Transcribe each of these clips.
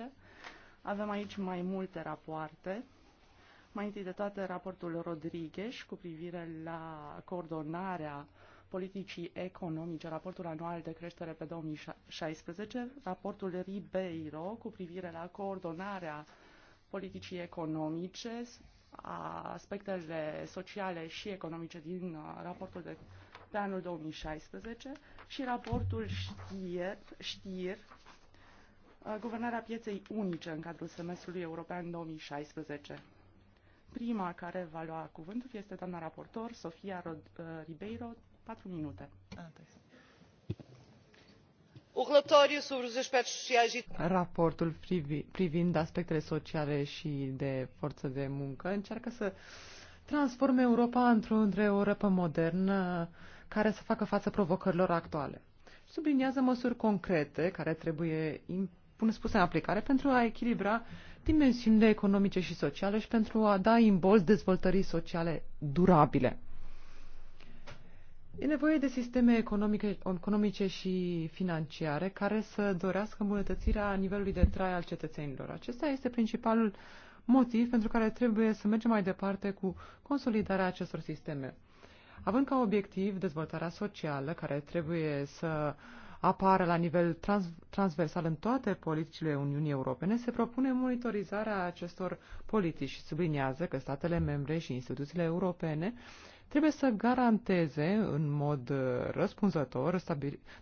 2011. Avem aici mai multe rapoarte. Mai întâi de toate raportul Rodriguez cu privire la coordonarea politicii economice, raportul anual de creștere pe 2016, raportul Ribeiro cu privire la coordonarea politicii economice, a aspectele sociale și economice din uh, raportul de pe anul 2016 și raportul știr, știr Uh, guvernarea pieței unice în cadrul semestrului european 2016. Prima care va lua cuvântul este doamna raportor Sofia Rod- uh, Ribeiro, 4 minute. Raportul privind aspectele sociale și de forță de muncă încearcă să transforme Europa într-o Europa modernă care să facă față provocărilor actuale. Subliniază măsuri concrete care trebuie pune spuse în aplicare pentru a echilibra dimensiunile economice și sociale și pentru a da imbold dezvoltării sociale durabile. E nevoie de sisteme economice, economice și financiare care să dorească îmbunătățirea nivelului de trai al cetățenilor. Acesta este principalul motiv pentru care trebuie să mergem mai departe cu consolidarea acestor sisteme. Având ca obiectiv dezvoltarea socială, care trebuie să apară la nivel trans, transversal în toate politicile Uniunii Europene, se propune monitorizarea acestor politici și subliniază că statele membre și instituțiile europene trebuie să garanteze în mod uh, răspunzător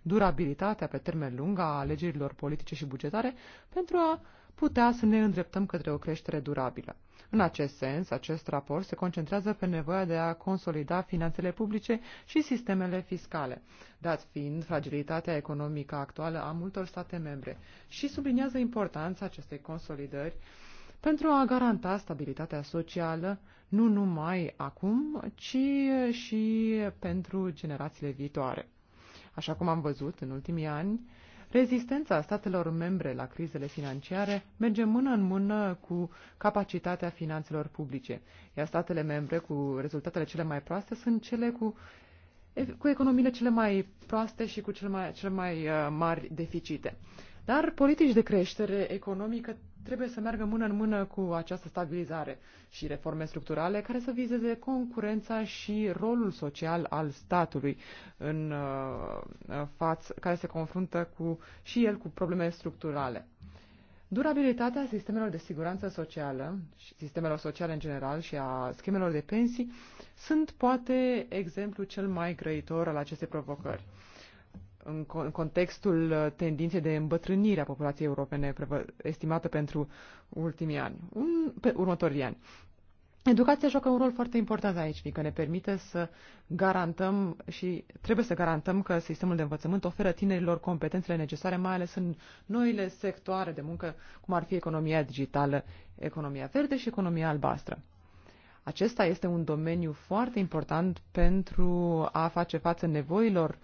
durabilitatea pe termen lung a alegerilor politice și bugetare pentru a putea să ne îndreptăm către o creștere durabilă. În acest sens, acest raport se concentrează pe nevoia de a consolida finanțele publice și sistemele fiscale, dat fiind fragilitatea economică actuală a multor state membre, și subliniază importanța acestei consolidări pentru a garanta stabilitatea socială nu numai acum, ci și pentru generațiile viitoare. Așa cum am văzut în ultimii ani, Rezistența statelor membre la crizele financiare merge mână în mână cu capacitatea finanțelor publice, iar statele membre cu rezultatele cele mai proaste sunt cele cu cu economiile cele mai proaste și cu cele mai, cele mai uh, mari deficite. Dar politici de creștere economică trebuie să meargă mână în mână cu această stabilizare și reforme structurale care să vizeze concurența și rolul social al statului uh, în față, care se confruntă cu, și el cu probleme structurale. Durabilitatea sistemelor de siguranță socială și sistemelor sociale în general și a schemelor de pensii sunt poate exemplul cel mai grăitor al acestei provocări în contextul uh, tendinței de îmbătrânire a populației europene estimată pentru ultimii ani, un, pe următorii ani. Educația joacă un rol foarte important aici, fiindcă ne permite să garantăm și trebuie să garantăm că sistemul de învățământ oferă tinerilor competențele necesare, mai ales în noile sectoare de muncă, cum ar fi economia digitală, economia verde și economia albastră. Acesta este un domeniu foarte important pentru a face față nevoilor uh,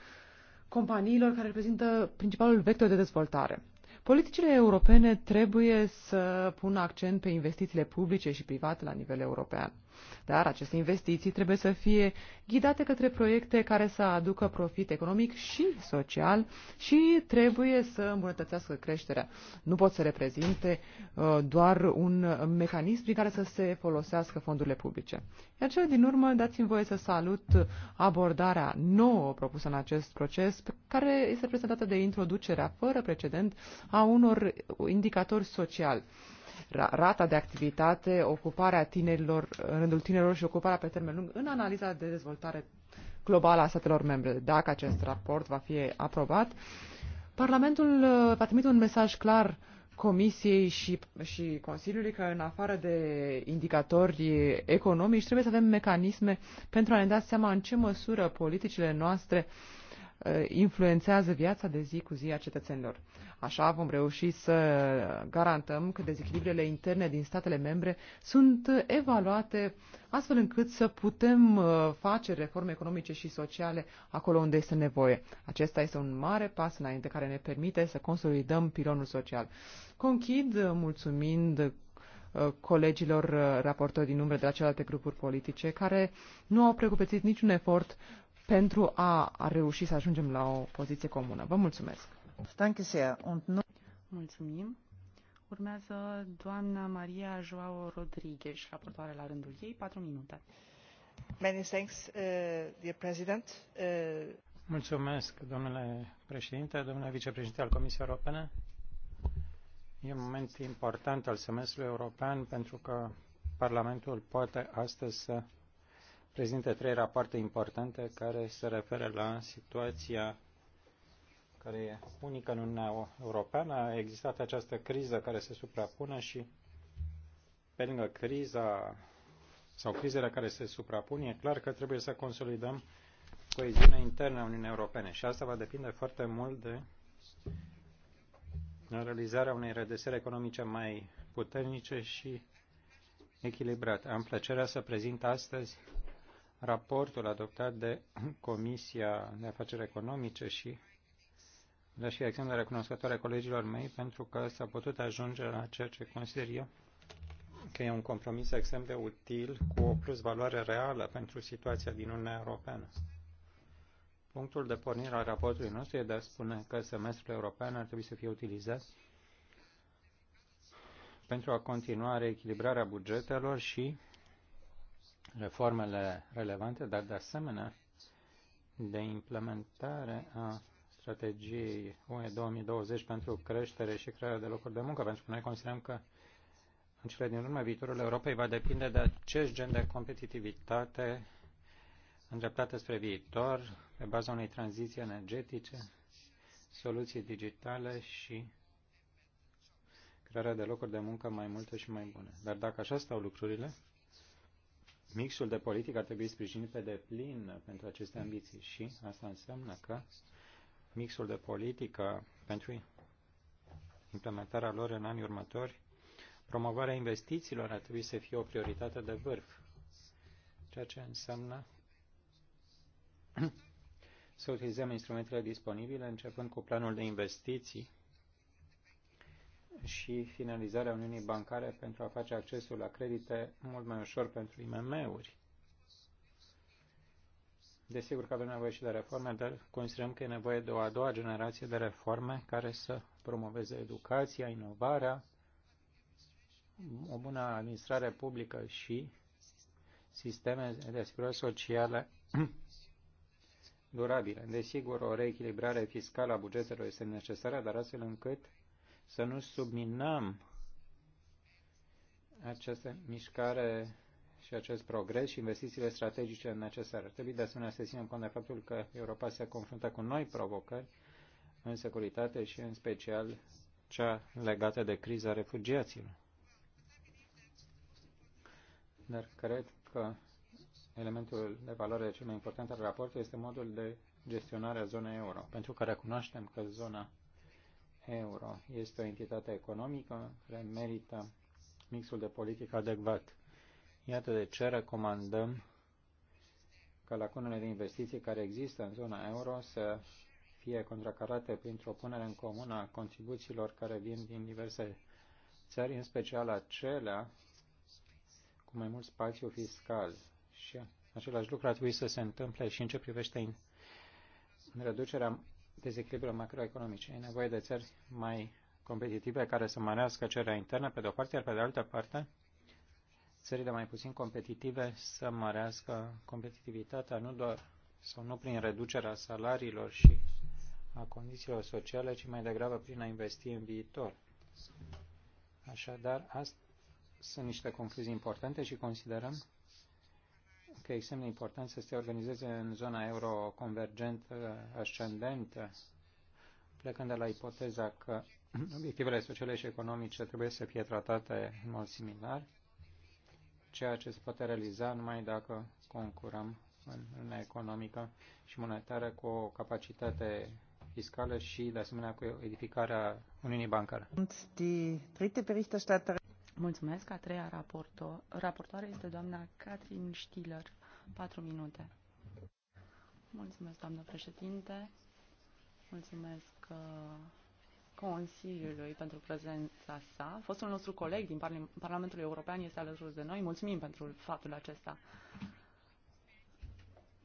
companiilor care reprezintă principalul vector de dezvoltare. Politicile europene trebuie să pună accent pe investițiile publice și private la nivel european. Dar aceste investiții trebuie să fie ghidate către proiecte care să aducă profit economic și social și trebuie să îmbunătățească creșterea. Nu pot să reprezinte uh, doar un mecanism prin care să se folosească fondurile publice. Iar cel din urmă, dați-mi voie să salut abordarea nouă propusă în acest proces, care este prezentată de introducerea fără precedent a unor indicatori sociali rata de activitate, ocuparea tinerilor, în rândul tinerilor și ocuparea pe termen lung în analiza de dezvoltare globală a statelor membre. Dacă acest raport va fi aprobat, Parlamentul uh, va trimite un mesaj clar Comisiei și, și Consiliului că în afară de indicatori economici trebuie să avem mecanisme pentru a ne da seama în ce măsură politicile noastre uh, Uh, influențează viața de zi cu zi a cetățenilor. Așa vom reuși să garantăm că dezechilibrele interne din statele membre sunt evaluate astfel încât să putem uh, face reforme economice și sociale acolo unde este nevoie. Acesta este un mare pas înainte care ne permite să consolidăm pilonul social. Conchid uh, mulțumind colegilor raportori din umbră de la celelalte grupuri politice, care nu au precupețit niciun efort pentru a, a reuși să ajungem la o poziție comună. Vă mulțumesc! Mulțumim! Urmează doamna Maria Joao Rodriguez, raportoare la rândul ei, patru minute. Many thanks, uh, dear President. Uh... Mulțumesc, domnule președinte, domnule vicepreședinte al Comisiei Europene. E un moment important al semestrului european pentru că Parlamentul poate astăzi să prezintă trei rapoarte importante care se referă la situația care e unică în Uniunea Europeană. A existat această criză care se suprapune și pe lângă criza sau crizele care se suprapun, e clar că trebuie să consolidăm coeziunea internă a Uniunii Europene și asta va depinde foarte mult de realizarea unei redesere economice mai puternice și echilibrate. Am plăcerea să prezint astăzi raportul adoptat de Comisia de Afaceri Economice și dar și extrem de recunoscătoare colegilor mei pentru că s-a putut ajunge la ceea ce consider eu că e un compromis extrem de util cu o plus valoare reală pentru situația din Uniunea Europeană. Punctul de pornire al raportului nostru e de a spune că semestrul european ar trebui să fie utilizat pentru a continua reechilibrarea bugetelor și reformele relevante, dar de asemenea de implementare a strategiei UE 2020 pentru creștere și crearea de locuri de muncă, pentru că noi considerăm că în cele din urmă viitorul Europei va depinde de acest gen de competitivitate îndreptată spre viitor, pe baza unei tranziții energetice, soluții digitale și crearea de locuri de muncă mai multe și mai bune. Dar dacă așa stau lucrurile, mixul de politică ar trebui sprijinit pe deplin pentru aceste ambiții și asta înseamnă că mixul de politică pentru implementarea lor în anii următori, promovarea investițiilor ar trebui să fie o prioritate de vârf, ceea ce înseamnă să utilizăm instrumentele disponibile, începând cu planul de investiții și finalizarea Uniunii Bancare pentru a face accesul la credite mult mai ușor pentru IMM-uri. Desigur că avem nevoie și de reforme, dar considerăm că e nevoie de o a doua generație de reforme care să promoveze educația, inovarea, o bună administrare publică și sisteme de asigurări sociale durabile. Desigur, o reechilibrare fiscală a bugetelor este necesară, dar astfel încât să nu subminăm această mișcare și acest progres și investițiile strategice necesare. Trebuie de asemenea să ținem cont de faptul că Europa se confruntă cu noi provocări în securitate și în special cea legată de criza refugiaților. Dar cred că elementul de valoare cel mai important al raportului este modul de gestionare a zonei euro, pentru că recunoaștem că zona euro. Este o entitate economică care merită mixul de politică adecvat. Iată de ce recomandăm ca lacunele de investiții care există în zona euro să fie contracarate printr-o punere în comun a contribuțiilor care vin din diverse țări, în special acelea cu mai mult spațiu fiscal. Și același lucru ar trebui să se întâmple și în ce privește în reducerea dezechilibre macroeconomice. E nevoie de țări mai competitive care să mărească cererea internă, pe de-o parte, iar pe de altă parte, țările mai puțin competitive să mărească competitivitatea nu doar sau nu prin reducerea salariilor și a condițiilor sociale, ci mai degrabă prin a investi în viitor. Așadar, asta sunt niște concluzii importante și considerăm că e semn important să se organizeze în zona euro convergent uh, ascendentă, plecând de la ipoteza că obiectivele sociale și economice trebuie să fie tratate în mod similar, ceea ce se poate realiza numai dacă concurăm în lumea economică și monetară cu o capacitate fiscală și, de asemenea, cu edificarea Uniunii Bancare. Mulțumesc. A treia raportoare este doamna Catherine Stiller. Patru minute. Mulțumesc, doamnă președinte. Mulțumesc uh, Consiliului pentru prezența sa. Fostul nostru coleg din Parlamentul European este alături de noi. Mulțumim pentru faptul acesta.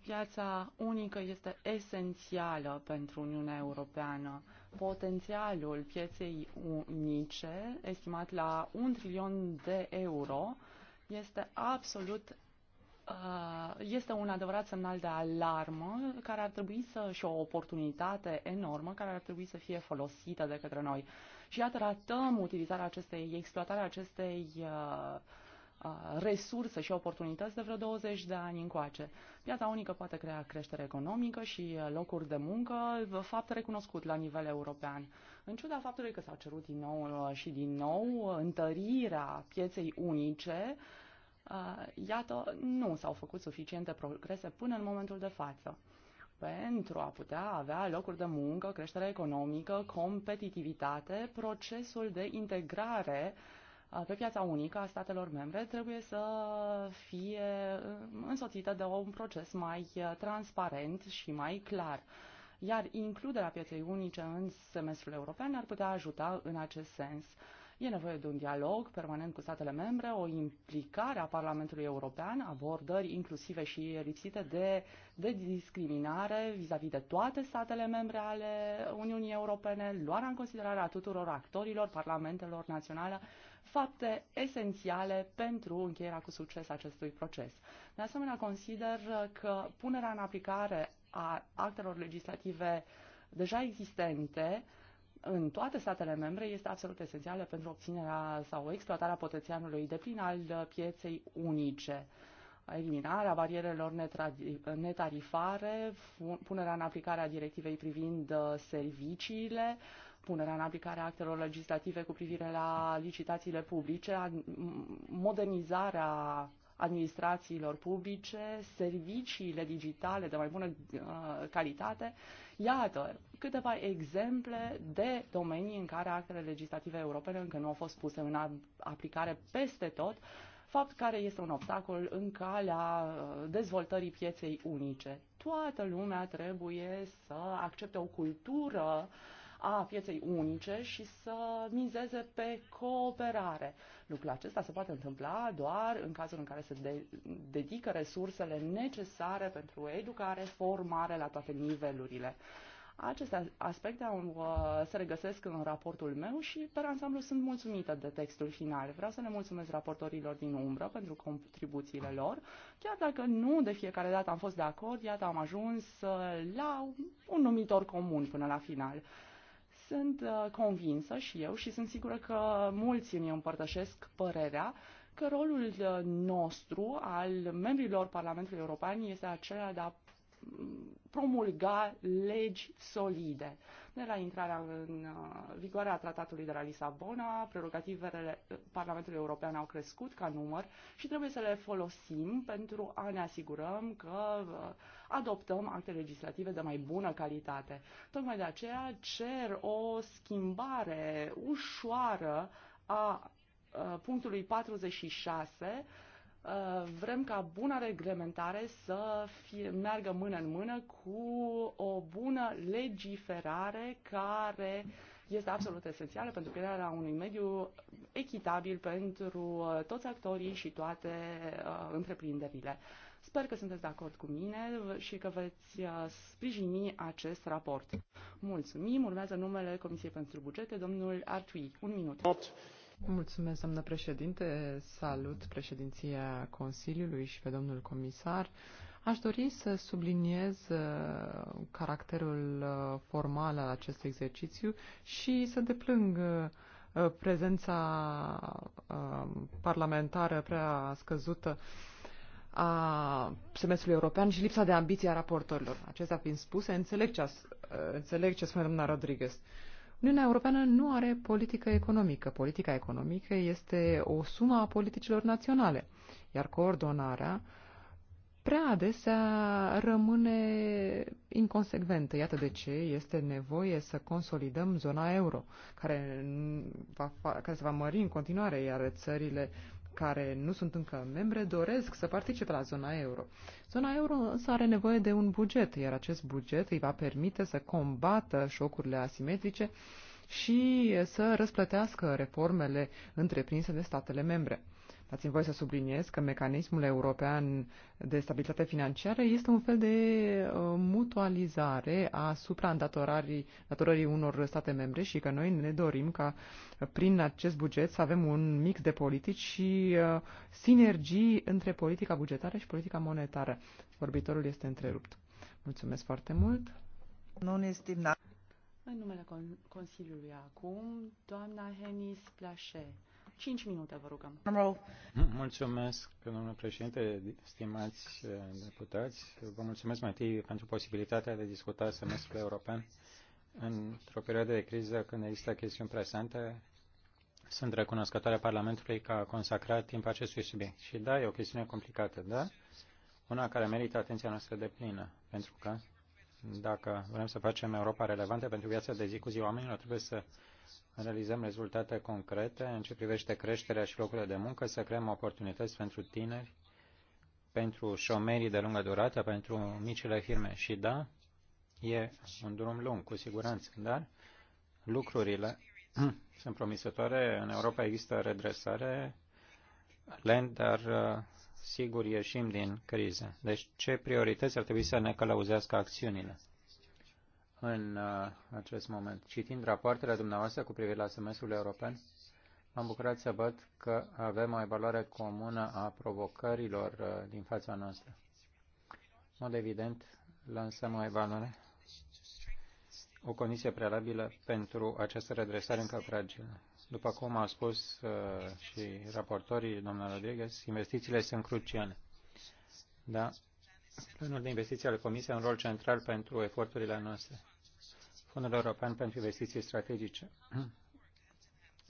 Piața unică este esențială pentru Uniunea Europeană potențialul pieței unice, estimat la un trilion de euro, este absolut uh, este un adevărat semnal de alarmă care ar trebui să și o oportunitate enormă care ar trebui să fie folosită de către noi. Și iată ratăm utilizarea acestei, exploatarea acestei uh, resurse și oportunități de vreo 20 de ani încoace. Piața unică poate crea creștere economică și locuri de muncă, fapt recunoscut la nivel european. În ciuda faptului că s-a cerut din nou și din nou întărirea pieței unice, iată, nu s-au făcut suficiente progrese până în momentul de față pentru a putea avea locuri de muncă, creștere economică, competitivitate, procesul de integrare uh, pe piața unică a statelor membre trebuie să fie uh, însoțită de un proces mai uh, transparent și mai clar. Iar includerea pieței unice în semestrul european ar putea ajuta în acest sens. E nevoie de un dialog permanent cu statele membre, o implicare a Parlamentului European, abordări inclusive și lipsite de, de discriminare vis-a-vis -vis de toate statele membre ale Uniunii Europene, luarea în considerare a tuturor actorilor, parlamentelor naționale, fapte esențiale pentru încheierea cu succes acestui proces. De asemenea, consider că punerea în aplicare a actelor legislative deja existente în toate statele membre este absolut esențială pentru obținerea sau exploatarea potențialului deplin al pieței unice eliminarea barierelor netarifare, punerea în aplicare a directivei privind uh, serviciile, punerea în aplicare a actelor legislative cu privire la licitațiile publice, modernizarea administrațiilor publice, serviciile digitale de mai bună uh, calitate. Iată câteva exemple de domenii în care actele legislative europene încă nu au fost puse în aplicare peste tot, fapt care este un obstacol în calea uh, dezvoltării pieței unice. Toată lumea trebuie să accepte o cultură uh, a pieței unice și să mizeze pe cooperare. Lucrul acesta se poate întâmpla doar în cazul în care se de- dedică resursele necesare pentru educare, formare la toate nivelurile. Aceste aspecte au, uh, se regăsesc în raportul meu și, pe ansamblu, sunt mulțumită de textul final. Vreau să le mulțumesc raportorilor din umbră pentru contribuțiile lor. Chiar dacă nu de fiecare dată am fost de acord, iată, am ajuns uh, la un numitor comun până la final sunt uh, convinsă și eu și sunt sigură că mulți îmi împărtășesc părerea că rolul uh, nostru al membrilor Parlamentului European este acela de a mm, promulga legi solide de la intrarea în uh, vigoare a tratatului de la Lisabona, prerogativele Parlamentului European au crescut ca număr și trebuie să le folosim pentru a ne asigurăm că uh, adoptăm acte legislative de mai bună calitate. Tocmai de aceea cer o schimbare ușoară a uh, punctului 46 Uh, vrem ca buna reglementare să fie, meargă mână în mână cu o bună legiferare care este absolut esențială pentru crearea unui mediu echitabil pentru uh, toți actorii și toate uh, întreprinderile. Sper că sunteți de acord cu mine și că veți uh, sprijini acest raport. Mulțumim. Urmează numele Comisiei pentru Bugete, domnul Artui. Un minut. Mulțumesc, doamnă președinte. Salut președinția Consiliului și pe domnul comisar. Aș dori să subliniez uh, caracterul uh, formal al acestui exercițiu și să deplâng uh, prezența parlamentară prea scăzută a semestrului european și lipsa de ambiție a raportorilor. Acestea fiind spuse, înțeleg ce, a, înțeleg ce spune doamna Rodriguez. Uh, Uniunea Europeană nu are politică economică. Politica economică este o sumă a politicilor naționale, iar coordonarea prea adesea rămâne inconsecventă. Iată de ce este nevoie să consolidăm zona euro, care, va, care se va mări în continuare, iar țările care nu sunt încă membre doresc să participe la zona euro. Zona euro însă are nevoie de un buget, iar acest buget îi va permite să combată șocurile asimetrice și să răsplătească reformele întreprinse de statele membre. Dați-mi voie să subliniez că mecanismul european de stabilitate financiară este un fel de uh, mutualizare a supraîndatorării datorării unor state membre și că noi ne dorim ca prin acest buget să avem un mix de politici și uh, sinergii între politica bugetară și politica monetară. Vorbitorul este întrerupt. Mulțumesc foarte mult. Nu este în numele Consiliului acum, doamna Henis Plașe. 5 minute, vă rugăm. Mm, mulțumesc, domnule președinte, stimați eh, deputați. Vă mulțumesc mai întâi pentru posibilitatea de a discuta semestrul european într-o perioadă de criză când există chestiuni presante. Sunt recunoscătoare Parlamentului că a consacrat timp acestui subiect. Și da, e o chestiune complicată, da? Una care merită atenția noastră de plină, pentru că dacă vrem să facem Europa relevantă pentru viața de zi cu zi oamenilor, trebuie să realizăm rezultate concrete în ce privește creșterea și locurile de muncă, să creăm oportunități pentru tineri, pentru șomerii de lungă durată, pentru micile firme. Și da, e un drum lung, cu siguranță, dar lucrurile sunt promisătoare. În Europa există redresare lent, dar uh, sigur ieșim din criză. Deci ce priorități ar trebui să ne călăuzească acțiunile? în uh, acest moment. Citind rapoartele dumneavoastră cu privire la semestrul european, m-am bucurat să văd că avem o evaluare comună a provocărilor uh, din fața noastră. În mod evident, lansăm o evaluare, o condiție prealabilă pentru această redresare încă fragilă. După cum au spus uh, și raportorii, domnul Rodriguez, investițiile sunt cruciale. Da, Planul de investiții al Comisiei are un rol central pentru eforturile noastre. Fondul European pentru Investiții Strategice,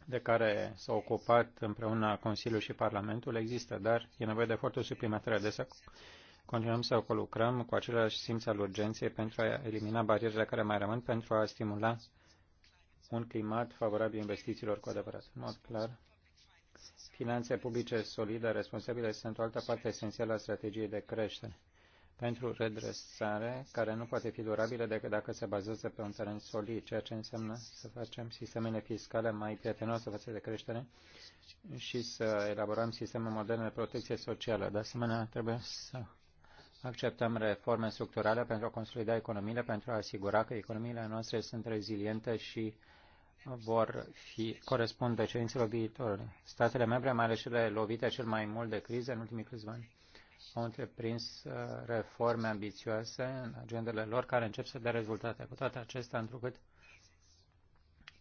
de care s-a ocupat împreună Consiliul și Parlamentul, există, dar e nevoie de eforturi suplimentare. De să continuăm să lucrăm cu același simț al urgenței pentru a elimina barierele care mai rămân, pentru a stimula un climat favorabil investițiilor cu adevărat. În mod clar, finanțe publice solide, responsabile, sunt o altă parte esențială a strategiei de creștere pentru redresare care nu poate fi durabilă decât dacă se bazează pe un teren solid, ceea ce înseamnă să facem sistemele fiscale mai prietenoase față de creștere și să elaborăm sisteme moderne de protecție socială. De asemenea, trebuie să acceptăm reforme structurale pentru a consolida economiile, pentru a asigura că economiile noastre sunt reziliente și vor fi corespunde cerințelor viitorului. Statele membre, mai ales cele lovite cel mai mult de criză în ultimii câțiva ani, au întreprins uh, reforme ambițioase în agendele lor care încep să dea rezultate. Cu toate acestea, întrucât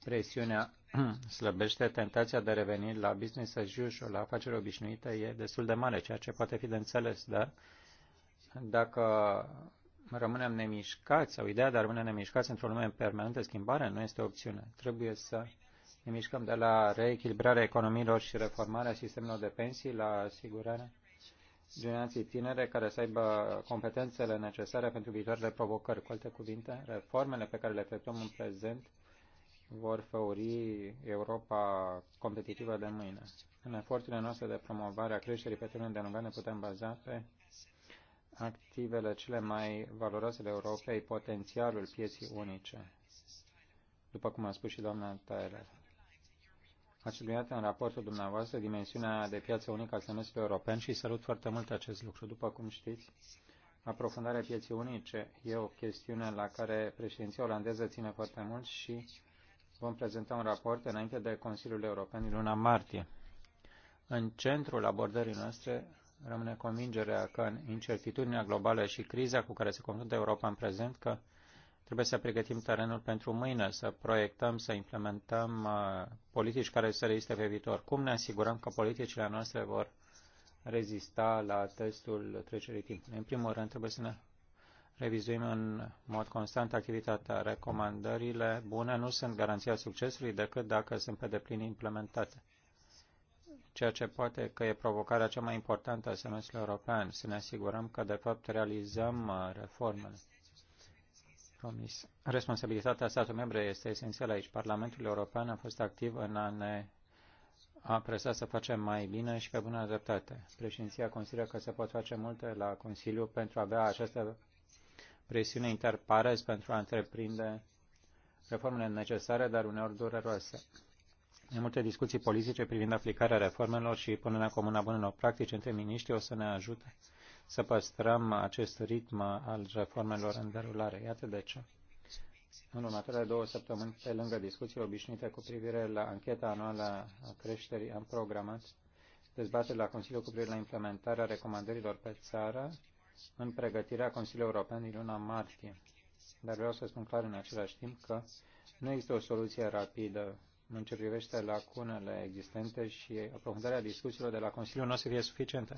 presiunea slăbește, tentația de a reveni la business as usual, la afaceri obișnuite, e destul de mare, ceea ce poate fi de înțeles, dar dacă rămânem nemișcați, sau ideea de a rămâne nemișcați într-o lume în permanentă schimbare nu este o opțiune. Trebuie să ne mișcăm de la reechilibrarea economiilor și reformarea sistemelor de pensii la asigurarea generații tinere care să aibă competențele necesare pentru viitoarele provocări. Cu alte cuvinte, reformele pe care le efectuăm în prezent vor făuri Europa competitivă de mâine. În eforturile noastre de promovare a creșterii pe termen de lungă ne putem baza pe activele cele mai valoroase ale Europei, potențialul pieții unice, după cum a spus și doamna Taylor. Ați subliniat în raportul dumneavoastră dimensiunea de piață unică a semestrului european și salut foarte mult acest lucru. După cum știți, aprofundarea pieței unice e o chestiune la care președinția olandeză ține foarte mult și vom prezenta un raport înainte de Consiliul European din luna martie. În centrul abordării noastre rămâne convingerea că în incertitudinea globală și criza cu care se confruntă Europa în prezent, că Trebuie să pregătim terenul pentru mâine, să proiectăm, să implementăm uh, politici care să reziste pe viitor. Cum ne asigurăm că politicile noastre vor rezista la testul trecerii timpului? În primul rând, trebuie să ne revizuim în mod constant activitatea. Recomandările bune nu sunt garanția succesului decât dacă sunt pe deplin implementate. Ceea ce poate că e provocarea cea mai importantă a semestrului european, să ne asigurăm că de fapt realizăm uh, reformele. Comis. Responsabilitatea statului membru este esențială aici. Parlamentul European a fost activ în a ne a presat să facem mai bine și pe bună dreptate. Președinția consideră că se pot face multe la Consiliu pentru a avea această presiune interpares pentru a întreprinde reformele necesare, dar uneori dureroase. În multe discuții politice privind aplicarea reformelor și punerea comună a bunelor practici între miniștri o să ne ajute să păstrăm acest ritm al reformelor în derulare. Iată de ce. În următoarele două săptămâni, pe lângă discuțiile obișnuite cu privire la ancheta anuală a creșterii, am programat dezbateri la Consiliu cu privire la implementarea recomandărilor pe țară în pregătirea Consiliului European din luna martie. Dar vreau să spun clar în același timp că nu există o soluție rapidă în ce privește lacunele existente și aprofundarea discuțiilor de la Consiliu nu o să fie suficientă.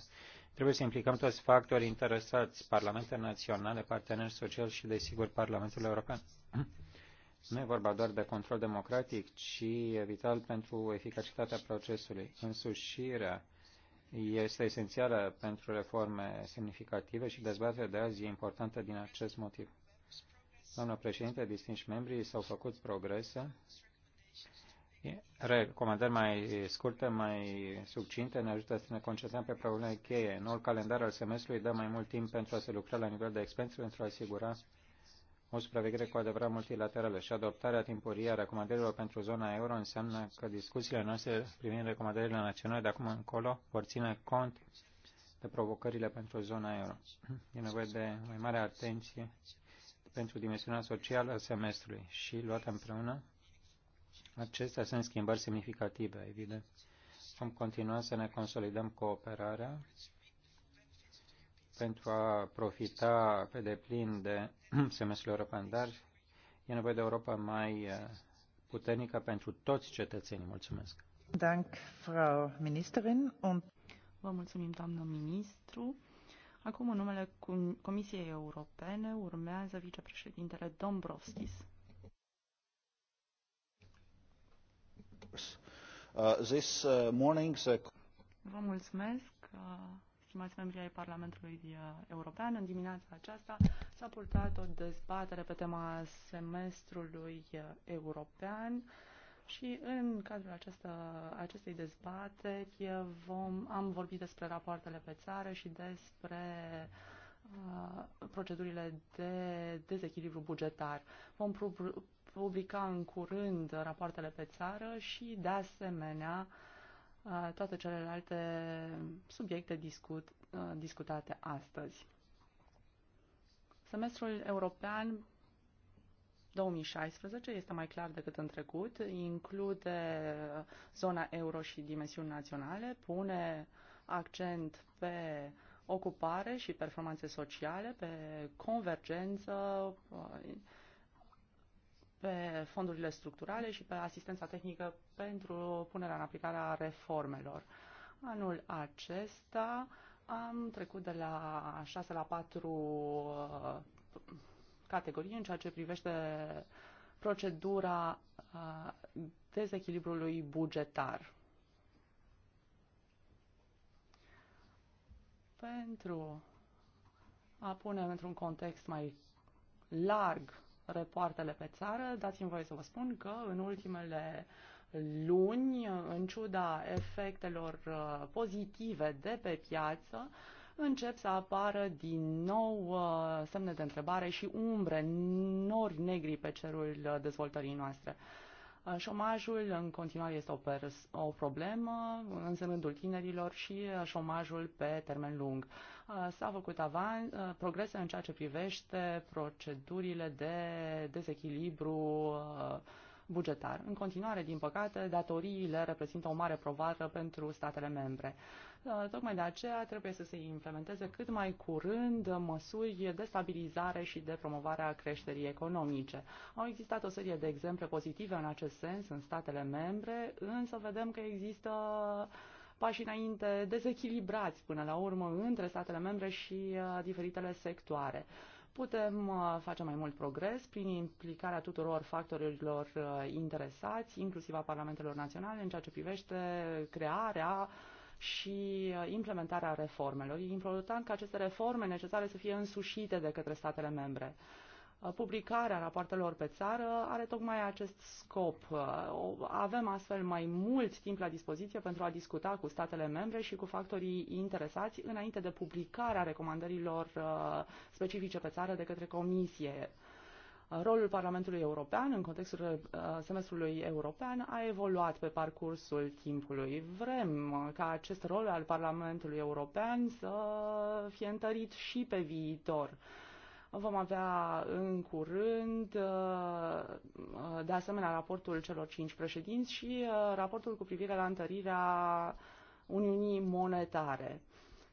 Trebuie să implicăm toți factorii interesați, parlamente naționale, parteneri sociali și, desigur, Parlamentul European. Nu e vorba doar de control democratic, ci e vital pentru eficacitatea procesului. Însușirea este esențială pentru reforme semnificative și dezbaterea de azi e importantă din acest motiv. Doamna președinte, distinși membrii, s-au făcut progrese recomandări mai scurte, mai subținte ne ajută să ne concentrăm pe problemele cheie. Noul calendar al semestrului dă mai mult timp pentru a se lucra la nivel de expense pentru a asigura o supraveghere cu adevărat multilaterală și adoptarea timpurie a recomandărilor pentru zona euro înseamnă că discuțiile noastre privind recomandările naționale de acum încolo vor ține cont de provocările pentru zona euro. E nevoie de mai mare atenție pentru dimensiunea socială a semestrului și luată împreună Acestea sunt schimbări semnificative, evident. Vom continua să ne consolidăm cooperarea pentru a profita pe deplin de semestrul european, dar e nevoie de Europa mai uh, puternică pentru toți cetățenii. Mulțumesc! Dank, Frau Ministerin. Und... Vă mulțumim, doamnă ministru. Acum, în numele Comisiei Europene, urmează vicepreședintele Dombrovskis. Uh, this uh, morning the... Uh, Vă mulțumesc, stimați membri ai Parlamentului European. În dimineața aceasta s-a purtat o dezbatere pe tema semestrului european și în cadrul acestă, acestei dezbateri vom, am vorbit despre rapoartele pe țară și despre uh, procedurile de dezechilibru bugetar. Vom publica în curând rapoartele pe țară și, de asemenea, uh, toate celelalte subiecte discut, uh, discutate astăzi. Semestrul european 2016 este mai clar decât în trecut, include zona euro și dimensiuni naționale, pune accent pe ocupare și performanțe sociale, pe convergență, uh, pe fondurile structurale și pe asistența tehnică pentru punerea în aplicare a reformelor. Anul acesta am trecut de la 6 la 4 uh, categorii în ceea ce privește procedura uh, dezechilibrului bugetar. Pentru a pune într-un context mai larg repoartele pe țară, dați-mi voie să vă spun că în ultimele luni, în ciuda efectelor uh, pozitive de pe piață, încep să apară din nou uh, semne de întrebare și umbre, nori negri pe cerul uh, dezvoltării noastre. Șomajul în continuare este o, o problemă în rândul tinerilor și șomajul pe termen lung. Uh, s-a făcut avan, uh, progrese în ceea ce privește procedurile de dezechilibru uh, bugetar. În continuare, din păcate, datoriile reprezintă o mare provară pentru statele membre. Tocmai de aceea trebuie să se implementeze cât mai curând măsuri de stabilizare și de promovare a creșterii economice. Au existat o serie de exemple pozitive în acest sens în statele membre, însă vedem că există uh, pași înainte dezechilibrați până la urmă între statele membre și uh, diferitele sectoare. Putem uh, face mai mult progres prin implicarea tuturor factorilor uh, interesați, inclusiv a parlamentelor naționale, în ceea ce privește crearea și implementarea reformelor. E important ca aceste reforme necesare să fie însușite de către statele membre. Publicarea rapoartelor pe țară are tocmai acest scop. Avem astfel mai mult timp la dispoziție pentru a discuta cu statele membre și cu factorii interesați înainte de publicarea recomandărilor uh, specifice pe țară de către Comisie. Rolul Parlamentului European în contextul uh, semestrului european a evoluat pe parcursul timpului. Vrem uh, ca acest rol al Parlamentului European să fie întărit și pe viitor. Vom avea în curând, uh, de asemenea, raportul celor cinci președinți și uh, raportul cu privire la întărirea Uniunii Monetare.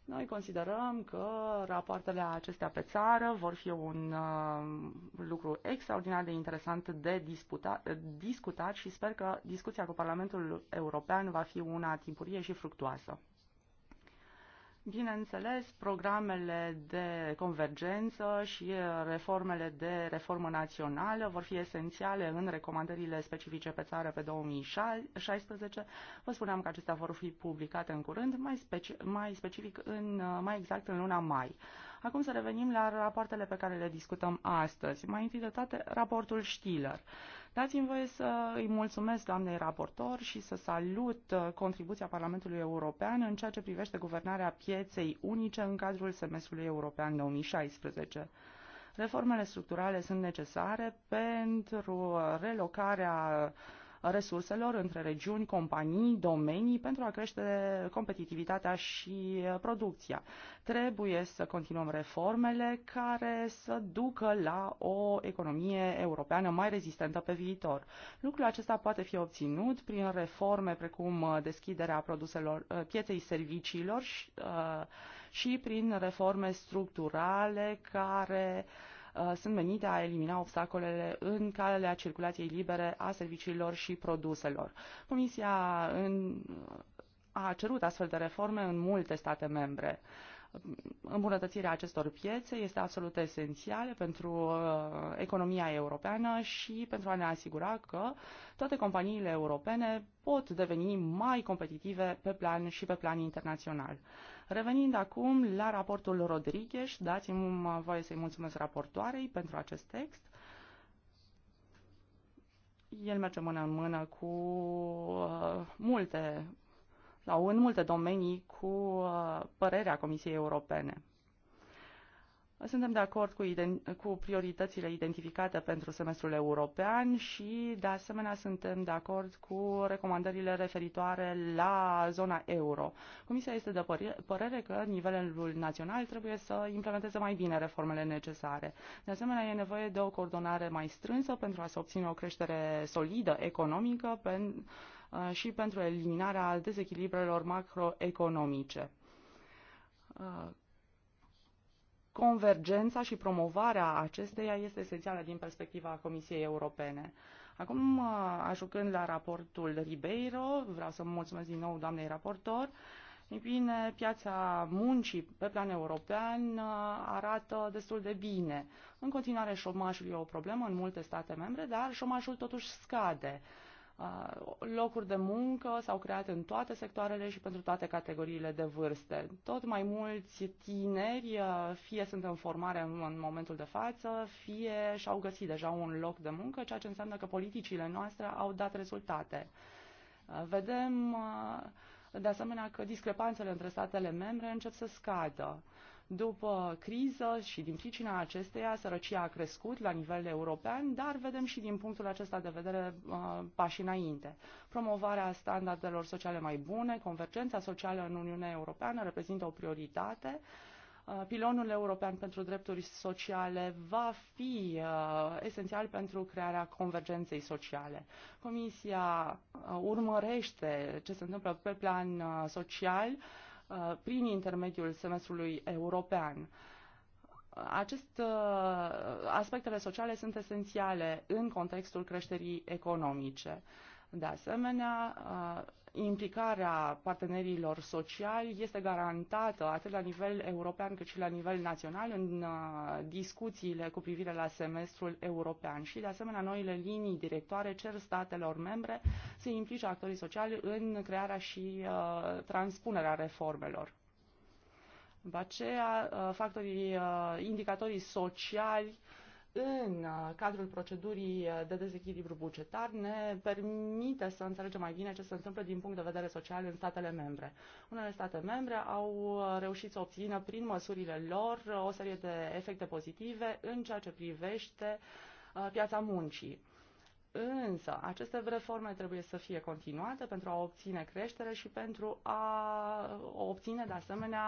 Noi considerăm că rapoartele acestea pe țară vor fi un uh, lucru extraordinar de interesant de disputa, discutat și sper că discuția cu Parlamentul European va fi una timpurie și fructuoasă. Bineînțeles, programele de convergență și uh, reformele de reformă națională vor fi esențiale în recomandările specifice pe țară pe 2016. Vă spuneam că acestea vor fi publicate în curând, mai, speci- mai specific, în, uh, mai exact în luna mai. Acum să revenim la rapoartele pe care le discutăm astăzi. Mai întâi de toate, raportul Stiller. Dați-mi voie să îi mulțumesc doamnei raportor și să salut uh, contribuția Parlamentului European în ceea ce privește guvernarea pieței unice în cadrul semestrului european 2016. Reformele structurale sunt necesare pentru uh, relocarea uh, resurselor între regiuni, companii, domenii pentru a crește competitivitatea și uh, producția. Trebuie să continuăm reformele care să ducă la o economie europeană mai rezistentă pe viitor. Lucrul acesta poate fi obținut prin reforme precum uh, deschiderea produselor uh, pieței serviciilor și, și prin reforme structurale care uh, Uh, sunt menite a elimina obstacolele în calea circulației libere a serviciilor și produselor. Comisia în, a cerut astfel de reforme în multe state membre. Îmbunătățirea acestor piețe este absolut esențială pentru uh, economia europeană și pentru a ne asigura că toate companiile europene pot deveni mai competitive pe plan și pe plan internațional. Revenind acum la raportul Rodriguez, dați-mi voie să-i mulțumesc raportoarei pentru acest text. El merge mână în mână cu uh, multe sau în multe domenii cu uh, părerea Comisiei Europene. Suntem de acord cu, cu prioritățile identificate pentru semestrul european și, de asemenea, suntem de acord cu recomandările referitoare la zona euro. Comisia este de părere că nivelul național trebuie să implementeze mai bine reformele necesare. De asemenea, e nevoie de o coordonare mai strânsă pentru a se obține o creștere solidă economică uh, și pentru eliminarea dezechilibrelor macroeconomice uh, convergența și promovarea acesteia este esențială din perspectiva Comisiei Europene. Acum, uh, ajungând la raportul Ribeiro, vreau să mulțumesc din nou doamnei raportor, ei bine, piața muncii pe plan european uh, arată destul de bine. În continuare, șomajul e o problemă în multe state membre, dar șomajul totuși scade. Uh, locuri de muncă s-au creat în toate sectoarele și pentru toate categoriile de vârste. Tot mai mulți tineri, uh, fie sunt în formare în momentul de față, fie și-au găsit deja un loc de muncă, ceea ce înseamnă că politicile noastre au dat rezultate. Uh, vedem de asemenea că discrepanțele între statele membre încep să scadă. După criză și din pricina acesteia, sărăcia a crescut la nivel european, dar vedem și din punctul acesta de vedere uh, pași înainte. Promovarea standardelor sociale mai bune, convergența socială în Uniunea Europeană reprezintă o prioritate. Uh, pilonul european pentru drepturi sociale va fi uh, esențial pentru crearea convergenței sociale. Comisia uh, urmărește ce se întâmplă pe plan uh, social uh, Uh, prin intermediul semestrului european. Acest, uh, aspectele sociale sunt esențiale în contextul creșterii economice. De asemenea, uh, implicarea partenerilor sociali este garantată atât la nivel european cât și la nivel național în uh, discuțiile cu privire la semestrul european și, de asemenea, noile linii directoare cer statelor membre să implice actorii sociali în crearea și uh, transpunerea reformelor. După aceea, uh, factorii, uh, indicatorii sociali în cadrul procedurii de dezechilibru bugetar ne permite să înțelegem mai bine ce se întâmplă din punct de vedere social în statele membre. Unele state membre au reușit să obțină prin măsurile lor o serie de efecte pozitive în ceea ce privește uh, piața muncii. Însă, aceste reforme trebuie să fie continuate pentru a obține creștere și pentru a obține de asemenea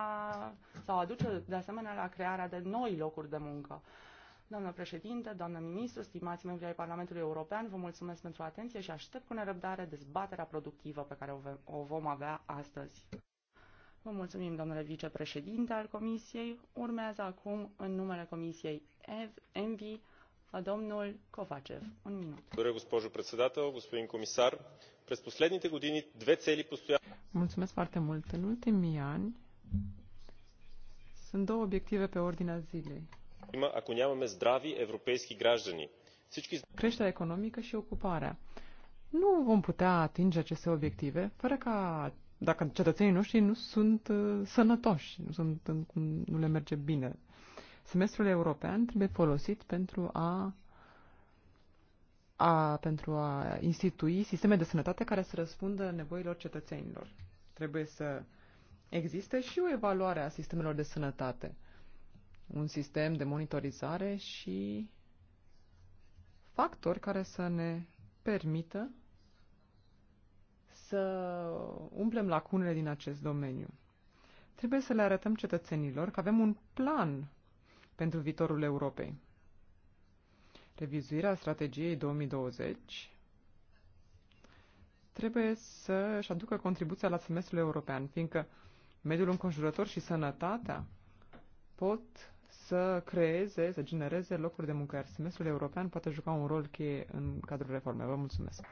sau aduce de asemenea la crearea de noi locuri de muncă. Uh, Doamnă președinte, doamnă ministru, stimați membri ai Parlamentului European, vă mulțumesc pentru atenție și aștept cu nerăbdare dezbaterea productivă pe care o vom avea astăzi. Vă mulțumim, domnule vicepreședinte al Comisiei. Urmează acum, în numele Comisiei ENVI, domnul Kovacev. Un minut. Mulțumesc foarte mult. În ultimii ani sunt două obiective pe ordinea zilei. Creșterea economică și ocuparea. Nu vom putea atinge aceste obiective fără ca dacă cetățenii noștri nu sunt uh, sănătoși, nu, sunt, nu le merge bine. Semestrul european trebuie folosit pentru a, a, pentru a institui sisteme de sănătate care să răspundă nevoilor cetățenilor. Trebuie să existe și o evaluare a sistemelor de sănătate – un sistem de monitorizare și factori care să ne permită să umplem lacunele din acest domeniu. Trebuie să le arătăm cetățenilor că avem un plan pentru viitorul Europei. Revizuirea strategiei 2020 trebuie să-și aducă contribuția la semestrul european, fiindcă mediul înconjurător și sănătatea pot să creeze, să genereze locuri de muncă, iar semestrul european poate juca un rol cheie în cadrul reformei. Vă mulțumesc!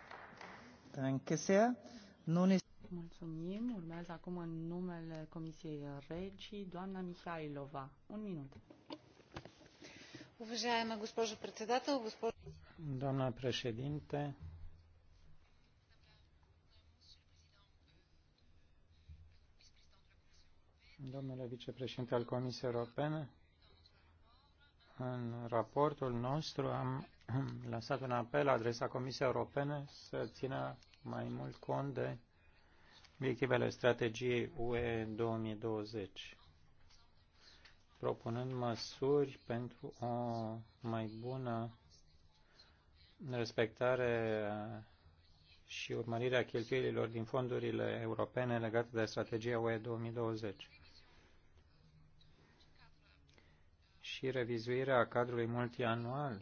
Mulțumim. Urmează acum în numele Comisiei Regii, doamna Mihailova. Un minut. Уважаема госпожо председател, госпожо... Doamna președinte, domnule vicepreședinte al Comisiei Europene, în raportul nostru am lansat un apel la adresa Comisiei Europene să țină mai mult cont de obiectivele strategiei UE 2020, propunând măsuri pentru o mai bună respectare și urmărirea cheltuielilor din fondurile europene legate de strategia UE 2020. și revizuirea cadrului multianual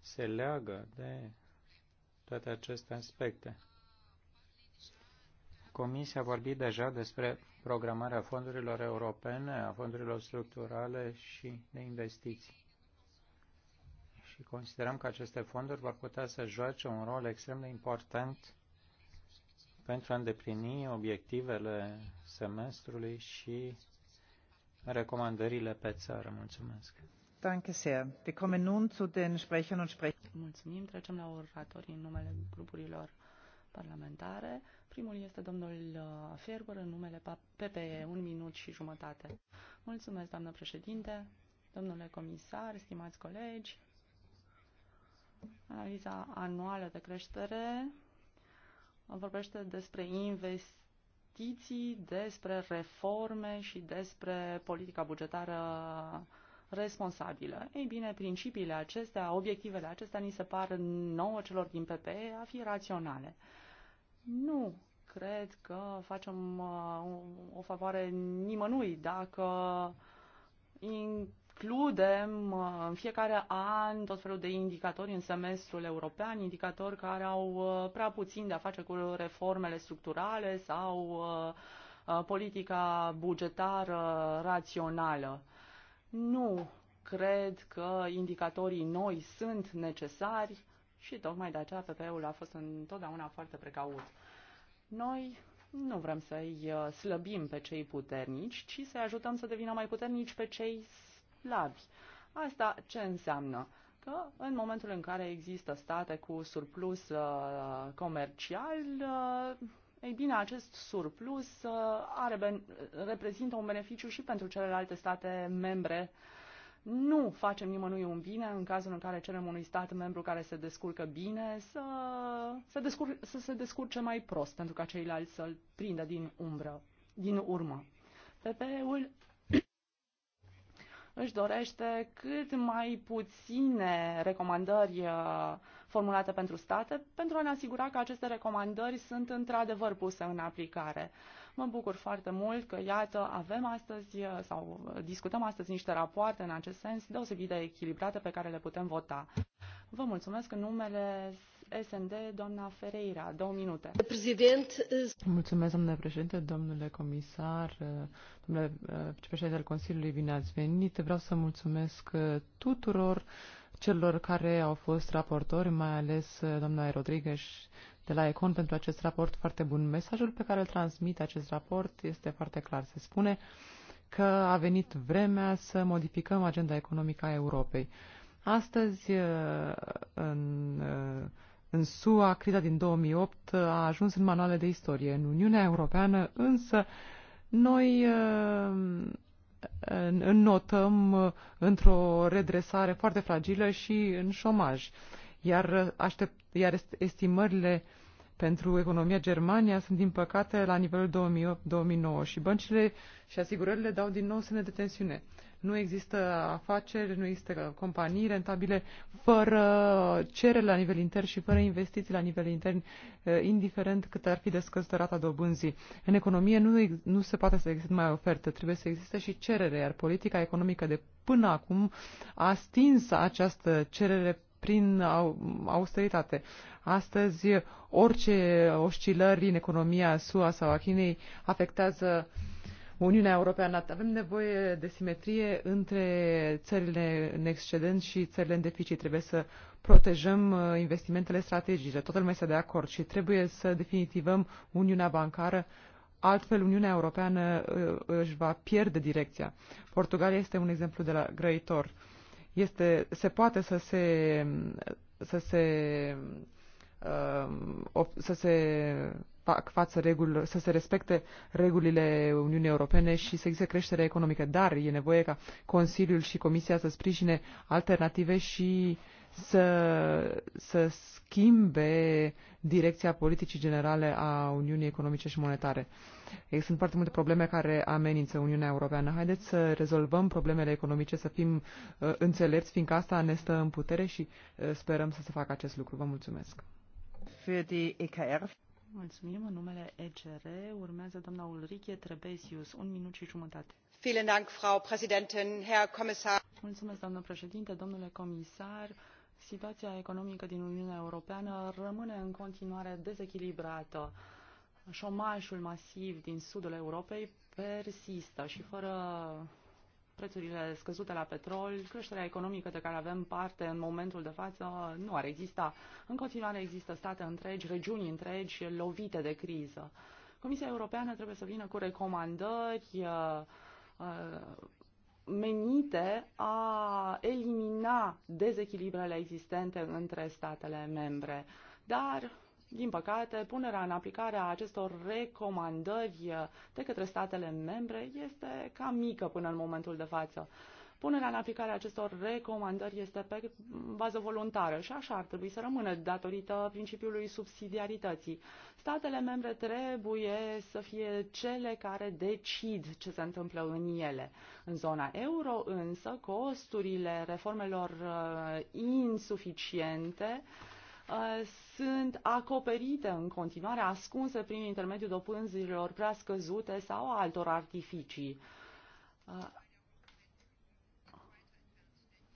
se leagă de toate aceste aspecte. Comisia a vorbit deja despre programarea fondurilor europene, a fondurilor structurale și de investiții. Și considerăm că aceste fonduri vor putea să joace un rol extrem de important pentru a îndeplini obiectivele semestrului și recomandările pe țară. Mulțumesc. Danke sehr. Wir kommen nun zu den Sprechern und Sprechern. Mulțumim. Trecem la oratorii în numele grupurilor parlamentare. Primul este domnul uh, Ferber în numele PPE, un minut și jumătate. Mulțumesc, doamnă președinte, domnule comisar, stimați colegi. Analiza anuală de creștere vorbește despre investiții investiții, despre reforme și despre politica bugetară responsabilă. Ei bine, principiile acestea, obiectivele acestea, ni se par nouă celor din PPE a fi raționale. Nu cred că facem uh, o favoare nimănui dacă includem uh, în fiecare an tot felul de indicatori în semestrul european, indicatori care au uh, prea puțin de a face cu reformele structurale sau uh, politica bugetară rațională. Nu cred că indicatorii noi sunt necesari și tocmai de aceea pp ul a fost întotdeauna foarte precaut. Noi nu vrem să-i slăbim pe cei puternici, ci să-i ajutăm să devină mai puternici pe cei largi. Asta ce înseamnă? Că în momentul în care există state cu surplus uh, comercial, uh, ei bine, acest surplus uh, are reprezintă un beneficiu și pentru celelalte state membre nu facem nimănui un bine în cazul în care cerem unui stat membru care se descurcă bine să, să, descur, să se descurce mai prost pentru ca ceilalți să-l prindă din umbră, din urmă. PPE-ul își dorește cât mai puține recomandări uh, formulate pentru state pentru a ne asigura că aceste recomandări sunt într-adevăr puse în aplicare. Mă bucur foarte mult că, iată, avem astăzi uh, sau uh, discutăm astăzi niște rapoarte în acest sens deosebit de echilibrate pe care le putem vota. Vă mulțumesc în numele doamna Ferreira. Două minute. Președinte... Mulțumesc, domnule președinte, domnule comisar, eh, domnule eh, vicepreședinte al Consiliului, bine ați venit. Vreau să mulțumesc eh, tuturor celor care au fost raportori, mai ales doamna Rodriguez de la Econ pentru acest raport foarte bun. Mesajul pe care îl transmite acest raport este foarte clar. Se spune că a venit vremea să modificăm agenda economică a Europei. Astăzi, în SUA, criza din 2008 a ajuns în manuale de istorie. În Uniunea Europeană, însă, noi uh, înnotăm uh, într-o redresare foarte fragilă și în șomaj. Iar, uh, aștept, iar estimările pentru economia Germania sunt, din păcate, la nivelul 2008-2009 și băncile și asigurările dau din nou semne de tensiune. Nu există afaceri, nu există companii rentabile fără cerere la nivel intern și fără investiții la nivel intern, eh, indiferent cât ar fi de rata dobânzii. În economie nu, nu se poate să existe mai ofertă, trebuie să existe și cerere, iar politica economică de până acum a stins această cerere prin austeritate. Astăzi, orice oscilări în economia SUA sau a Chinei afectează uh, Uniunea Europeană. Avem nevoie de simetrie între țările în excedent și țările în deficit. Trebuie să protejăm uh, investimentele strategice. Toată lumea este de acord și trebuie să definitivăm Uniunea Bancară Altfel, Uniunea Europeană uh, își va pierde direcția. Portugalia este un exemplu de la grăitor. Este, se poate să se, să se, uh, să se fac față regulilor, să se respecte regulile Uniunii Europene și să existe creștere economică. Dar e nevoie ca Consiliul și Comisia să sprijine alternative și să, să schimbe direcția politicii generale a Uniunii Economice și Monetare. Sunt foarte multe probleme care amenință Uniunea Europeană. Haideți să rezolvăm problemele economice, să fim uh, înțelepți, fiindcă asta ne stă în putere și uh, sperăm să se facă acest lucru. Vă mulțumesc. Für die EKR. Mulțumim. În numele ECR urmează doamna Ulrike Trebesius. Un minut și jumătate. Vielen Dank, Frau Präsidentin, Herr Kommissar. Mulțumesc, doamnă președinte, domnule comisar. Situația economică din Uniunea Europeană rămâne în continuare dezechilibrată. Șomajul masiv din sudul Europei persistă și fără prețurile scăzute la petrol, creșterea economică de care avem parte în momentul de față nu ar exista. În continuare există state întregi, regiuni întregi lovite de criză. Comisia Europeană trebuie să vină cu recomandări uh, uh, menite a elimina dezechilibrele existente între statele membre. Dar din păcate, punerea în aplicare a acestor recomandări de către statele membre este cam mică până în momentul de față. Punerea în aplicare a acestor recomandări este pe bază voluntară și așa ar trebui să rămână datorită principiului subsidiarității. Statele membre trebuie să fie cele care decid ce se întâmplă în ele. În zona euro însă costurile reformelor uh, insuficiente uh, Uh, sunt acoperite în continuare, ascunse prin intermediul dopânzilor prea scăzute sau altor artificii. Uh,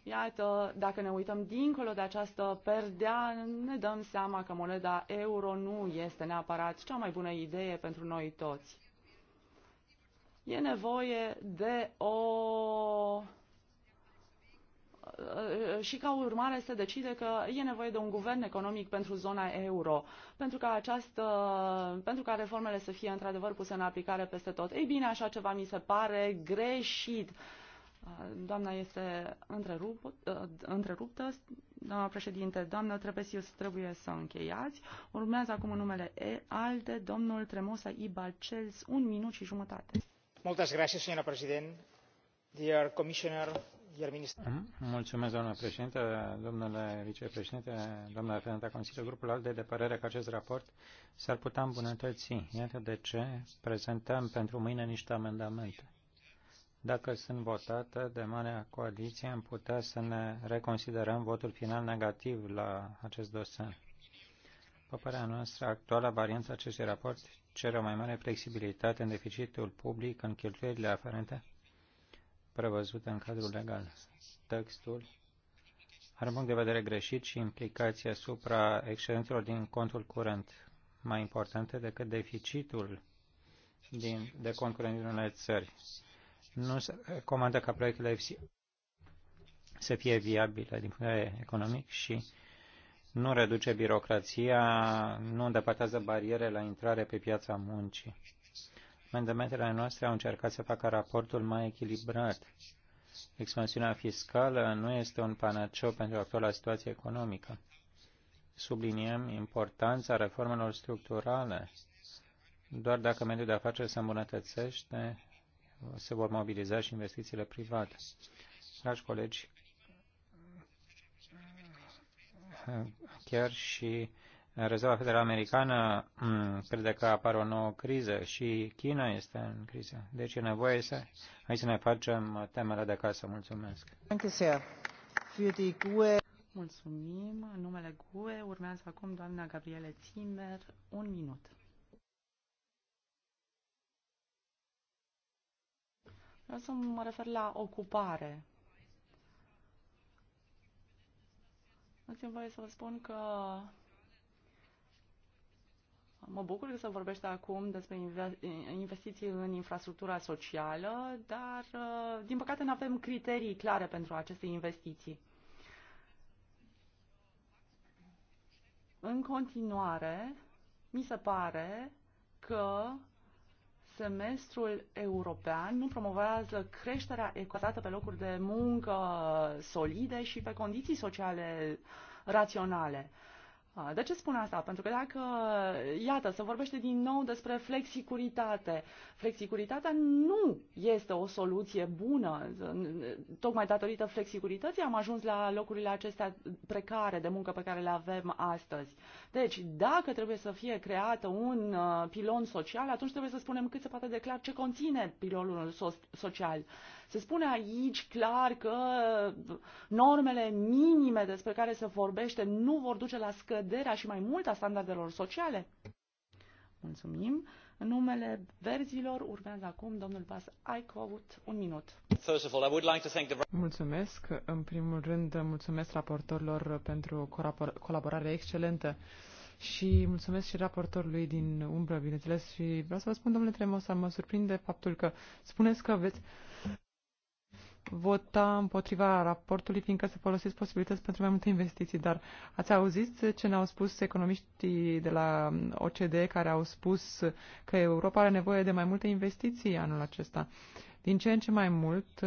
iată, dacă ne uităm dincolo de această perdea, ne dăm seama că moneda euro nu este neapărat cea mai bună idee pentru noi toți. E nevoie de o Uh, și ca urmare se decide că e nevoie de un guvern economic pentru zona euro, pentru ca, această, pentru ca reformele să fie într-adevăr puse în aplicare peste tot. Ei bine, așa ceva mi se pare greșit. Uh, doamna este întrerupt, uh, întreruptă, doamna președinte, doamna Trepesius trebuie să încheiați. Urmează acum în numele e, alte, domnul Tremosa Ibalcels, un minut și jumătate. Mulțumesc, doamna președinte, dear commissioner, iar ministrul... Mhm. Mulțumesc, doamnă președinte, domnule vicepreședinte, domnule reprezentantă a Consiliului. Grupul al de părere că acest raport s-ar putea îmbunătăți. Iată de ce prezentăm pentru mâine niște amendamente. Dacă sunt votate de Marea Coaliție, am putea să ne reconsiderăm votul final negativ la acest dosar. După părerea noastră, actuala variantă acestui raport cere o mai mare flexibilitate în deficitul public, în cheltuielile aferente, prevăzute în cadrul legal. Textul are un punct de vedere greșit și implicații asupra excedentelor din contul curent mai importante decât deficitul din, de cont curent din unele țări. Nu se recomandă ca proiectele EFSI să fie viabile din punct de vedere economic și nu reduce birocrația, nu îndepărtează bariere la intrare pe piața muncii. Amendamentele noastre au încercat să facă raportul mai echilibrat. Expansiunea fiscală nu este un panaceu pentru actuala situație economică. Subliniem importanța reformelor structurale. Doar dacă mediul de afaceri se îmbunătățește, se vor mobiliza și investițiile private. Dragi colegi, chiar și Rezerva Federală Americană mm, crede că apare o nouă criză și China este în criză. Deci e nevoie să, hai să ne facem temele de casă. Mulțumesc. Mulțumim. În numele GUE urmează acum doamna Gabriele Zimmer. Un minut. Vreau să mă refer la ocupare. Nu voie să vă spun că Mă bucur că se vorbește acum despre investiții în infrastructura socială, dar, uh, din păcate, nu avem criterii clare pentru aceste investiții. În continuare, mi se pare că semestrul european nu promovează creșterea ecuazată pe locuri de muncă solide și pe condiții sociale raționale. Uh, Ah, de ce spun asta? Pentru că dacă, iată, se vorbește din nou despre flexicuritate, flexicuritatea nu este o soluție bună. Tocmai datorită flexicurității am ajuns la locurile acestea precare de muncă pe care le avem astăzi. Deci, dacă trebuie să fie creată un uh, pilon social, atunci trebuie să spunem cât se poate de clar ce conține pilonul social se spune aici clar că normele minime despre care se vorbește nu vor duce la scăderea și mai mult a standardelor sociale? Mulțumim. În numele verzilor urmează acum domnul Bas Aicovut. Un minut. Mulțumesc. În primul rând, mulțumesc raportorilor pentru colaborare excelentă și mulțumesc și raportorului din umbră, bineînțeles, și vreau să vă spun, domnule Tremosa, mă surprinde faptul că spuneți că veți vota împotriva raportului, fiindcă se folosesc posibilități pentru mai multe investiții. Dar ați auzit ce ne-au spus economiștii de la OCDE care au spus că Europa are nevoie de mai multe investiții anul acesta. Din ce în ce mai mult,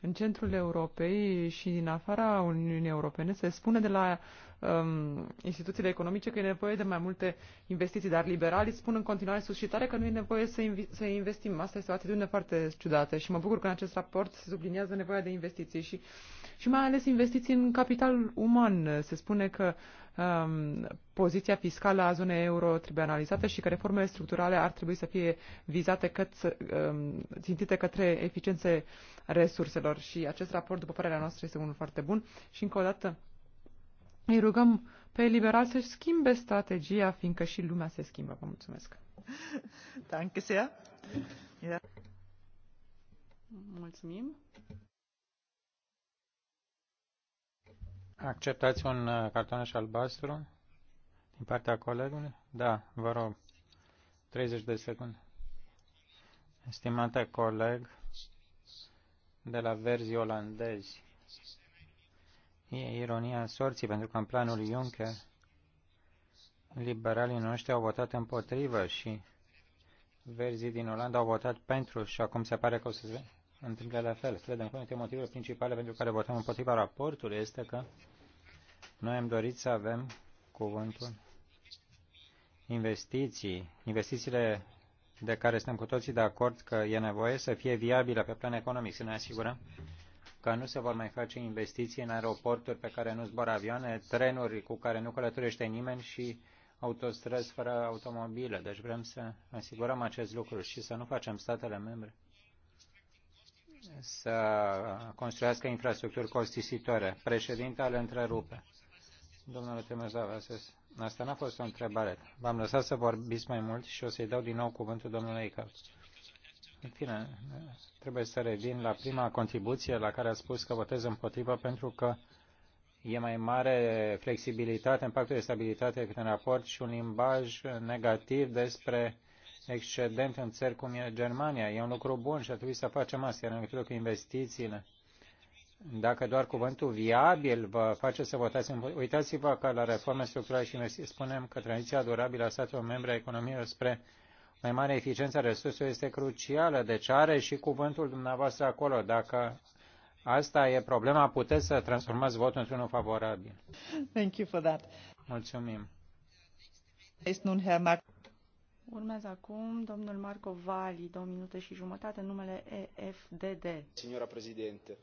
în centrul Europei și din afara Uniunii Europene se spune de la um, instituțiile economice că e nevoie de mai multe investiții, dar liberalii spun în continuare suscitare că nu e nevoie să, inv- să investim. Asta este o atitudine foarte ciudată și mă bucur că în acest raport se subliniază nevoia de investiții și uh, și mai ales investiții în capital uman. Se spune că um, poziția fiscală a zonei euro trebuie analizată și că reformele structurale ar trebui să fie vizate cât, um, țintite către eficiențe resurselor. Și acest raport, după părerea noastră, este unul foarte bun. Și încă o dată îi rugăm pe liberal să-și schimbe strategia, fiindcă și lumea se schimbă. Vă mulțumesc. Danke sehr. Mulțumim. Acceptați un uh, cartonaș albastru din partea colegului? Da, vă rog. 30 de secunde. Estimate coleg de la verzi olandezi, e ironia sorții pentru că în planul Juncker liberalii noștri au votat împotrivă și verzii din Olanda au votat pentru și acum se pare că o să se întâmplă la fel. Credem că unul dintre motivele principale pentru care votăm împotriva raportului este că noi am dorit să avem cuvântul investiții, investițiile de care suntem cu toții de acord că e nevoie să fie viabilă pe plan economic, să ne asigurăm că nu se vor mai face investiții în aeroporturi pe care nu zbor avioane, trenuri cu care nu călătorește nimeni și autostrăzi fără automobile. Deci vrem să asigurăm acest lucru și să nu facem statele membre să construiască infrastructuri costisitoare. Președintele întrerupe. Domnule Temezav, asta n-a fost o întrebare. V-am lăsat să vorbiți mai mult și o să-i dau din nou cuvântul domnului Eichel. În fine, trebuie să revin la prima contribuție la care a spus că votez împotrivă pentru că e mai mare flexibilitate în pactul de stabilitate decât în raport și un limbaj negativ despre excelent în țări cum e Germania. E un lucru bun și ar trebui să facem asta, iar în legătură cu investițiile. Dacă doar cuvântul viabil vă face să votați, uitați-vă că la reforme structurale și investiții spunem că tranziția durabilă a statelor membre a economiei spre mai mare eficiență a resurselor este crucială. Deci are și cuvântul dumneavoastră acolo. Dacă asta e problema, puteți să transformați votul într-unul favorabil. Thank you for that. Mulțumim. Urmează acum domnul Marco Vali, două minute și jumătate, numele EFDD. Signora președinte,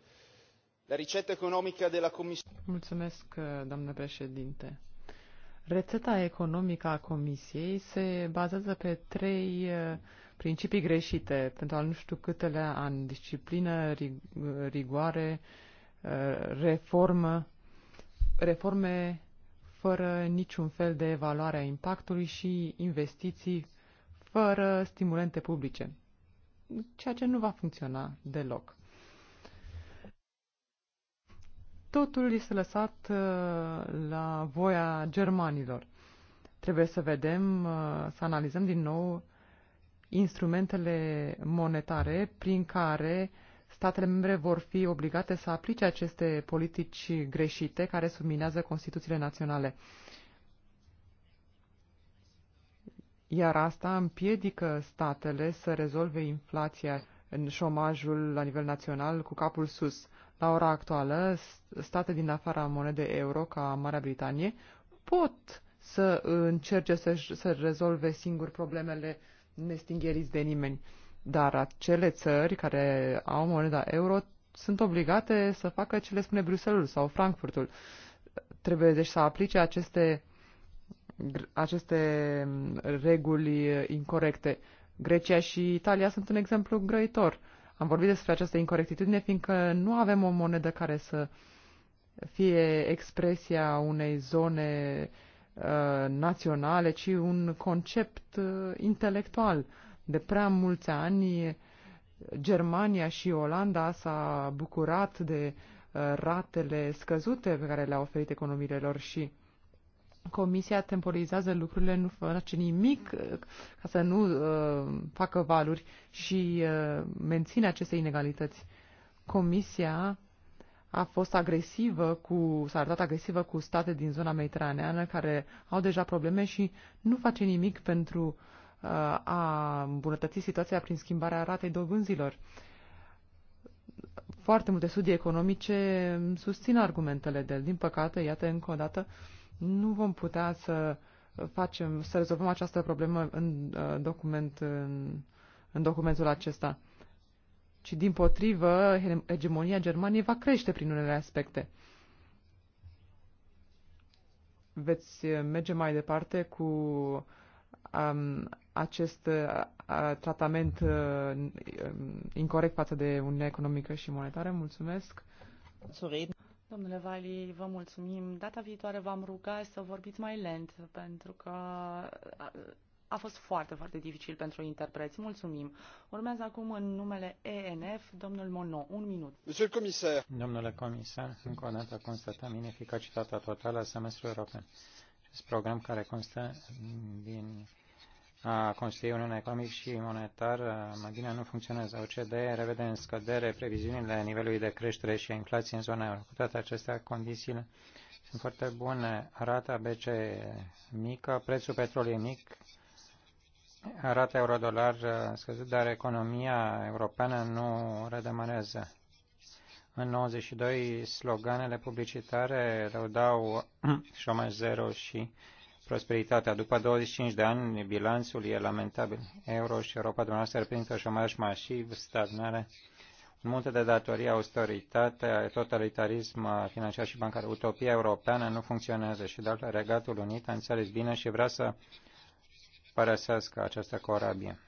la rețeta economică de la Comisie. Mulțumesc, doamnă președinte. Rețeta economică a Comisiei se bazează pe trei uh, principii greșite, pentru a nu știu câtele ani, disciplină, rigoare, uh, reformă, reforme fără niciun fel de evaluare a impactului și investiții fără stimulente publice, ceea ce nu va funcționa deloc. Totul este lăsat uh, la voia germanilor. Trebuie să vedem, uh, să analizăm din nou instrumentele monetare prin care statele membre vor fi obligate să aplice aceste politici greșite care subminează Constituțiile naționale. iar asta împiedică statele să rezolve inflația în șomajul la nivel național cu capul sus. La ora actuală, state din afara monedei euro, ca Marea Britanie, pot să încerce să, să rezolve singur problemele nestingheriți de nimeni. Dar acele țări care au moneda euro sunt obligate să facă ce le spune Bruselul sau Frankfurtul. Trebuie deci să aplice aceste uh, aceste reguli incorrecte. Grecia și Italia sunt un exemplu grăitor. Am vorbit despre această incorectitudine, fiindcă nu avem o monedă care să fie expresia unei zone uh, naționale, ci un concept uh, intelectual. De prea mulți ani, Germania și Olanda s-a bucurat de uh, ratele scăzute pe care le au oferit economiilor și uh, Comisia temporizează lucrurile, nu face nimic uh, ca să nu uh, facă valuri și uh, menține aceste inegalități. Comisia a fost agresivă cu, s-a arătat agresivă cu state din zona mediteraneană care au deja probleme și nu face nimic pentru uh, a îmbunătăți situația prin schimbarea ratei dobânzilor. Foarte multe studii economice susțin argumentele de el. Din păcate, iată încă o dată, uh, nu vom putea să facem, să rezolvăm această problemă în uh, document, în, în documentul acesta. Ci din potrivă, hegemonia Germaniei va crește prin unele aspecte. Veți merge mai departe cu um, acest uh, tratament uh, incorrect față de Uniunea Economică și Monetară. Mulțumesc! Domnule Vali, vă mulțumim. Data viitoare v-am rugat să vorbiți mai lent, pentru că a fost foarte, foarte dificil pentru interpreți. Mulțumim. Urmează acum în numele ENF, domnul Mono. Un minut. Monsieur comisar. Domnule comisar, încă o dată constatăm ineficacitatea totală a semestrului european. Acest program care constă din a Consiliului Uniunii Economic și monetar, mai bine nu funcționează. OCDE revede în scădere previziunile nivelului de creștere și a inflației în zona euro. Cu toate acestea, condițiile sunt foarte bune. Rata BC mică, prețul petrolului mic, rata euro-dolar scăzut, dar economia europeană nu redemarează. În 92, sloganele publicitare dau șomaj zero și prosperitatea. După 25 de ani, bilanțul e lamentabil. Euro și Europa dumneavoastră reprezintă șomaj masiv, stagnare, un munte de datorie, austeritate, totalitarism financiar și bancar. Utopia europeană nu funcționează și, de altfel, Regatul Unit a înțeles bine și vrea să părăsească această corabie.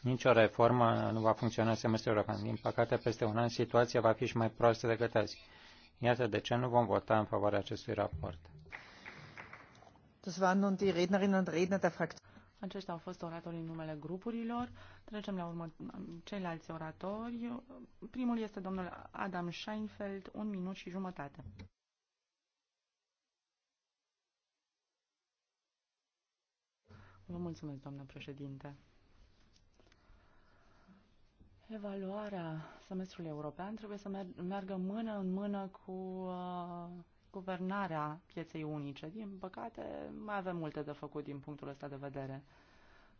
Nicio reformă nu va funcționa în semestrul european. Din păcate, peste un an, situația va fi și mai proastă decât azi. Iată de ce nu vom vota în favoarea acestui raport. Aceștia au fost oratorii în numele grupurilor. Trecem la urmă, ceilalți oratori. Primul este domnul Adam Scheinfeld, un minut și jumătate. Vă mulțumesc, doamnă președinte. Evaluarea semestrului european trebuie să meargă mână în mână cu uh, guvernarea pieței unice. Din păcate, mai avem multe de făcut din punctul ăsta de vedere.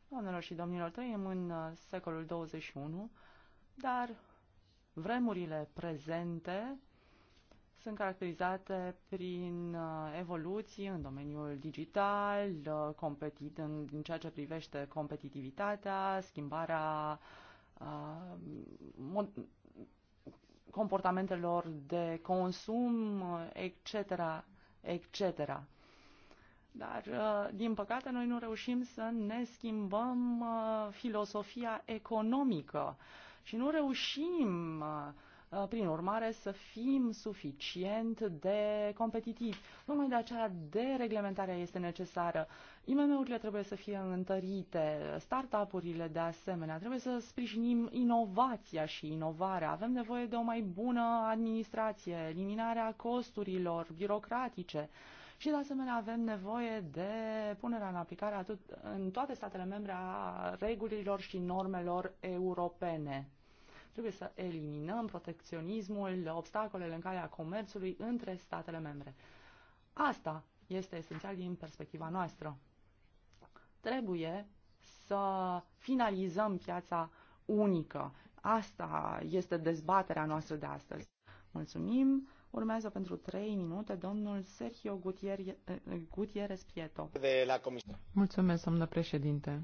Doamnelor și domnilor, trăim în uh, secolul 21, dar vremurile prezente sunt caracterizate prin uh, evoluții în domeniul digital, uh, competit, în, în ceea ce privește competitivitatea, schimbarea comportamentelor de consum, etc., etc. Dar, uh, din păcate, noi nu reușim să ne schimbăm uh, filosofia economică și nu reușim, uh, prin urmare, să fim suficient de competitivi. Numai de aceea dereglementarea este necesară. IMM-urile trebuie să fie întărite, startup-urile de asemenea, trebuie să sprijinim inovația și inovarea. Avem nevoie de o mai bună administrație, eliminarea costurilor birocratice și de asemenea avem nevoie de punerea în aplicare atât în toate statele membre a regulilor și normelor europene. Trebuie să eliminăm protecționismul, obstacolele în calea comerțului între statele membre. Asta este esențial din perspectiva noastră trebuie să finalizăm piața unică. Asta este dezbaterea noastră de astăzi. Mulțumim. Urmează pentru trei minute domnul Sergio Pieto. Eh, Gutierrez la Mulțumesc, domnule președinte.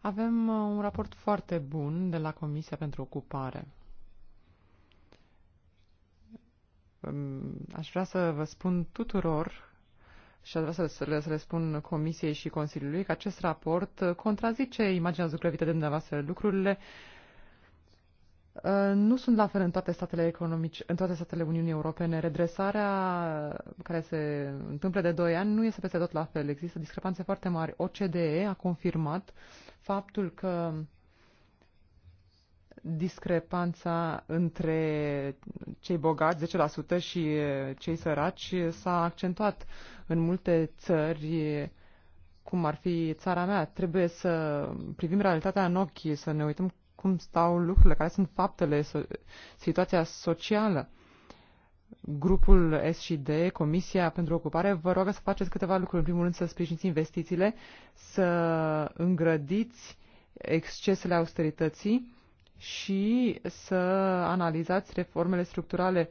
Avem uh, un raport foarte bun de la Comisia pentru Ocupare. Um, aș vrea să vă spun tuturor și aș vrea să, le, să le spun Comisiei și Consiliului că acest raport contrazice imaginea zugrăvită de dumneavoastră. Lucrurile uh, nu sunt la fel în toate statele economice, în toate statele Uniunii Europene. Redresarea care se întâmplă de 2 ani nu este peste tot la fel. Există discrepanțe foarte mari. OCDE a confirmat faptul că discrepanța între cei bogați, 10%, și cei săraci s-a accentuat în multe țări, cum ar fi țara mea. Trebuie să privim realitatea în ochi, să ne uităm cum stau lucrurile, care sunt faptele, situația socială. Grupul S&D Comisia pentru Ocupare, vă rog să faceți câteva lucruri. În primul rând să sprijiniți investițiile, să îngrădiți excesele austerității, și să analizați reformele structurale,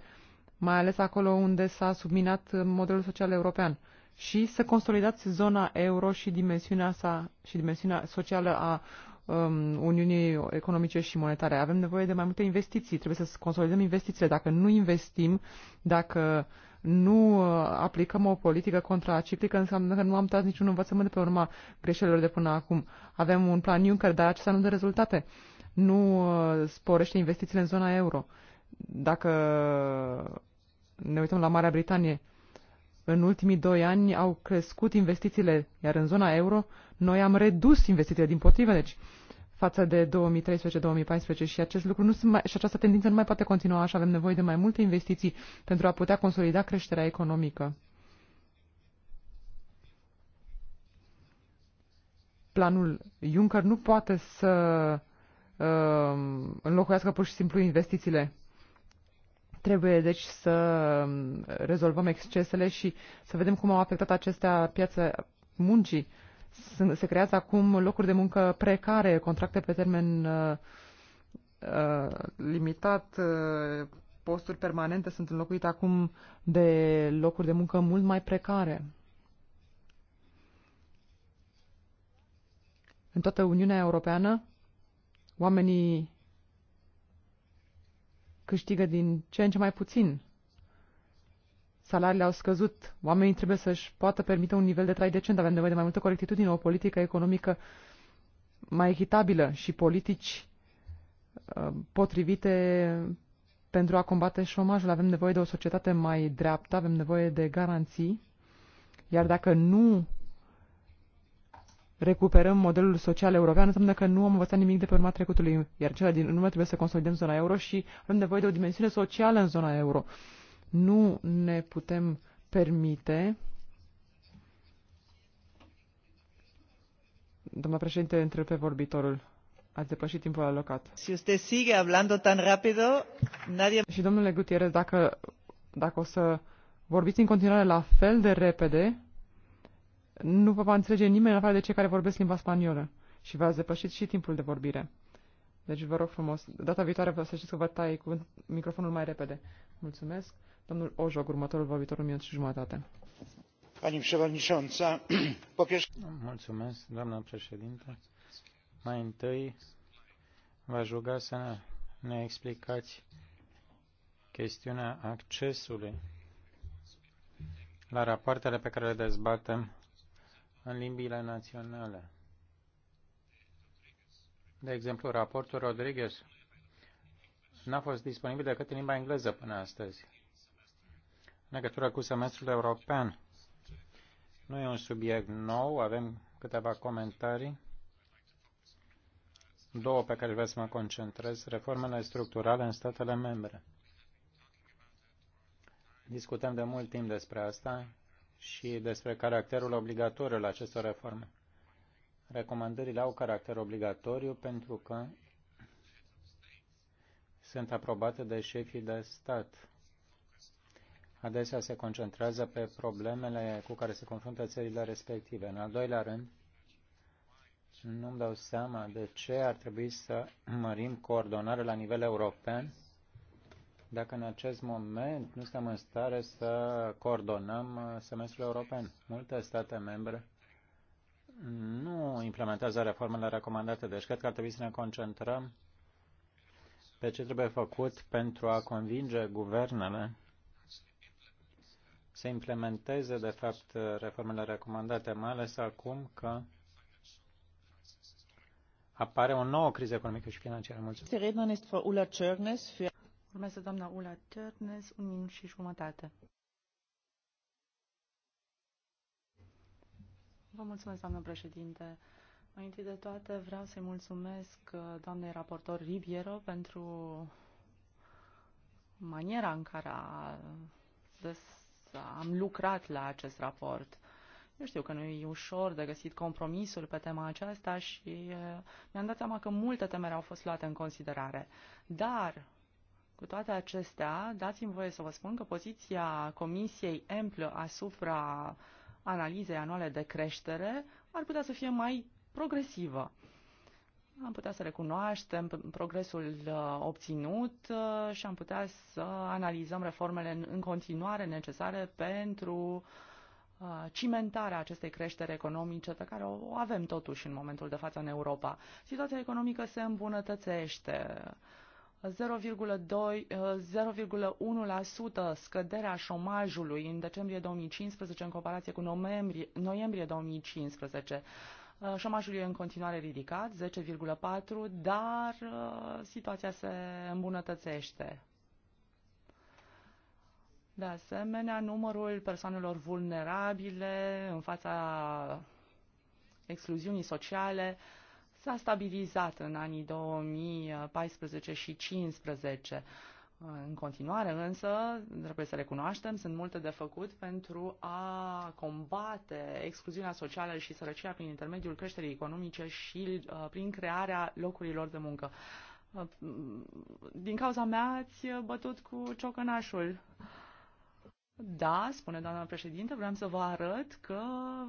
mai ales acolo unde s-a subminat modelul social european și să consolidați zona euro și dimensiunea sa și dimensiunea socială a um, Uniunii Economice și Monetare. Avem nevoie de mai multe investiții, trebuie să consolidăm investițiile. Dacă nu investim, dacă nu uh, aplicăm o politică contraciclică, înseamnă că nu am tras niciun învățământ de pe urma greșelilor de până acum. Avem un plan Juncker, dar acesta nu dă rezultate. Uh, nu uh, sporește investițiile în zona euro. Dacă ne uităm la Marea Britanie, în ultimii doi ani au crescut investițiile, iar în zona euro noi am redus investițiile din potrivă, deci față de 2013-2014 și acest lucru nu mai, și această tendință nu mai poate continua așa, avem nevoie de mai multe investiții pentru a putea consolida creșterea economică. Planul Juncker nu poate să Um, înlocuiască pur și simplu investițiile. Trebuie deci să um, rezolvăm excesele și să vedem cum au afectat acestea piața muncii. Se creează acum locuri de muncă precare, contracte pe termen uh, uh, limitat, uh, posturi permanente sunt înlocuite acum de locuri de muncă mult mai precare. În toată Uniunea Europeană, Oamenii câștigă din ce în ce mai puțin. Salariile au scăzut. Oamenii trebuie să-și poată permite un nivel de trai decent. Avem nevoie de mai multă corectitudine, o politică economică mai echitabilă și politici ă, potrivite pentru a combate șomajul. Avem nevoie de o societate mai dreaptă, avem nevoie de garanții. Iar dacă nu recuperăm modelul social european înseamnă că nu am învățat nimic de pe urma trecutului, iar cele din urmă trebuie să consolidăm zona euro și avem nevoie de o dimensiune socială în zona euro. Nu ne putem permite Doamna președinte, întrerupe vorbitorul. Ați depășit timpul alocat. Si usted sigue hablando tan rápido, nadie... Și domnule Gutierrez, dacă, dacă o să vorbiți în continuare la fel de repede, nu vă va înțelege nimeni în afară de cei care vorbesc limba spaniolă și v-ați depășit și timpul de vorbire. Deci vă rog frumos, data viitoare vă să știți că vă tai cu microfonul mai repede. Mulțumesc. Domnul Ojog, următorul vorbitor, un minut și jumătate. Pani Przewodnicząca, po pierwsze... Mulțumesc, doamna președinte. Mai întâi v-aș ruga să ne, ne explicați chestiunea accesului la rapoartele pe care le dezbatem în limbile naționale. De exemplu, raportul Rodriguez n-a fost disponibil decât în limba engleză până astăzi. În legătură cu semestrul european, nu e un subiect nou, avem câteva comentarii, două pe care vreau să mă concentrez, reformele structurale în statele membre. Discutăm de mult timp despre asta și despre caracterul obligatoriu al acestor reforme. Recomandările au caracter obligatoriu pentru că sunt aprobate de șefii de stat. Adesea se concentrează pe problemele cu care se confruntă țările respective. În al doilea rând, nu-mi dau seama de ce ar trebui să mărim coordonarea la nivel european dacă în acest moment nu suntem în stare să coordonăm uh, semestrul european. Multe state membre nu implementează reformele recomandate, deci cred că ar trebui să ne concentrăm pe ce trebuie făcut pentru a convinge guvernele să implementeze, de fapt, reformele recomandate, mai ales acum că apare o nouă criză economică și financiară. Mulțumesc. Urmează doamna Ula Cernes, un minut și jumătate. Vă mulțumesc, doamnă președinte. Mai întâi de toate vreau să-i mulțumesc uh, doamnei raportor Riviero pentru maniera în care a, des, am lucrat la acest raport. Eu știu că nu e ușor de găsit compromisul pe tema aceasta și uh, mi-am dat seama că multe temere au fost luate în considerare. Dar cu toate acestea, dați-mi voie să vă spun că poziția Comisiei Amplă asupra analizei anuale de creștere ar putea să fie mai progresivă. Am putea să recunoaștem progresul uh, obținut uh, și am putea să analizăm reformele în continuare necesare pentru uh, cimentarea acestei creșteri economice pe care o avem totuși în momentul de față în Europa. Situația economică se îmbunătățește 0,1% scăderea șomajului în decembrie 2015 în comparație cu noiembrie, noiembrie 2015. Uh, șomajul e în continuare ridicat, 10,4%, dar uh, situația se îmbunătățește. De asemenea, numărul persoanelor vulnerabile în fața excluziunii sociale uh, s-a stabilizat în anii 2014 și 2015. În continuare, însă, trebuie să recunoaștem, sunt multe de făcut pentru a combate excluziunea socială și sărăcia prin intermediul creșterii economice și uh, prin crearea locurilor de muncă. Uh, din cauza mea ați bătut cu ciocănașul. Uh, da, spune doamna președinte, vreau să vă arăt că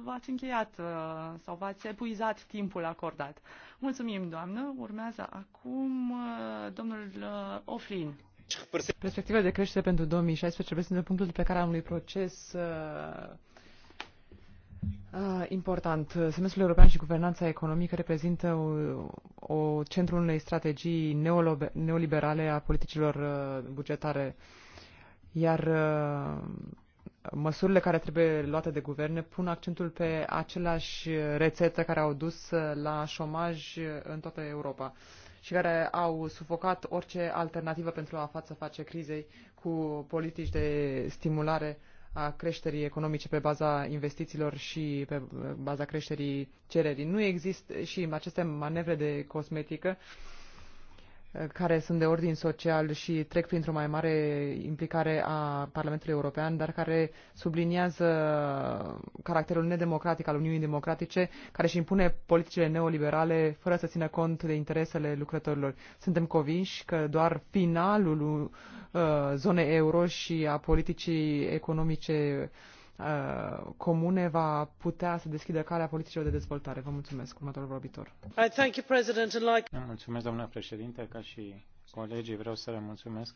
v-ați încheiat uh, sau v-ați epuizat timpul acordat. Mulțumim, doamnă. Urmează acum uh, domnul uh, Oflin. Perspectiva de creștere pentru 2016 reprezintă punctul de plecare am unui proces important. Semestrul european și guvernanța economică reprezintă o, o centrul unei strategii neoliberale a politicilor bugetare iar uh, măsurile care trebuie luate de guverne pun accentul pe aceleași rețete care au dus uh, la șomaj uh, în toată Europa și care au sufocat orice alternativă pentru a față face crizei cu politici de stimulare a creșterii economice pe baza investițiilor și pe baza creșterii cererii. Nu există și aceste manevre de cosmetică uh, care sunt de ordin social și trec printr-o mai mare implicare a Parlamentului European, dar care subliniază caracterul nedemocratic al Uniunii Democratice, care își impune politicile neoliberale fără să țină cont de interesele lucrătorilor. Suntem convinși că doar finalul uh, zonei euro și a politicii economice uh, Uh, comune va putea să deschidă calea politicilor de dezvoltare. Vă mulțumesc. Următorul vorbitor. Mulțumesc, domnule președinte, ca și colegii vreau să le mulțumesc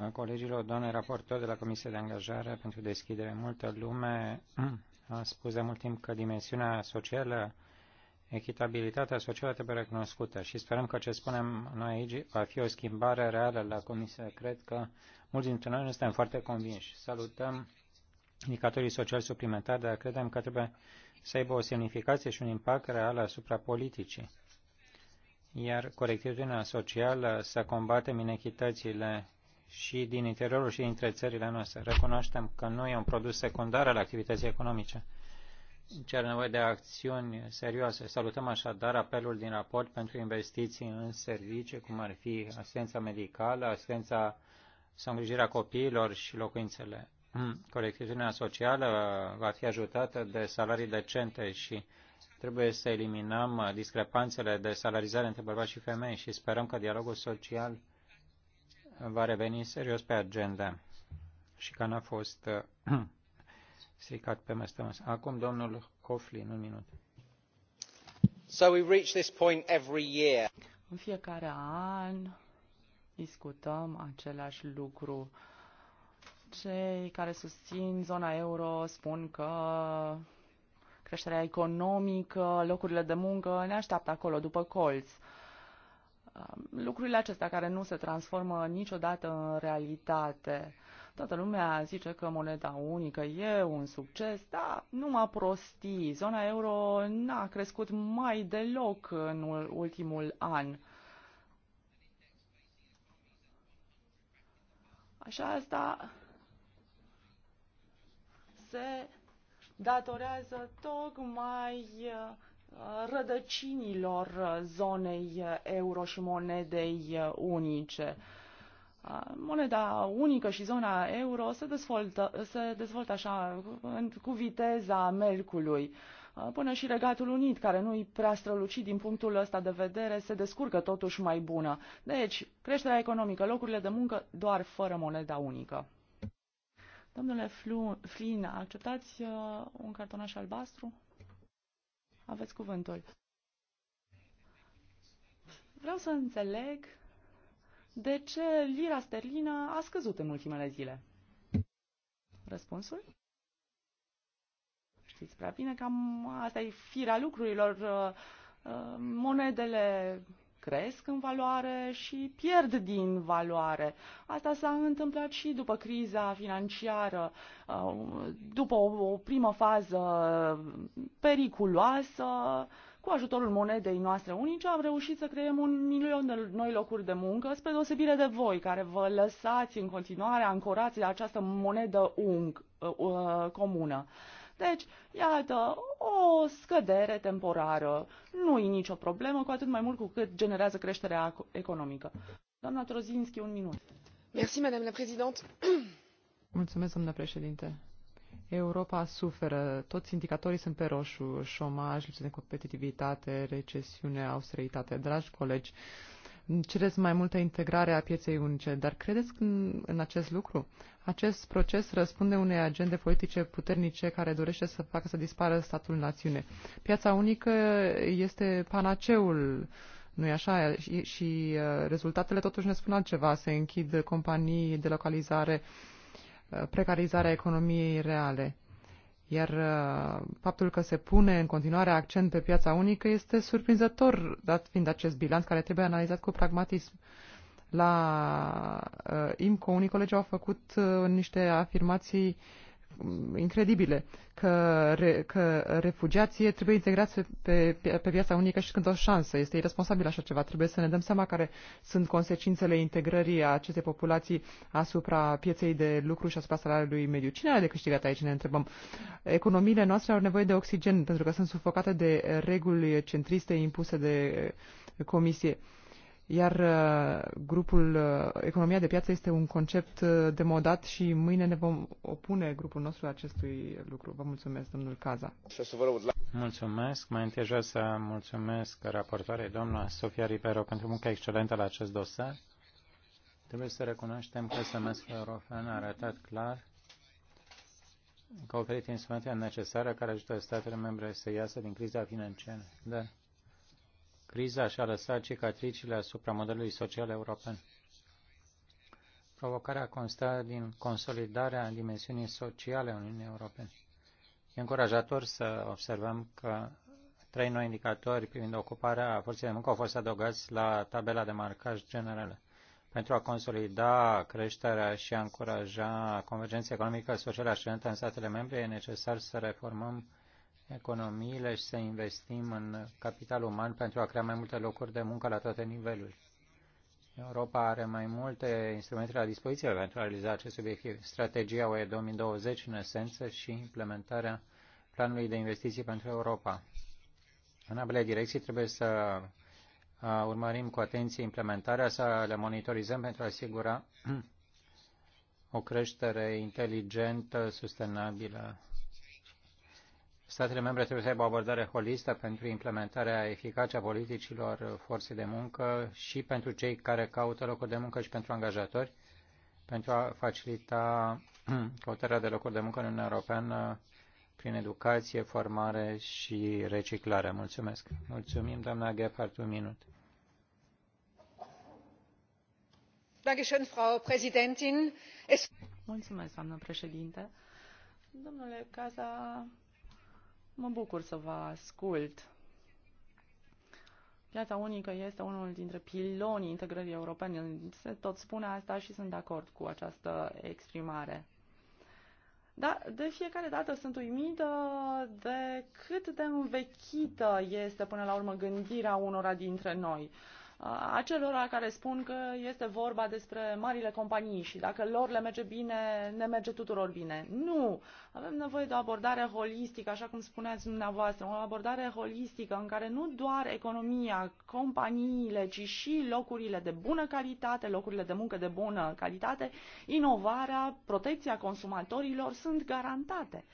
uh, colegilor, doamne raportor de la Comisia de Angajare pentru deschidere. Multă lume mm, a spus de mult timp că dimensiunea socială, echitabilitatea socială trebuie recunoscută și sperăm că ce spunem noi aici va fi o schimbare reală la Comisie. Cred că mulți dintre noi nu suntem foarte convinși. Salutăm indicatorii sociali suplimentari, dar credem că trebuie să aibă o semnificație și un impact real asupra politicii. Iar corectitudinea socială să combatem inechitățile și din interiorul și dintre țările noastre. Recunoaștem că nu e un produs secundar al activității economice, ci are nevoie de acțiuni serioase. Salutăm așadar apelul din raport pentru investiții în servicii, cum ar fi asistența medicală, asistența sau îngrijirea copiilor și locuințele Mm, corectitudinea socială uh, va fi ajutată de salarii decente și trebuie să eliminăm uh, discrepanțele de salarizare între bărbați și femei și sperăm că dialogul social va reveni serios pe agenda și că n-a fost uh, stricat pe mestămas. Acum domnul în un minut. So we reach this point every year. În fiecare an discutăm același lucru cei care susțin zona euro spun că creșterea economică, locurile de muncă ne așteaptă acolo, după colț. Um, lucrurile acestea care nu se transformă niciodată în realitate. Toată lumea zice că moneda unică e un succes, dar m-a prosti Zona euro n-a crescut mai deloc în ultimul an. Așa asta se datorează tocmai uh, rădăcinilor zonei euro și monedei unice. Uh, moneda unică și zona euro se dezvoltă, se dezvoltă așa cu viteza melcului. Uh, până și Regatul Unit, care nu-i prea strălucit din punctul ăsta de vedere, se descurcă totuși mai bună. Deci, creșterea economică, locurile de muncă, doar fără moneda unică. Domnule Flu, Flin, acceptați uh, un cartonaș albastru? Aveți cuvântul. Vreau să înțeleg de ce lira sterlină a scăzut în ultimele zile. Răspunsul? Știți prea bine, că asta e firea lucrurilor. Uh, uh monedele cresc în valoare și pierd din valoare. Asta s-a întâmplat și după criza financiară, uh, după o primă fază periculoasă, cu ajutorul monedei noastre unice am reușit să creăm un milion de noi locuri de muncă, spre deosebire de voi, care vă lăsați în continuare ancorați de această monedă ung, uh, uh comună. Uh, deci, iată, o scădere temporară. Nu e nicio problemă, cu atât mai mult cu cât generează creșterea economică. Doamna Trozinski, un minut. Merci, madame la présidente. Mulțumesc, doamna președinte. Europa suferă. Toți indicatorii sunt pe roșu. Șomaj, lipsă de competitivitate, recesiune, austeritate. Dragi colegi, cereți mai multă integrare a pieței unice, dar credeți în, în acest lucru? Acest proces răspunde unei agende politice puternice care dorește să facă să dispară statul națiune. Piața unică este panaceul nu e așa? Și, și uh, rezultatele totuși ne spun altceva. Se închid companii de localizare, uh, precarizarea economiei reale. Iar uh, faptul că se pune în continuare accent pe piața unică este surprinzător, dat fiind acest bilanț care trebuie analizat cu pragmatism. La uh, IMCO, unii colegi au făcut uh, niște afirmații Mm, incredibile, că, re, că refugiații trebuie integrați pe, pe, pe viața unică și când o șansă. Este irresponsabil așa ceva. Trebuie să ne dăm seama care sunt consecințele integrării a acestei populații asupra pieței de lucru și asupra salariului mediu. Cine are de câștigat aici, ne întrebăm. Economiile noastre au nevoie de oxigen pentru că sunt sufocate de reguli centriste impuse de comisie. Uh, iar uh, grupul uh, Economia de Piață este un concept uh, demodat și mâine ne vom opune grupul nostru acestui lucru. Vă mulțumesc, domnul Caza. Mulțumesc. Mai întâi vreau să mulțumesc raportoarei doamna Sofia Ripero pentru munca excelentă la acest dosar. Trebuie să recunoaștem că semestrul european a arătat clar că a oferit instrumentele necesare care ajută statele membre să iasă din criza financiară. Dar Criza și-a lăsat cicatricile asupra modelului social european. Provocarea constă din consolidarea dimensiunii sociale a Uniunii Europene. E încurajator să observăm că trei noi indicatori privind ocuparea forței de muncă au fost adăugați la tabela de marcaj generală pentru a consolida creșterea și a încuraja convergența economică socială ascendentă în statele membre, e necesar să reformăm economiile și să investim în capital uman pentru a crea mai multe locuri de muncă la toate nivelurile. Europa are mai multe instrumente la dispoziție pentru a realiza acest obiectiv. Strategia UE 2020, în esență, și implementarea planului de investiții pentru Europa. În ambele direcții trebuie să uh, urmărim cu atenție implementarea, să le monitorizăm pentru a asigura o creștere inteligentă, sustenabilă Statele membre trebuie să aibă o abordare holistă pentru implementarea eficace a politicilor forței de muncă și pentru cei care caută locuri de muncă și pentru angajatori, pentru a facilita căutarea de locuri de muncă în Uniunea Europeană prin educație, formare și reciclare. Mulțumesc. Mulțumim, doamna Gephardt, un minut. Mulțumesc, doamnă președinte. Domnule Caza, Mă bucur să vă ascult. Piața unică este unul dintre pilonii integrării europene. Se tot spune asta și sunt de acord cu această exprimare. Dar de fiecare dată sunt uimită de cât de învechită este până la urmă gândirea unora dintre noi. Uh, acelora care spun că este vorba despre marile companii și dacă lor le merge bine, ne merge tuturor bine. Nu! Avem nevoie de o abordare holistică, așa cum spuneați dumneavoastră, o abordare holistică în care nu doar economia, companiile, ci și locurile de bună calitate, locurile de muncă de bună calitate, inovarea, protecția consumatorilor sunt garantate.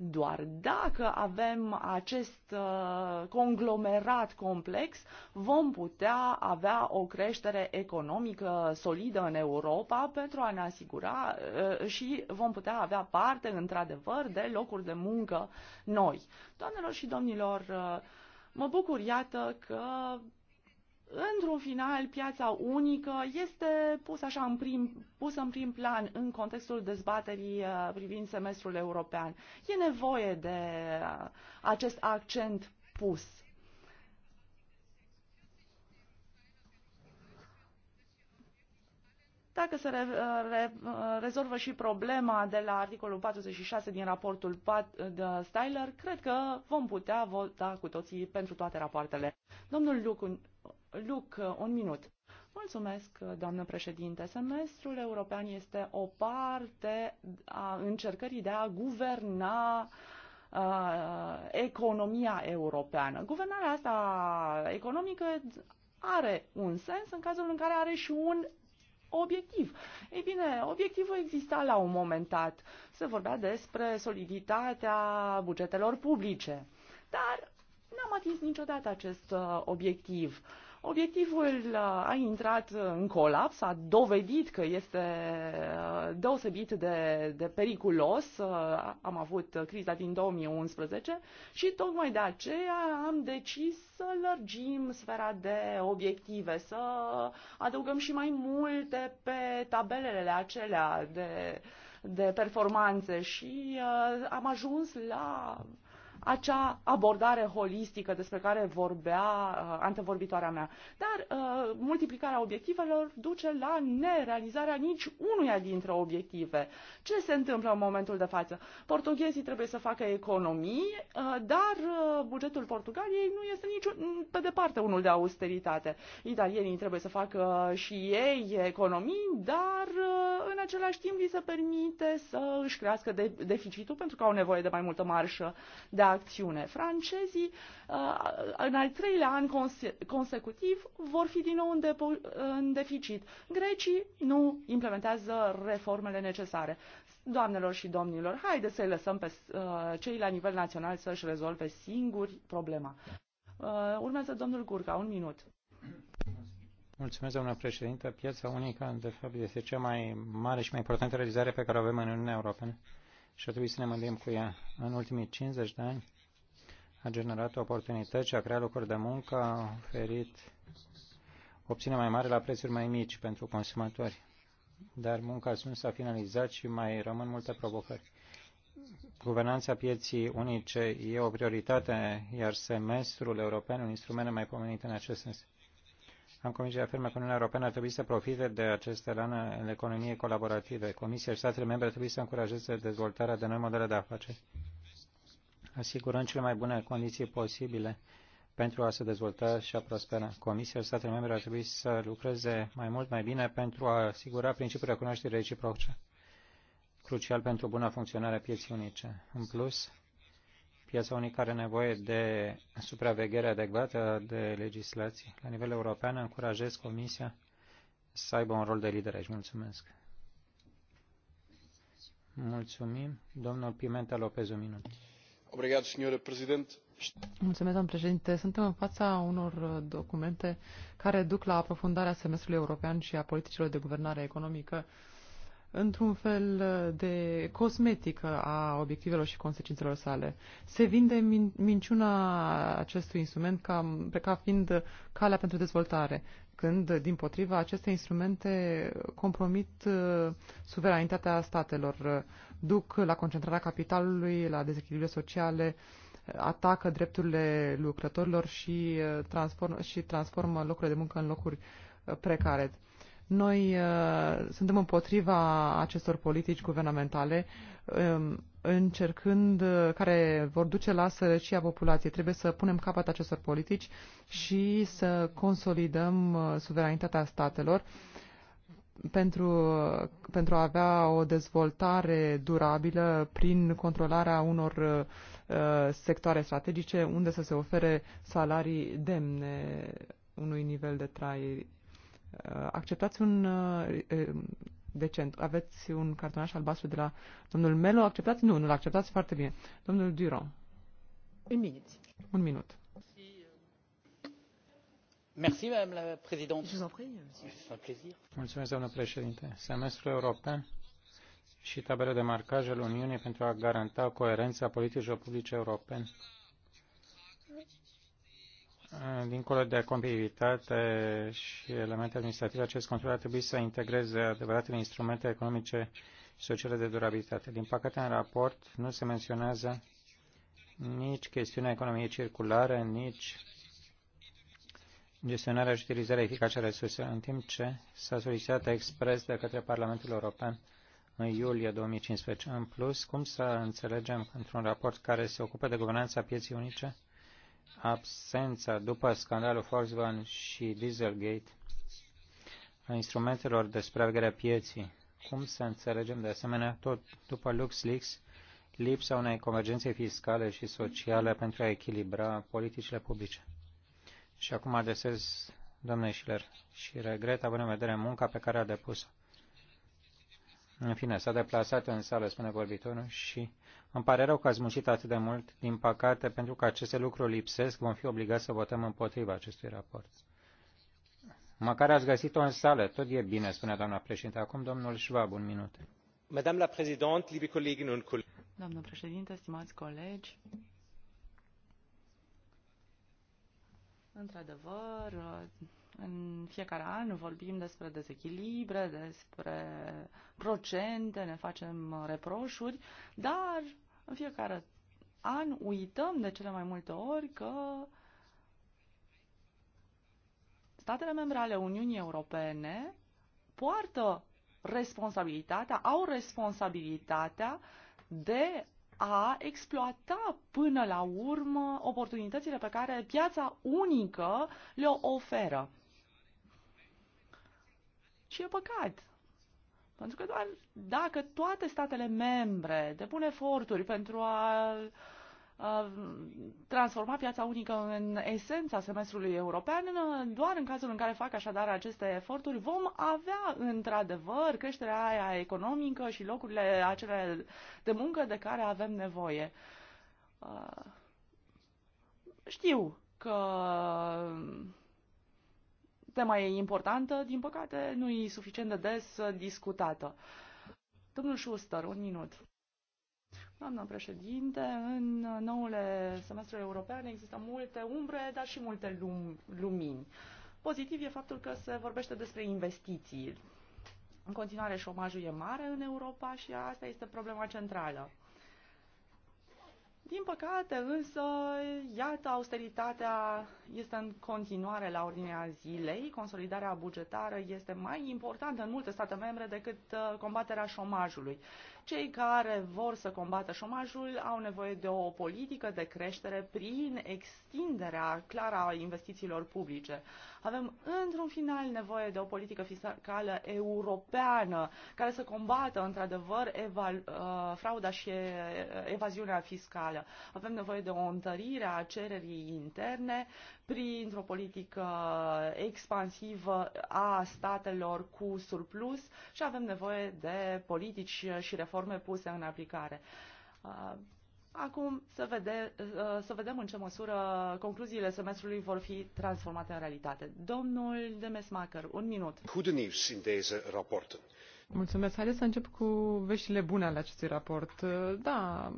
Doar dacă avem acest uh, conglomerat complex, vom putea avea o creștere economică solidă în Europa pentru a ne asigura uh, și vom putea avea parte, într-adevăr, de locuri de muncă noi. Doamnelor și domnilor, uh, mă bucur, iată, că Într-un final, piața unică este pusă așa în prim, pusă în prim plan în contextul dezbaterii uh, privind semestrul european. E nevoie de uh, acest accent pus. Dacă se re, uh, re, rezolvă și problema de la articolul 46 din raportul Pat, de Styler, cred că vom putea vota cu toții pentru toate rapoartele. Domnul Lucu, Luc, un minut. Mulțumesc, doamnă președinte. Semestrul european este o parte a încercării de a guverna uh, economia europeană. Guvernarea asta economică are un sens în cazul în care are și un obiectiv. Ei bine, obiectivul exista la un moment dat. Se vorbea despre soliditatea bugetelor publice. Dar n-am atins niciodată acest uh, obiectiv. Uh, Obiectivul uh, a intrat în colaps, a dovedit că este uh, deosebit de, de periculos. Uh, am avut criza din 2011 și tocmai de aceea am decis să lărgim sfera de obiective, să adăugăm și mai multe pe tabelele acelea de, de performanțe și am ajuns la acea abordare holistică despre care vorbea uh, antevorbitoarea mea. Dar uh, multiplicarea obiectivelor duce la nerealizarea nici unuia dintre obiective. Ce se întâmplă în momentul de față? Portughezii trebuie să facă economii, uh, dar bugetul Portugaliei nu este nici pe departe unul de austeritate. Italienii trebuie să facă și ei economii, dar în același timp li se permite să își crească de, deficitul pentru că au nevoie de mai multă marșă de a acțiune. Francezii, uh, în al treilea an conse- consecutiv, vor fi din nou în, depo- în deficit. Grecii nu implementează reformele necesare. Doamnelor și domnilor, haideți să-i lăsăm pe uh, cei la nivel național să-și rezolve singuri problema. Uh, urmează domnul Gurca, un minut. Mulțumesc, doamnă președintă. Piața unică, de fapt, este cea mai mare și mai importantă realizare pe care o avem în Uniunea Europeană și ar trebui să ne mândim cu ea. În ultimii 50 de ani a generat oportunități și a creat locuri de muncă, a oferit opțiune mai mare la prețuri mai mici pentru consumatori. Dar munca sunt s-a finalizat și mai rămân multe provocări. Guvernanța pieții unice e o prioritate, iar semestrul european un instrument mai pomenit în acest sens. Am convingerea afirmă că Uniunea Europeană ar trebui să profite de aceste lane în economie colaborative. Comisia și statele membre trebuie să încurajeze dezvoltarea de noi modele de afaceri, asigurând cele mai bune condiții posibile pentru a se dezvolta și a prospera. Comisia și statele membre ar trebui să lucreze mai mult, mai bine pentru a asigura principiul recunoașterii reciproce, crucial pentru buna funcționare a pieții unice. În plus, Piața unică are nevoie de supraveghere adecvată de legislație. La nivel european încurajez Comisia să aibă un rol de lider aici. Mulțumesc. Mulțumim. Domnul Pimenta Lopez, un minut. Mulțumesc, domnul președinte. Suntem în fața unor documente care duc la aprofundarea semestrului european și a politicilor de guvernare economică într-un fel de cosmetică a obiectivelor și consecințelor sale. Se vinde min- minciuna acestui instrument ca, ca fiind calea pentru dezvoltare, când, din potriva, aceste instrumente compromit uh, suveranitatea statelor, uh, duc la concentrarea capitalului, la dezechilibre sociale, uh, atacă drepturile lucrătorilor și, transform- și transformă locurile de muncă în locuri precare. Noi uh, suntem împotriva acestor politici guvernamentale, um, încercând, uh, care vor duce la sărăcia populației. Trebuie să punem capăt acestor politici și să consolidăm uh, suveranitatea statelor pentru, pentru a avea o dezvoltare durabilă prin controlarea unor uh, sectoare strategice unde să se ofere salarii demne unui nivel de trai Uh, acceptați un uh, uh, decent. Aveți un cartonaș albastru de la domnul Melo, acceptați? Nu, nu-l acceptați foarte bine. Domnul Duron. Un minut. Un minut. Merci, Madame la Présidente. Je vous en prie. C'est un plaisir. Mulțumesc, domnule președinte. Semestrul european și tabele de marcaj al Uniunii pentru a garanta coerența politicilor publice europene Dincolo de competitivitate și elemente administrative, acest control ar trebui să integreze adevăratele instrumente economice și sociale de durabilitate. Din păcate, în raport nu se menționează nici chestiunea economiei circulare, nici gestionarea și utilizarea eficace a resurselor, în timp ce s-a solicitat expres de către Parlamentul European în iulie 2015. În plus, cum să înțelegem într-un raport care se ocupă de guvernanța pieții unice, absența după scandalul Volkswagen și Dieselgate a instrumentelor de supraveghere pieții. Cum să înțelegem de asemenea tot după LuxLeaks lipsa unei convergențe fiscale și sociale pentru a echilibra politicile publice? Și acum adresez domnule Schiller și regret având în vedere munca pe care a depus-o. În fine, s-a deplasat în sală, spune vorbitorul, și îmi pare rău că ați muncit atât de mult. Din păcate, pentru că aceste lucruri lipsesc, vom fi obligați să votăm împotriva acestui raport. Măcar ați găsit-o în sală, tot e bine, spune doamna președinte. Acum domnul Schwab, un minut. Madame la Présidente, liebe colegi, und Kollegen. președinte, stimați colegi, Într-adevăr, în fiecare an vorbim despre dezechilibre, despre procente, ne facem reproșuri, dar în fiecare an uităm de cele mai multe ori că statele membre ale Uniunii Europene poartă responsabilitatea, au responsabilitatea de a exploata până la urmă oportunitățile pe care piața unică le oferă. Și e păcat. Pentru că doar dacă toate statele membre depun eforturi pentru a uh, Uh, transforma piața unică în esența semestrului european, uh, doar în cazul în care fac așadar aceste eforturi, vom avea într-adevăr creșterea aia economică și locurile acelea de muncă de care avem nevoie. Uh, știu că tema e importantă, din păcate nu e suficient de des discutată. Domnul Schuster, un minut. Doamna președinte, în noule semestru european există multe umbre, dar și multe lum- lumini. Pozitiv e faptul că se vorbește despre investiții. În continuare, șomajul e mare în Europa și asta este problema centrală. Din păcate, însă, iată, austeritatea este în continuare la ordinea zilei. Consolidarea bugetară este mai importantă în multe state membre decât uh, combaterea șomajului. Cei care vor să combată șomajul au nevoie de o politică de creștere prin extinderea clară a investițiilor publice. Avem într-un final nevoie de o politică fiscală europeană care să combată într-adevăr uh, frauda și uh, evaziunea fiscală. Avem nevoie de o întărire a cererii interne printr-o politică expansivă a statelor cu surplus și avem nevoie de politici și reforme puse în aplicare. Uh, Acum să, vede, uh, să vedem în ce măsură concluziile semestrului vor fi transformate în realitate. Domnul Demesmacher, un minut. Mulțumesc. Haideți să încep cu veștile bune ale acestui raport. Uh, da,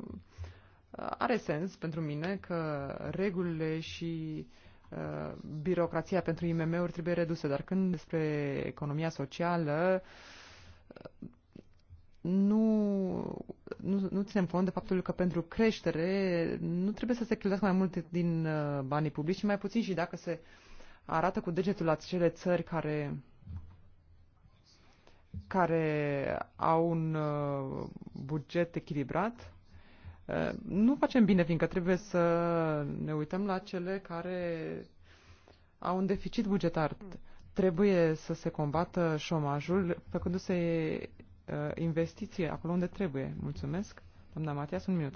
are sens pentru mine că regulile și uh, birocrația pentru IMM-uri trebuie reduse, dar când despre economia socială, nu, nu, nu ținem cont de faptul că pentru creștere nu trebuie să se cheltuiască mai mult din uh, banii publici și mai puțin și dacă se arată cu degetul la cele țări care care au un uh, buget echilibrat, uh, nu facem bine, fiindcă trebuie să ne uităm la cele care au un deficit bugetar. Trebuie să se combată șomajul, făcându-se Uh, investiție acolo unde trebuie. Mulțumesc. Doamna Matias, un minut.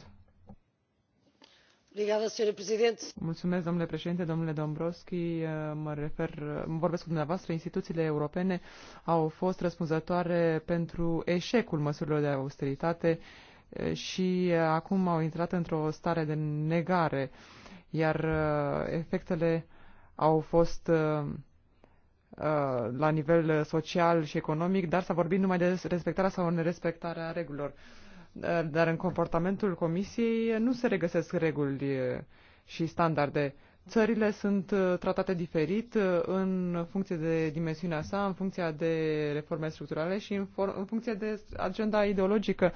Mulțumesc, domnule președinte, domnule Dombrovski. Uh, mă refer, mă vorbesc cu dumneavoastră. Instituțiile europene au fost răspunzătoare pentru eșecul măsurilor de austeritate uh, și acum au intrat într-o stare de negare, iar efectele au fost Uh, la nivel social și economic, dar s-a vorbit numai de respectarea sau nerespectarea regulilor. Uh, dar în comportamentul comisiei nu se regăsesc reguli uh, și standarde. Țările sunt uh, tratate diferit uh, în funcție de dimensiunea sa, în funcție de reforme structurale și în, for- în funcție de agenda ideologică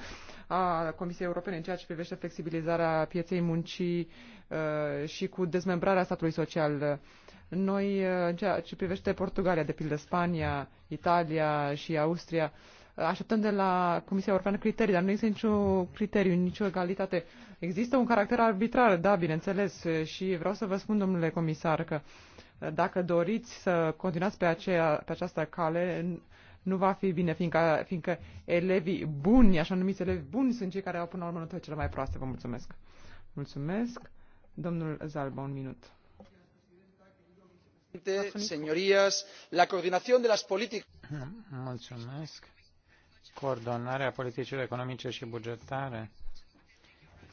a Comisiei Europene în ceea ce privește flexibilizarea pieței muncii uh, și cu dezmembrarea statului social. Noi, uh, în ceea ce privește Portugalia, de pildă Spania, Italia și Austria, uh, așteptăm de la Comisia Europeană criterii, dar nu există niciun criteriu, nicio egalitate. Există un caracter arbitrar, da, bineînțeles, și vreau să vă spun, domnule comisar, că dacă doriți să continuați pe, aceea, pe această cale, nu va fi bine, fiindcă, fiindcă elevii buni, așa numiți elevi buni, sunt cei care au până la urmă cele mai proaste. Vă mulțumesc. Mulțumesc. Domnul Zalba, un minut. Señorías, la coordinación de las políticas. Mulțumesc coordonarea politicilor economice și bugetare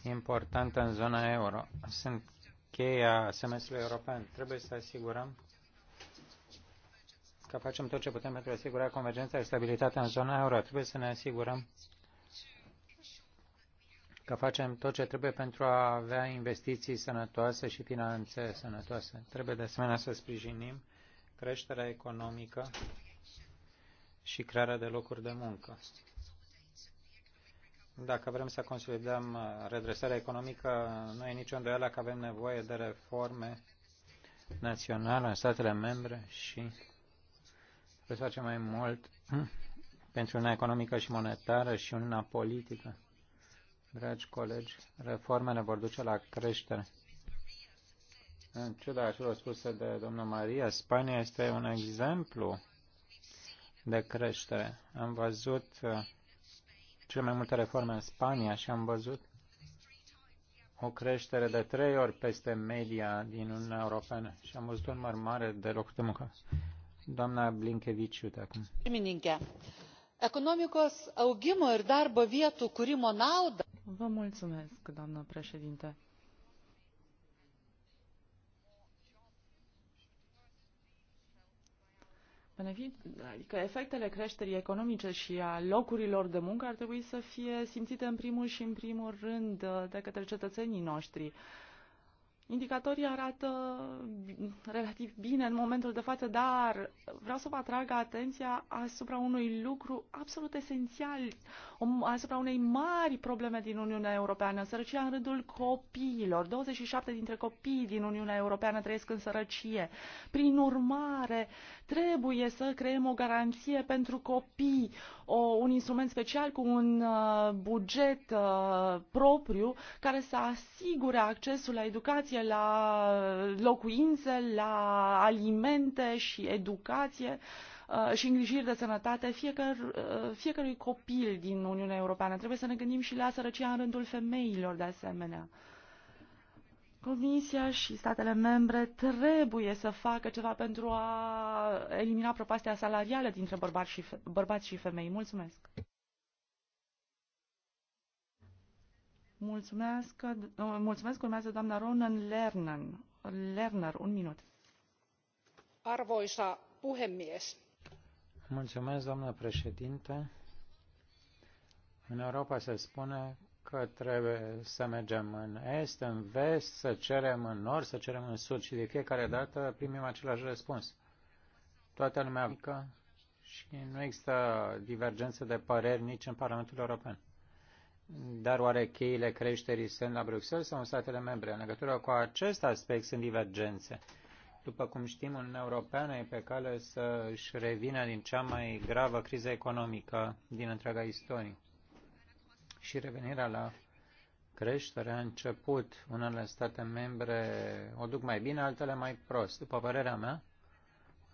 importantă în zona euro. Sunt cheia semestrului european. Trebuie să asigurăm că facem tot ce putem pentru a asigura convergența și stabilitatea în zona euro. Trebuie să ne asigurăm că facem tot ce trebuie pentru a avea investiții sănătoase și finanțe sănătoase. Trebuie de asemenea să sprijinim creșterea economică și crearea de locuri de muncă. Dacă vrem să consolidăm uh, redresarea economică, nu e nicio îndoială că avem nevoie de reforme naționale în statele membre și trebuie să facem mai mult pentru una economică și monetară și una politică. Dragi colegi, reformele vor duce la creștere. În ciuda celor spuse de domnul Maria, Spania este un exemplu de creștere. Am văzut uh, cele mai multe reforme în Spania și am văzut o creștere de trei ori peste media din Uniunea Europeană și am văzut un număr mare de locuri de muncă. Doamna Blinkeviciu, acum. augimo ir darbo vietų kūrimo naudą. Vă mulțumesc, doamnă președinte adică efectele creșterii economice și a locurilor de muncă ar trebui să fie simțite în primul și în primul rând uh, de către cetățenii noștri. Indicatorii arată relativ bine în momentul de față, dar vreau să vă atrag atenția asupra unui lucru absolut esențial, asupra unei mari probleme din Uniunea Europeană, sărăcia în rândul copiilor. 27 dintre copiii din Uniunea Europeană trăiesc în sărăcie. Prin urmare, trebuie să creăm o garanție pentru copii, o, un instrument special cu un uh, buget uh, propriu care să asigure accesul la educație, la locuințe, la alimente și educație. Uh, Uh, și îngrijiri de sănătate fiecăr, uh, fiecărui copil din Uniunea Europeană. Trebuie să ne gândim și la sărăcia în rândul femeilor de asemenea. Comisia și statele membre trebuie să facă ceva pentru a elimina propastea salarială dintre bărbați și, fe- bărbați și femei. Mulțumesc! Mulțumesc, uh, mulțumesc. Urmează doamna Ronan Lerner. Lerner, un minut. Arvoisa puhemies, Mulțumesc, doamnă președinte. În Europa se spune că trebuie să mergem în est, în vest, să cerem în nord, să cerem în sud și de fiecare dată primim același răspuns. Toată lumea mică și nu există divergență de păreri nici în Parlamentul European. Dar oare cheile creșterii sunt la Bruxelles sau în statele membre? În legătură cu acest aspect sunt divergențe. După cum știm, Uniunea Europeană e pe cale să își revină din cea mai gravă criză economică din întreaga istorie. Și revenirea la creștere a început. Unele state membre o duc mai bine, altele mai prost. După părerea mea,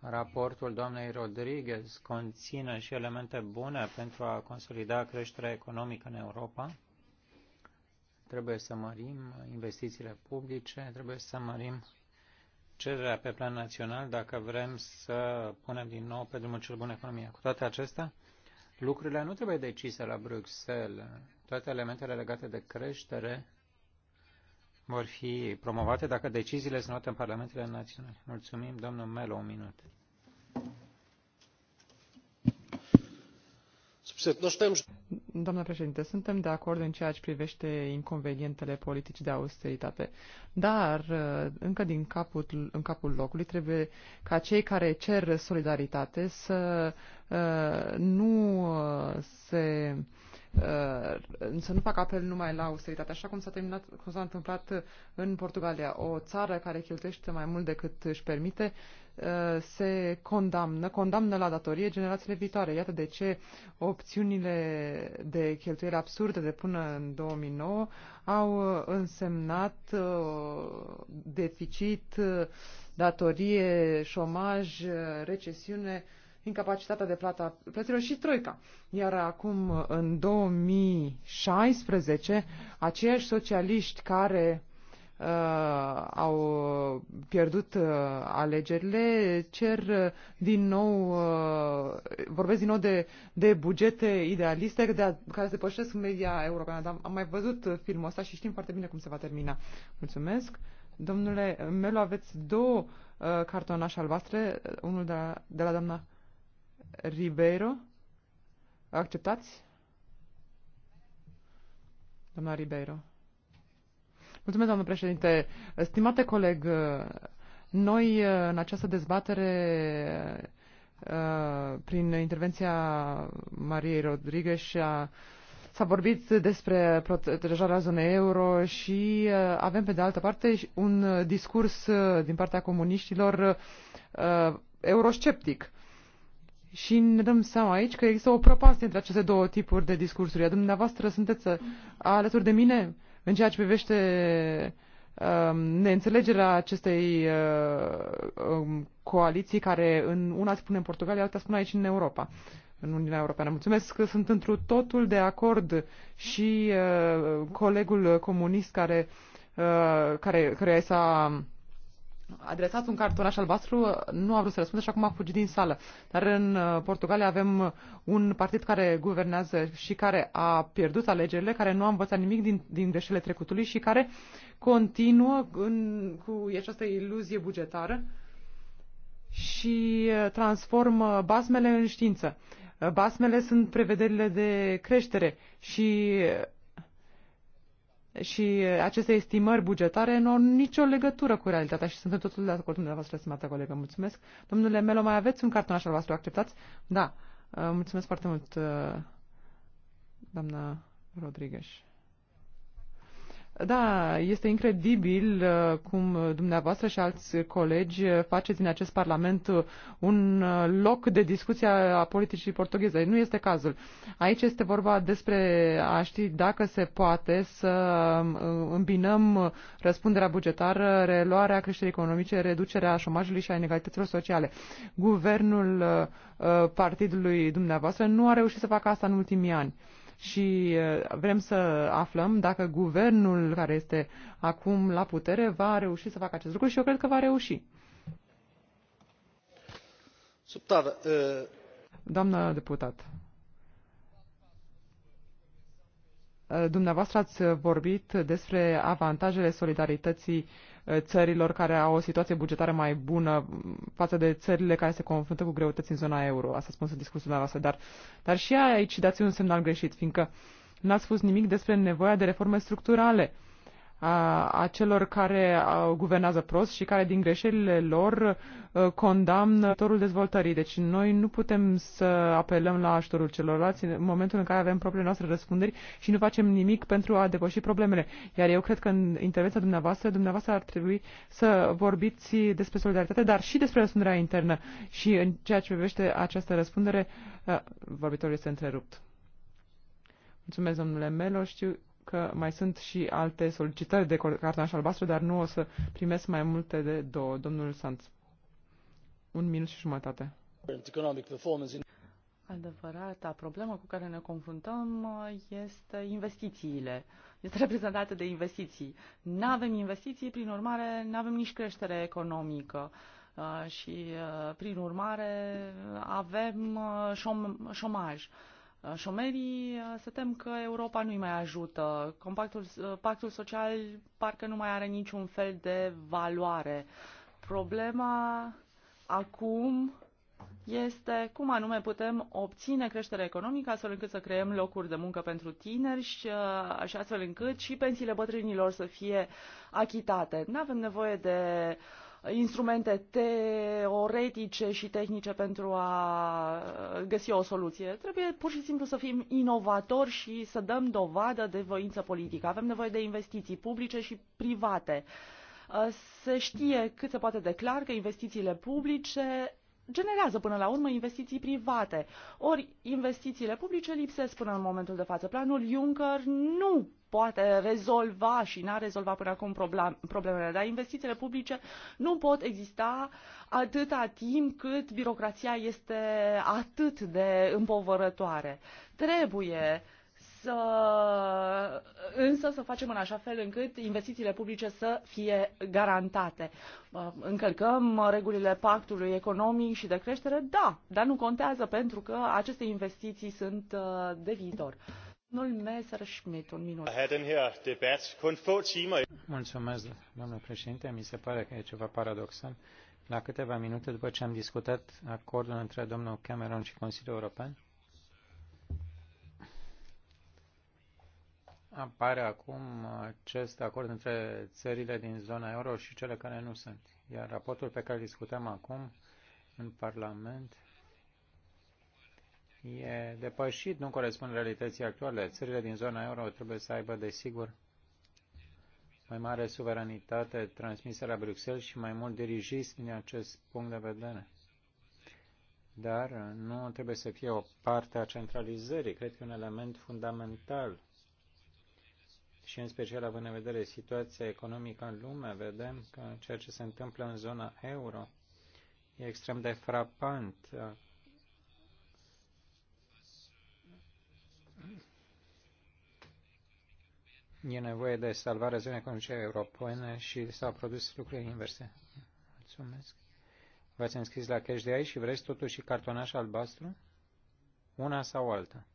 raportul doamnei Rodriguez conține și elemente bune pentru a consolida creșterea economică în Europa. Trebuie să mărim investițiile publice, trebuie să mărim cererea pe plan național dacă vrem să punem din nou pe drumul cel bun economia. Cu toate acestea, lucrurile nu trebuie decise la Bruxelles. Toate elementele legate de creștere vor fi promovate dacă deciziile sunt luate în parlamentele naționale. Mulțumim, domnul Melo, un minut. Doamna președinte, suntem de acord în ceea ce privește inconvenientele politici de austeritate, dar uh, încă din capul, în capul locului trebuie ca cei care cer solidaritate să uh, nu uh, se uh, Uh, să nu fac apel numai la austeritate, așa cum s-a, terminat, cum s-a întâmplat în Portugalia. O țară care cheltuiește mai mult decât își permite uh, se condamnă, condamnă la datorie generațiile viitoare. Iată de ce opțiunile de cheltuire absurde de până în 2009 au uh, însemnat deficit, datorie, șomaj, recesiune, incapacitatea de plata, plăților și Troica. Iar acum, în 2016, aceiași socialiști care uh, au pierdut uh, alegerile, cer uh, din nou, uh, vorbesc din nou de, de bugete idealiste de a, care se pășesc media europeană. Dar am mai văzut filmul ăsta și știm foarte bine cum se va termina. Mulțumesc. Domnule Melo, aveți două uh, cartonașe albastre, uh, unul de la, de la doamna Ribeiro. Acceptați? Doamna Ribeiro. Mulțumesc, doamnă președinte. Stimate coleg, noi în această dezbatere, prin intervenția Mariei Rodriguez și a S-a vorbit despre protejarea zonei euro și avem pe de altă parte un discurs din partea comuniștilor eurosceptic și ne dăm seama aici că există o prăpastie între aceste două tipuri de discursuri. Iar dumneavoastră sunteți alături de mine în ceea ce privește uh, neînțelegerea acestei uh, um, coaliții care în una spune în Portugalia, alta spune aici în Europa, în Uniunea Europeană. Mulțumesc că sunt întru totul de acord și uh, colegul comunist care, uh, care, care s-a adresați un cartonaș albastru, nu a vrut să răspundă și acum a fugit din sală. Dar în uh, Portugalia avem un partid care guvernează și care a pierdut alegerile, care nu a învățat nimic din, din greșelile trecutului și care continuă în, cu această iluzie bugetară și uh, transformă basmele în știință. Basmele sunt prevederile de creștere și uh, și aceste estimări bugetare nu au nicio legătură cu realitatea și suntem totul de acord cu dumneavoastră, stimată colegă. Mulțumesc. Domnule Melo, mai aveți un cartonaș al vostru, acceptați? Da. Mulțumesc foarte mult, doamna Rodriguez. Da, este incredibil uh, cum uh, dumneavoastră și alți colegi uh, faceți din acest Parlament un loc de discuție a politicii portugheze. Nu este cazul. Aici este vorba despre a ști dacă se poate să um, îmbinăm răspunderea bugetară, reluarea creșterii economice, reducerea șomajului și a inegalităților sociale. Guvernul partidului dumneavoastră nu a reușit să facă asta în ultimii ani și vrem să aflăm dacă guvernul care este acum la putere va reuși să facă acest lucru și eu cred că va reuși. Subtară, uh... Doamna deputat, dumneavoastră ați vorbit despre avantajele solidarității uh, Uh, țărilor care au o situație bugetară mai bună față de țările care se confruntă cu greutăți în zona euro. Asta spun să discursul dumneavoastră, dar, dar și aici dați un semnal greșit, fiindcă n-ați spus nimic despre nevoia de reforme structurale. Uh, a, celor care guvernează prost și care din greșelile lor condamnă ajutorul dezvoltării. Deci noi nu putem să apelăm la ajutorul celorlalți în momentul în care avem propriile noastre răspunderi și nu facem nimic pentru a depăși problemele. Iar eu cred că în intervenția dumneavoastră, dumneavoastră ar trebui să vorbiți despre solidaritate, dar și despre răspunderea internă. Și în ceea ce privește această răspundere, vorbitorul este întrerupt. Mulțumesc, domnule Melo. Știu, că mai sunt și alte solicitări de cartonaș albastru, dar nu o să primesc mai multe de două. Domnul Sanț, un minut și jumătate. Adevărata problemă cu care ne confruntăm este investițiile. Este reprezentată de investiții. Nu avem investiții, prin urmare, nu avem nici creștere economică uh, și, uh, prin urmare, avem uh, șom- șomaj. Uh, șomerii uh, se tem că Europa nu-i mai ajută. Compactul, uh, pactul social parcă nu mai are niciun fel de valoare. Problema acum este cum anume putem obține creștere economică astfel încât să creăm locuri de muncă pentru tineri și, așa astfel încât și pensiile bătrânilor să fie achitate. Nu avem nevoie de uh, instrumente teoretice și tehnice pentru a găsi o soluție. Trebuie pur și simplu să fim inovatori și să dăm dovadă de voință politică. Avem nevoie de investiții publice și private. Uh, se știe cât se poate de clar că investițiile publice generează până la urmă investiții private. Ori investițiile publice lipsesc până în momentul de față. Planul Juncker nu poate rezolva și n-a rezolvat până acum problemele. Dar investițiile publice nu pot exista atâta timp cât birocrația este atât de împovărătoare. Trebuie să, însă să facem în așa fel încât investițiile publice să fie garantate. Încălcăm regulile pactului economic și de creștere, da, dar nu contează pentru că aceste investiții sunt uh, de viitor un minut. domnule președinte. Mi se pare că e ceva paradoxal. La câteva minute după ce am discutat acordul între domnul Cameron și Consiliul European, apare acum acest acord între țările din zona euro și cele care nu sunt. Iar raportul pe care îl discutăm acum în Parlament e depășit, nu corespunde realității actuale. Țările din zona euro trebuie să aibă, desigur, mai mare suveranitate transmisă la Bruxelles și mai mult dirijism din acest punct de vedere. Dar nu trebuie să fie o parte a centralizării. Cred că e un element fundamental și în special având în vedere situația economică în lume, vedem că ceea ce se întâmplă în zona euro e extrem de frapant e nevoie de salvarea zonei economice europene și s-au produs lucruri inverse. Mulțumesc. V-ați înscris la cash de aici și vreți totuși cartonaș albastru? Una sau alta?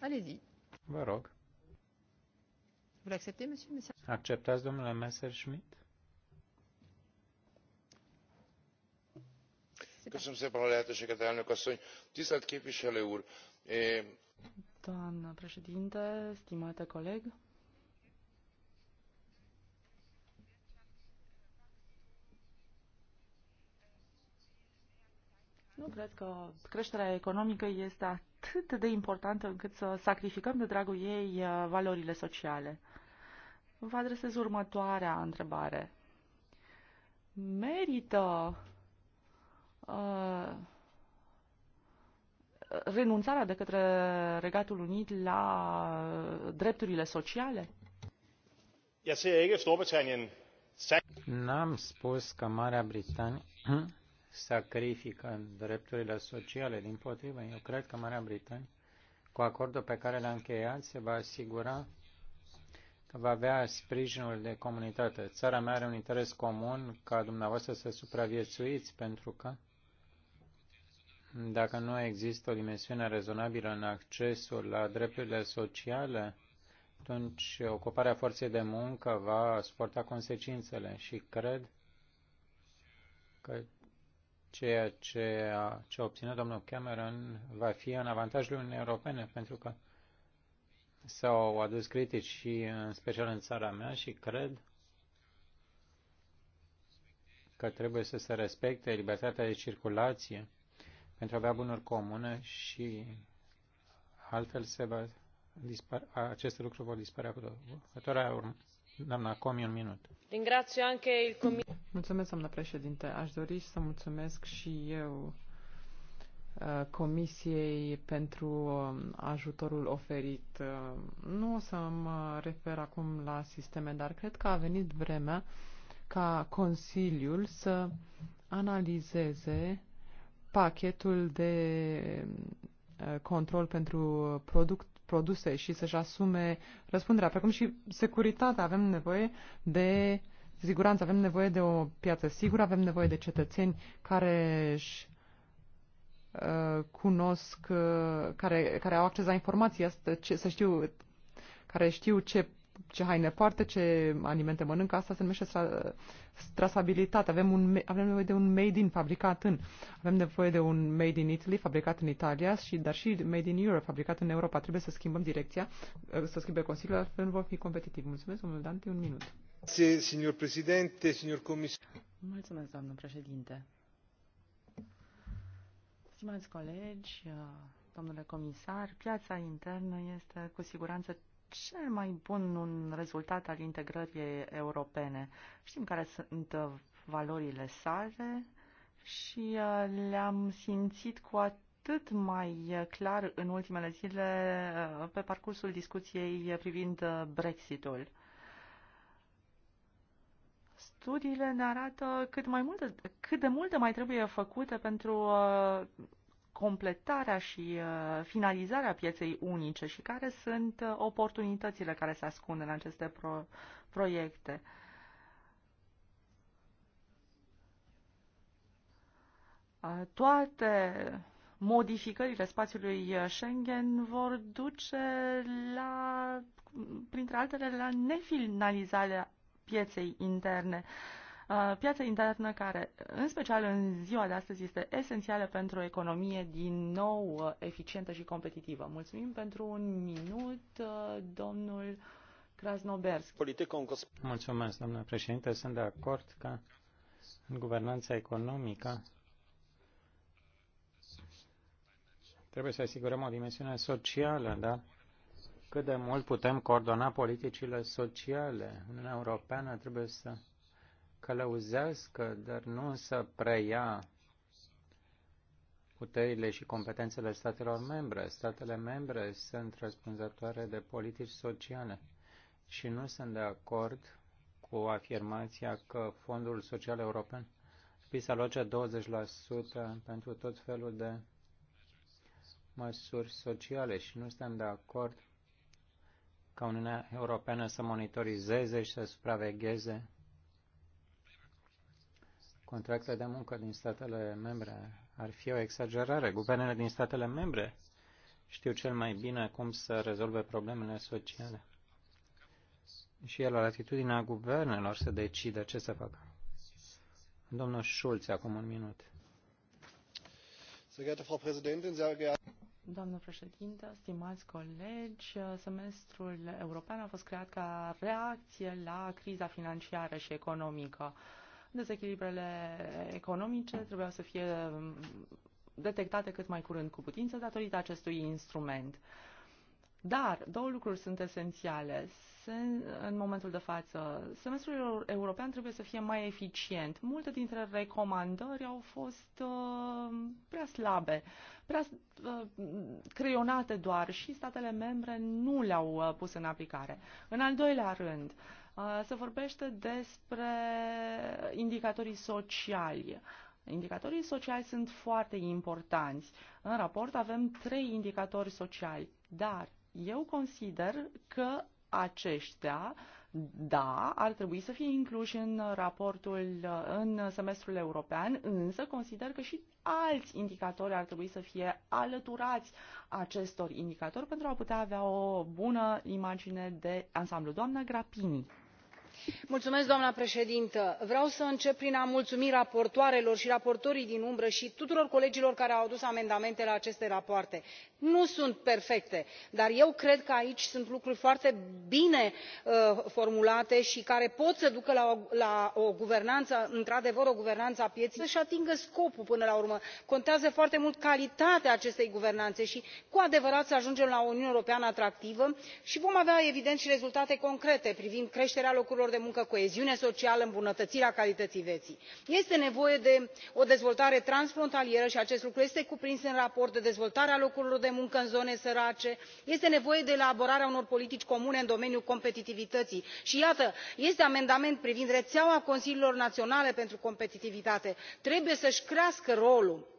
Alezi. Vă rog. Vă accepte, Acceptați, domnule Messerschmidt? Köszönöm szépen a lehetőséget, elnök asszony. Tisztelt képviselő úr, eh, doamnă președinte, stimate coleg. Nu cred că creșterea economică este atât de importantă încât să sacrificăm de dragul ei uh, valorile sociale. Vă adresez următoarea întrebare. Merită uh, renunțarea de către Regatul Unit la drepturile sociale? N-am spus că Marea Britanie sacrifică drepturile sociale, din potrivă. Eu cred că Marea Britanie, cu acordul pe care l-a încheiat, se va asigura că va avea sprijinul de comunitate. Țara mea are un interes comun ca dumneavoastră să supraviețuiți, pentru că dacă nu există o dimensiune rezonabilă în accesul la drepturile sociale, atunci ocuparea forței de muncă va suporta consecințele și cred că ceea ce a, ce a obținut domnul Cameron va fi în avantajul Uniunii Europene, pentru că s-au adus critici și în special în țara mea și cred că trebuie să se respecte libertatea de circulație pentru a avea bunuri comune și altfel se va dispara, aceste lucruri vor dispărea cu următoarea Doamna Comi, un minut. Mulțumesc, doamna președinte. Aș dori să mulțumesc și eu Comisiei pentru ajutorul oferit. Nu o să mă refer acum la sisteme, dar cred că a venit vremea ca Consiliul să analizeze pachetul de uh, control pentru product, produse și să-și asume răspunderea, precum și securitatea. Avem nevoie de siguranță, avem nevoie de o piață sigură, avem nevoie de cetățeni care își uh, cunosc, uh, care, care au acces la informații, să știu, care știu ce ce haine poartă, ce alimente mănâncă, asta se numește strasabilitate. Avem, un, avem nevoie de un made in fabricat în. Avem nevoie de un made in Italy fabricat în Italia, și, dar și made in Europe fabricat în Europa. Trebuie să schimbăm direcția, eh, să schimbe Consiliul, altfel nu vom fi competitivi. Mulțumesc, domnul Dante, un minut. Signor Presidente, signor Comisar. Mulțumesc, doamnă președinte. Stimați colegi, eh, domnule comisar, piața internă este cu siguranță cel mai bun un rezultat al integrării europene. Știm care sunt uh, valorile sale și uh, le-am simțit cu atât mai uh, clar în ultimele zile pe parcursul discuției privind Brexitul. Studiile ne arată cât, mai multe, cât de multe mai trebuie făcute pentru completarea și uh, finalizarea pieței unice și care sunt uh, oportunitățile care se ascund în aceste pro- proiecte. Uh, toate modificările spațiului Schengen vor duce la, printre altele, la nefinalizarea pieței interne. Uh, Uh, piață internă care, în special în ziua de astăzi, este esențială pentru o economie din nou uh, eficientă și competitivă. Mulțumim pentru un minut, uh, domnul Krasnoberski. Mulțumesc, domnule președinte. Sunt de acord că în guvernanța economică trebuie să asigurăm o dimensiune socială, da? Cât de mult putem coordona politicile sociale? Uniunea Europeană trebuie să călăuzească, dar nu să preia puterile și competențele statelor membre. Statele membre sunt răspunzătoare de politici sociale și nu sunt de acord cu afirmația că Fondul Social European trebuie să aloce 20% pentru tot felul de măsuri sociale și nu suntem de acord ca Uniunea Europeană să monitorizeze și să supravegheze contracte de muncă din statele membre ar fi o exagerare. Guvernele din statele membre știu cel mai bine cum să rezolve problemele sociale. Și el la atitudinea guvernelor să decide ce să facă. Domnul Schulz, acum un minut. Doamnă președintă, stimați colegi, semestrul european a fost creat ca reacție la criza financiară și economică. Dezechilibrele economice trebuiau să fie um, detectate cât mai curând cu putință datorită acestui instrument. Dar două lucruri sunt esențiale Se, în momentul de față. Semestrul european trebuie să fie mai eficient. Multe dintre recomandări au fost uh, prea slabe, prea uh, creionate doar și statele membre nu le-au uh, pus în aplicare. În al doilea rând, uh, Uh, se vorbește despre indicatorii sociali. Indicatorii sociali sunt foarte importanți. În raport avem trei indicatori sociali, dar eu consider că aceștia, da, ar trebui să fie incluși în raportul, în semestrul european, însă consider că și alți indicatori ar trebui să fie alăturați acestor indicatori pentru a putea avea o bună imagine de ansamblu. Doamna Grapini doamnă președintă vreau să încep prin a mulțumi raportoarelor și raportorii din umbră și tuturor colegilor care au adus amendamente la aceste rapoarte. nu sunt perfecte dar eu cred că aici sunt lucruri foarte bine uh, formulate și care pot să ducă la o guvernanță într adevăr o guvernanță a pieței care să și atingă scopul până la urmă. contează foarte mult calitatea acestei guvernanțe și cu adevărat să ajungem la o uniune europeană atractivă și vom avea evident și rezultate concrete privind creșterea locurilor de muncă de muncă coeziune socială îmbunătățirea calității vieții. este nevoie de o dezvoltare transfrontalieră și acest lucru este cuprins în raport de dezvoltarea locurilor de muncă în zone sărace este nevoie de elaborarea unor politici comune în domeniul competitivității și iată este amendament privind rețeaua consiliilor naționale pentru competitivitate trebuie să își crească rolul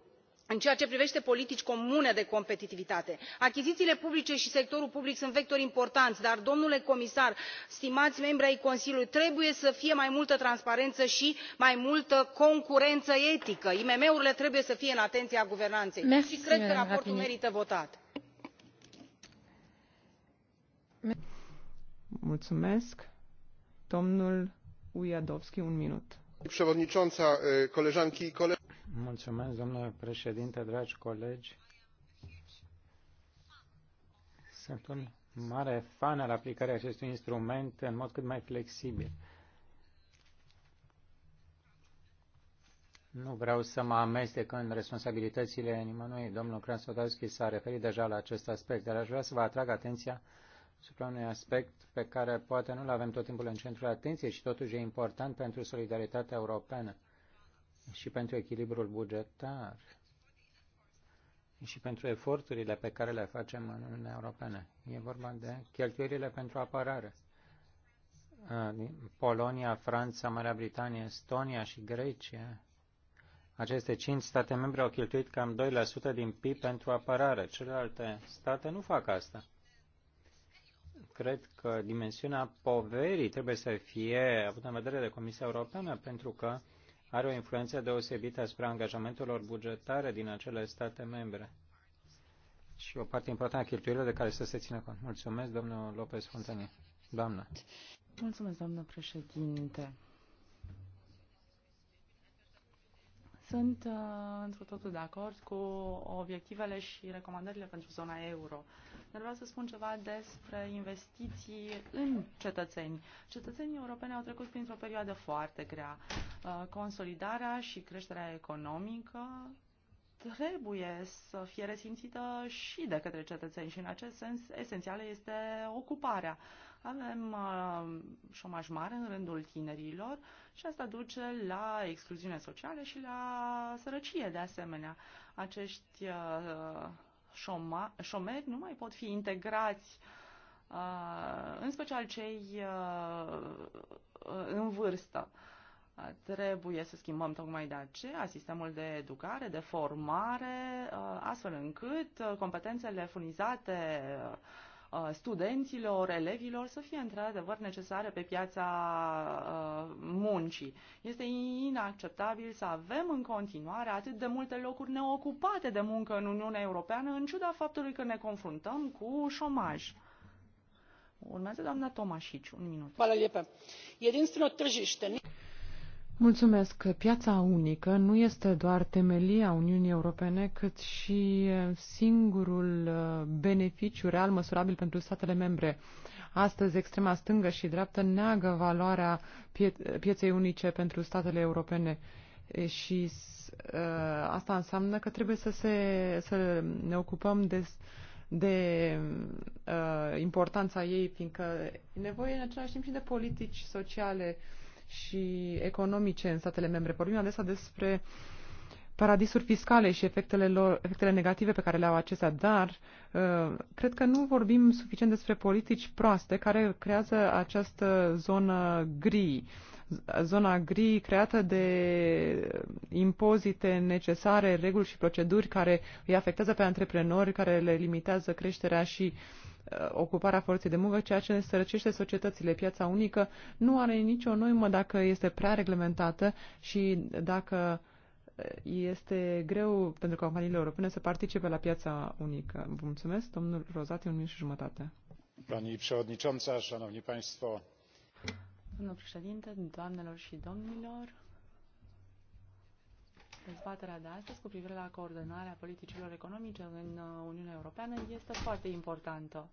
în ceea ce privește politici comune de competitivitate achizițiile publice și sectorul public sunt vectori importanți dar domnule comisar stimați membri ai consiliului trebuie să fie mai multă transparență și mai multă concurență etică imm urile trebuie să fie în atenția guvernanței și cred că raportul merită votat. pani przewodnicząca! koleżanki i koledzy! Mulțumesc, domnule președinte, dragi colegi. Sunt un mare fan al aplicării acestui instrument în mod cât mai flexibil. Nu vreau să mă amestec în responsabilitățile nimănui. Domnul Krasnodavski s-a referit deja la acest aspect, dar aș vrea să vă atrag atenția asupra unui aspect pe care poate nu-l avem tot timpul în centrul atenției și totuși e important pentru solidaritatea europeană și pentru echilibrul bugetar și pentru eforturile pe care le facem în Uniunea Europeană. E vorba de cheltuielile pentru apărare. Polonia, Franța, Marea Britanie, Estonia și Grecia. Aceste cinci state membre au cheltuit cam 2% din PIB pentru apărare. Celelalte state nu fac asta. Cred că dimensiunea poverii trebuie să fie avută în vedere de Comisia Europeană, pentru că are o influență deosebită asupra angajamentelor bugetare din acele state membre și o parte importantă a cheltuielor de care să se țină cont. Mulțumesc, domnul Lopez Fontanie. Doamnă. Mulțumesc, doamnă președinte. Sunt uh, într totul de acord cu obiectivele și recomandările pentru zona euro. Dar vreau să spun ceva despre investiții în cetățeni. Cetățenii europeni au trecut printr-o perioadă foarte grea. Uh, consolidarea și creșterea economică trebuie să fie resimțită și de către cetățeni și în acest sens esențială este ocuparea. Avem uh, șomaj mare în rândul tinerilor și asta duce la excluziune socială și la sărăcie de asemenea. Acești uh, șoma, șomeri nu mai pot fi integrați, uh, în special cei uh, în vârstă. Trebuie să schimbăm tocmai de aceea sistemul de educare, de formare, uh, astfel încât uh, competențele furnizate uh, Uh, studenților, elevilor să fie într-adevăr necesare pe piața uh, muncii. Este inacceptabil să avem în continuare atât de multe locuri neocupate de muncă în Uniunea Europeană, în ciuda faptului că ne confruntăm cu șomaj. Urmează doamna Tomașici, un minut. Hvala lijepa. Jedinstveno tržište Mulțumesc. Piața unică nu este doar temelia Uniunii Europene, cât și singurul uh, beneficiu real măsurabil pentru statele membre. Astăzi, extrema stângă și dreaptă neagă valoarea pie pieței unice pentru statele europene și uh, asta înseamnă că trebuie să, se, să ne ocupăm de, de uh, importanța ei, fiindcă e nevoie în același timp și de politici sociale uh, și economice în statele membre. Vorbim adesea despre paradisuri fiscale și efectele, lor, efectele negative pe care le au acestea, dar uh, cred că nu vorbim suficient despre politici proaste care creează această zonă gri. Zona gri creată de impozite necesare, reguli și proceduri care îi afectează pe antreprenori, care le limitează creșterea și uh, Uh, ocuparea forței de muncă, ceea ce sărăcește societățile. Piața unică nu are nicio noimă dacă este prea reglementată și dacă uh, este greu pentru companiile europene să participe la piața unică. Vă mulțumesc, domnul Rozati, un minut și jumătate. Pani președinte, șanovni państwo. Domnul președinte, doamnelor și domnilor, dezbaterea de astăzi cu privire la coordonarea politicilor economice în uh, Uniunea Europeană este foarte importantă.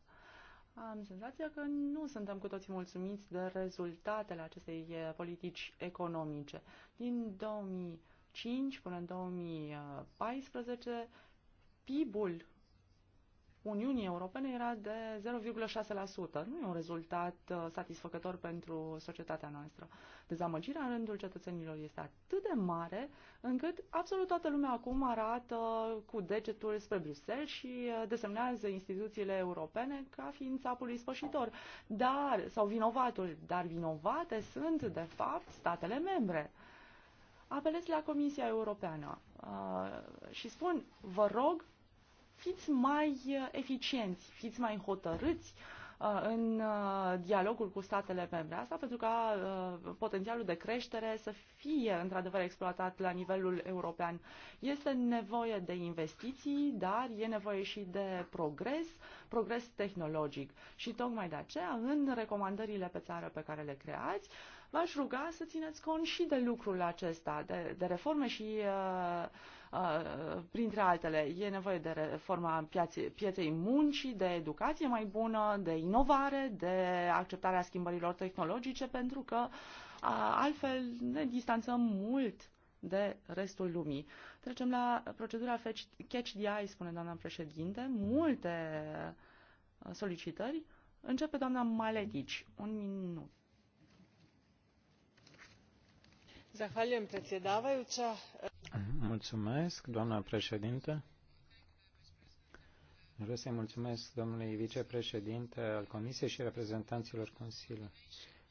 Am senzația că nu suntem cu toții mulțumiți de rezultatele acestei uh, politici economice. Din 2005 până în 2014, uh, PIB-ul Uniunii Europene era de 0,6%. Nu e un rezultat uh, satisfăcător pentru societatea noastră. Dezamăgirea în rândul cetățenilor este atât de mare încât absolut toată lumea acum arată uh, cu degetul spre Bruxelles și uh, desemnează instituțiile europene ca fiind țapul spășitor dar, sau vinovatul, dar vinovate sunt, de fapt, statele membre apelez la Comisia Europeană uh, și spun, vă rog, fiți mai uh, eficienți, fiți mai hotărâți uh, în uh, dialogul cu statele membre. Asta pentru ca potențialul de creștere să fie într-adevăr exploatat la nivelul european. Este nevoie de investiții, dar e nevoie și de progres, progres tehnologic. Și tocmai de aceea, în recomandările pe țară pe care le creați, v-aș ruga să țineți cont și de lucrul acesta, de, de reforme și uh, printre altele. E nevoie de reforma pieței muncii, de educație mai bună, de inovare, de acceptarea schimbărilor tehnologice, pentru că altfel ne distanțăm mult de restul lumii. Trecem la procedura Catch the Eye, spune doamna președinte. Multe solicitări. Începe doamna Maledici. Un minut. Mulțumesc, președintă. Vreau să-i mulțumesc domnului vicepreședinte al Comisiei și reprezentanților Consiliului.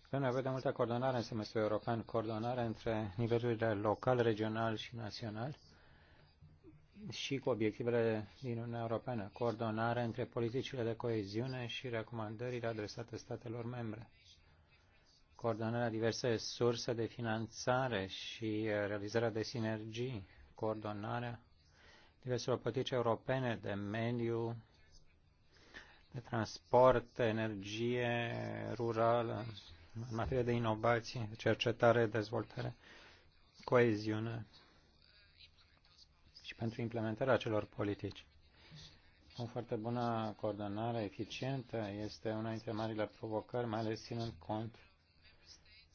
Avem nevoie de multă coordonare în semestrul european, coordonare între nivelurile local, regional și național și cu obiectivele din Uniunea Europeană, coordonare între politicile de coeziune și recomandările adresate statelor membre coordonarea diverse surse de finanțare și uh, realizarea de sinergii, coordonarea diverselor politici europene de mediu, de transport, energie rurală, în materie de inovație, cercetare, dezvoltare, coeziune și pentru implementarea acelor politici. O foarte bună coordonare eficientă este una dintre marile provocări, mai ales ținând cont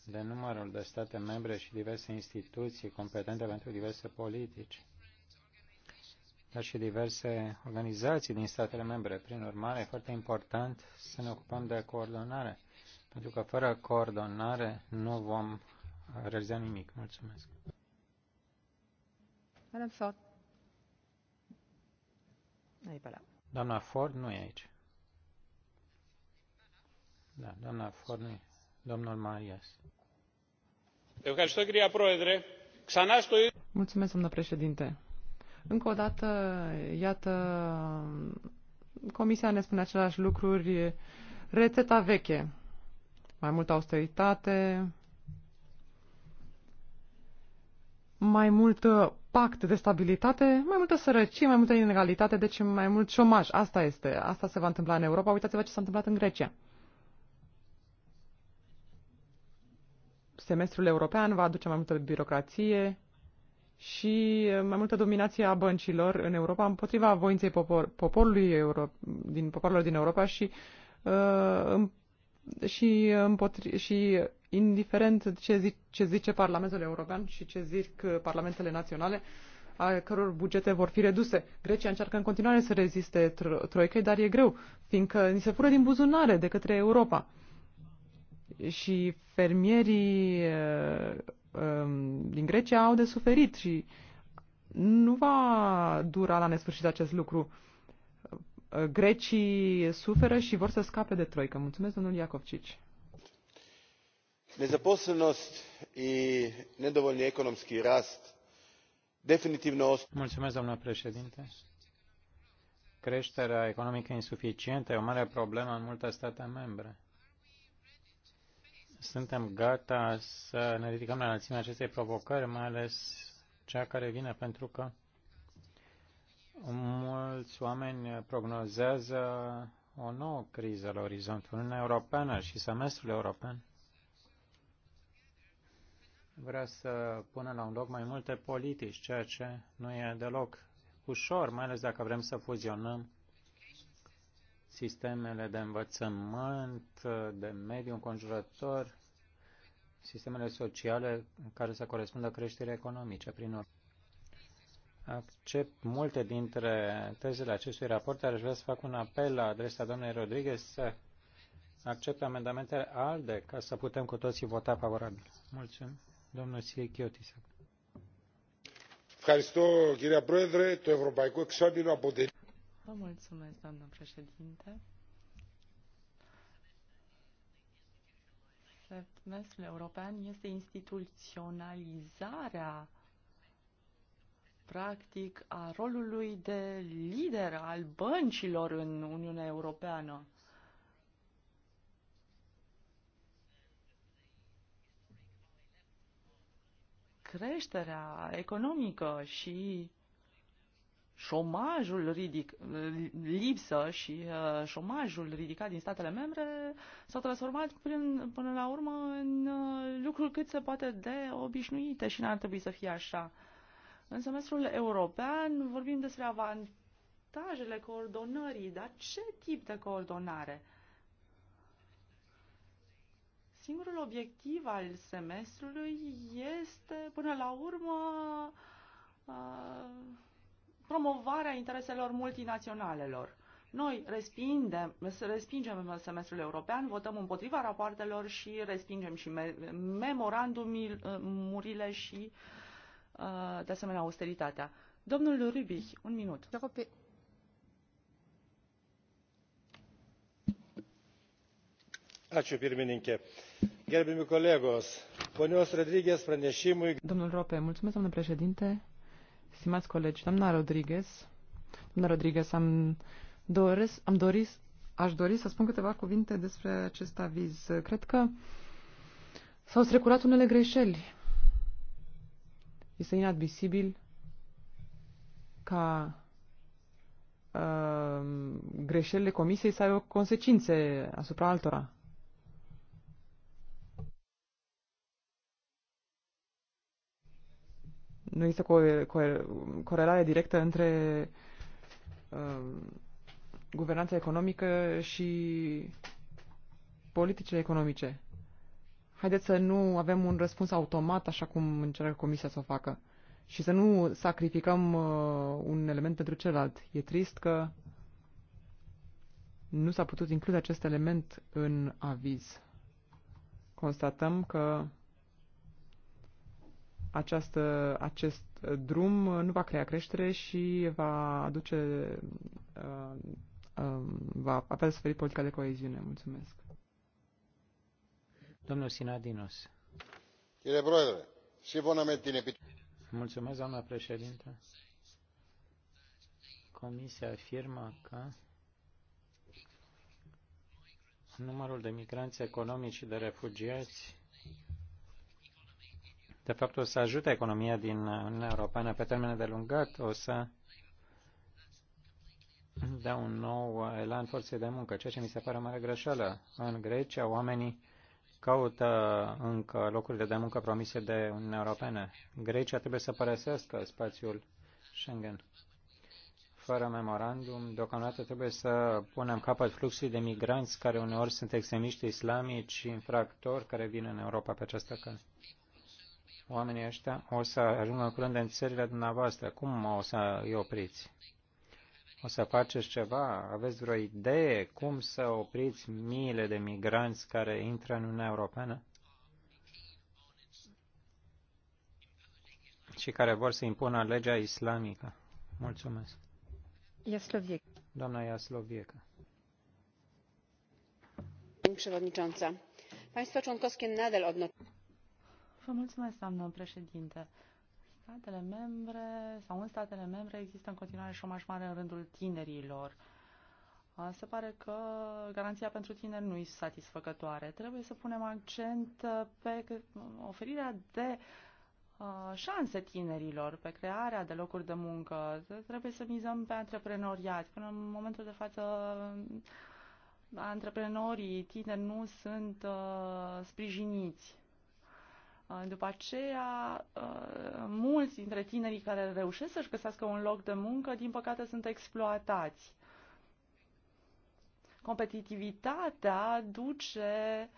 de numărul de state membre și diverse instituții competente pentru diverse politici, dar și diverse organizații din statele membre. Prin urmare, e foarte important să ne ocupăm de coordonare, pentru că fără coordonare nu vom realiza nimic. Mulțumesc. Ford. Doamna Ford nu e aici. Da, doamna Ford nu e. Domnul Marias. Mulțumesc, domnule președinte. Încă o dată, iată, Comisia ne spune aceleași lucruri, rețeta veche, mai multă austeritate, mai mult pact de stabilitate, mai multă sărăcie, mai multă inegalitate, deci mai mult șomaj. Asta este. Asta se va întâmpla în Europa. Uitați-vă ce s-a întâmplat în Grecia. semestrul european va aduce mai multă birocrație și mai multă dominație a băncilor în Europa împotriva voinței popor, poporului Euro, din poporilor din Europa și, uh, și, împotri, și indiferent ce, zi, ce zice Parlamentul European și ce zic Parlamentele Naționale, a căror bugete vor fi reduse. Grecia încearcă în continuare să reziste tro- troicăi, dar e greu, fiindcă ni se fură din buzunare de către Europa și fermierii uh, um, din Grecia au de suferit și nu va dura la nesfârșit acest lucru. Uh, grecii suferă și vor să scape de troică. Mulțumesc, domnul Iacovcici. Nezaposlenost și nedovolni economski rast definitivno Mulțumesc, domnul președinte. Creșterea economică insuficientă e o mare problemă în multe state membre suntem gata să ne ridicăm la înălțimea acestei provocări, mai ales cea care vine, pentru că mulți oameni prognozează o nouă criză la orizont, Uniunea Europeană și semestrul european vrea să pună la un loc mai multe politici, ceea ce nu e deloc ușor, mai ales dacă vrem să fuzionăm sistemele de învățământ, de mediu înconjurător, sistemele sociale care să corespundă creșterii economice. Prin urmă, accept multe dintre tezele acestui raport, dar aș vrea să fac un apel la adresa doamnei Rodriguez să accepte amendamentele ALDE ca să putem cu toții vota favorabil. Mulțumim. Domnul Silie Mulțumesc, domnule președinte. Πρόεδρε. Το Ευρωπαϊκό Εξάμεινο αποτελεί Vă mulțumesc, doamnă președinte. Semestrul european este instituționalizarea practic a rolului de lider al băncilor în Uniunea Europeană. Creșterea economică și șomajul ridic, lipsă și uh, șomajul ridicat din statele membre s-au transformat prin, până la urmă în uh, lucruri cât se poate de obișnuite și n-ar trebui să fie așa. În semestrul european vorbim despre avantajele coordonării, dar ce tip de coordonare? Singurul obiectiv al semestrului este, până la urmă, uh, promovarea intereselor multinaționalelor. Noi respingem, respingem semestrul european, votăm împotriva rapoartelor și respingem și me, memorandumurile și, uh, de asemenea, austeritatea. Domnul Rubich, un minut. Ačiū pirmininkė. Gerbimi kolegos, ponios Rodrygės pranešimui. Domnul Rope, mulțumesc, domnule președinte. Stimați colegi, doamna Rodriguez, doamna Rodriguez, am, doresc, am dorit, aș dori să spun câteva cuvinte despre acest aviz. Cred că s-au strecurat unele greșeli. Este inadmisibil ca uh, greșelile comisiei să aibă consecințe asupra altora. nu există co- co- corelare directă între uh, guvernanța economică și politicile economice. Haideți să nu avem un răspuns automat așa cum încearcă Comisia să o facă și să nu sacrificăm uh, un element pentru celălalt. E trist că nu s-a putut include acest element în aviz. Constatăm că această, acest drum nu va crea creștere și va aduce, uh, um, va avea suferit politica de coeziune. Mulțumesc. Domnul Sinadinos. Mulțumesc, doamna președinte. Comisia afirmă că numărul de migranți economici și de refugiați de fapt o să ajute economia din Uniunea Europeană pe termen de lungat, o să dea un nou elan forței de muncă, ceea ce mi se pare o mare greșeală. În Grecia, oamenii caută încă locurile de muncă promise de Uniunea Europeană. Grecia trebuie să părăsească spațiul Schengen. Fără memorandum, deocamdată trebuie să punem capăt fluxului de migranți care uneori sunt extremiști islamici și infractori care vin în Europa pe această cale oamenii ăștia o să ajungă în curând în țările dumneavoastră. Cum o să îi opriți? O să faceți ceva? Aveți vreo idee cum să opriți miile de migranți care intră în Uniunea Europeană? Și care vor să impună legea islamică. Mulțumesc. Jaslowiec. Doamna Jaslowiec. Domnul przewodnicząca, państwa członkowskie nadal odnotują. Vă mulțumesc, doamnă președinte. Statele membre sau în statele membre există în continuare șomaș mare în rândul tinerilor. Se pare că garanția pentru tineri nu este satisfăcătoare. Trebuie să punem accent uh, pe uh, oferirea de uh, șanse tinerilor, pe crearea de locuri de muncă. Trebuie să mizăm pe antreprenoriat. Până în momentul de față, antreprenorii tineri nu sunt sprijiniți Uh, după aceea, uh, mulți dintre tinerii care reușesc să-și găsească un loc de muncă, din păcate, sunt exploatați. Competitivitatea duce,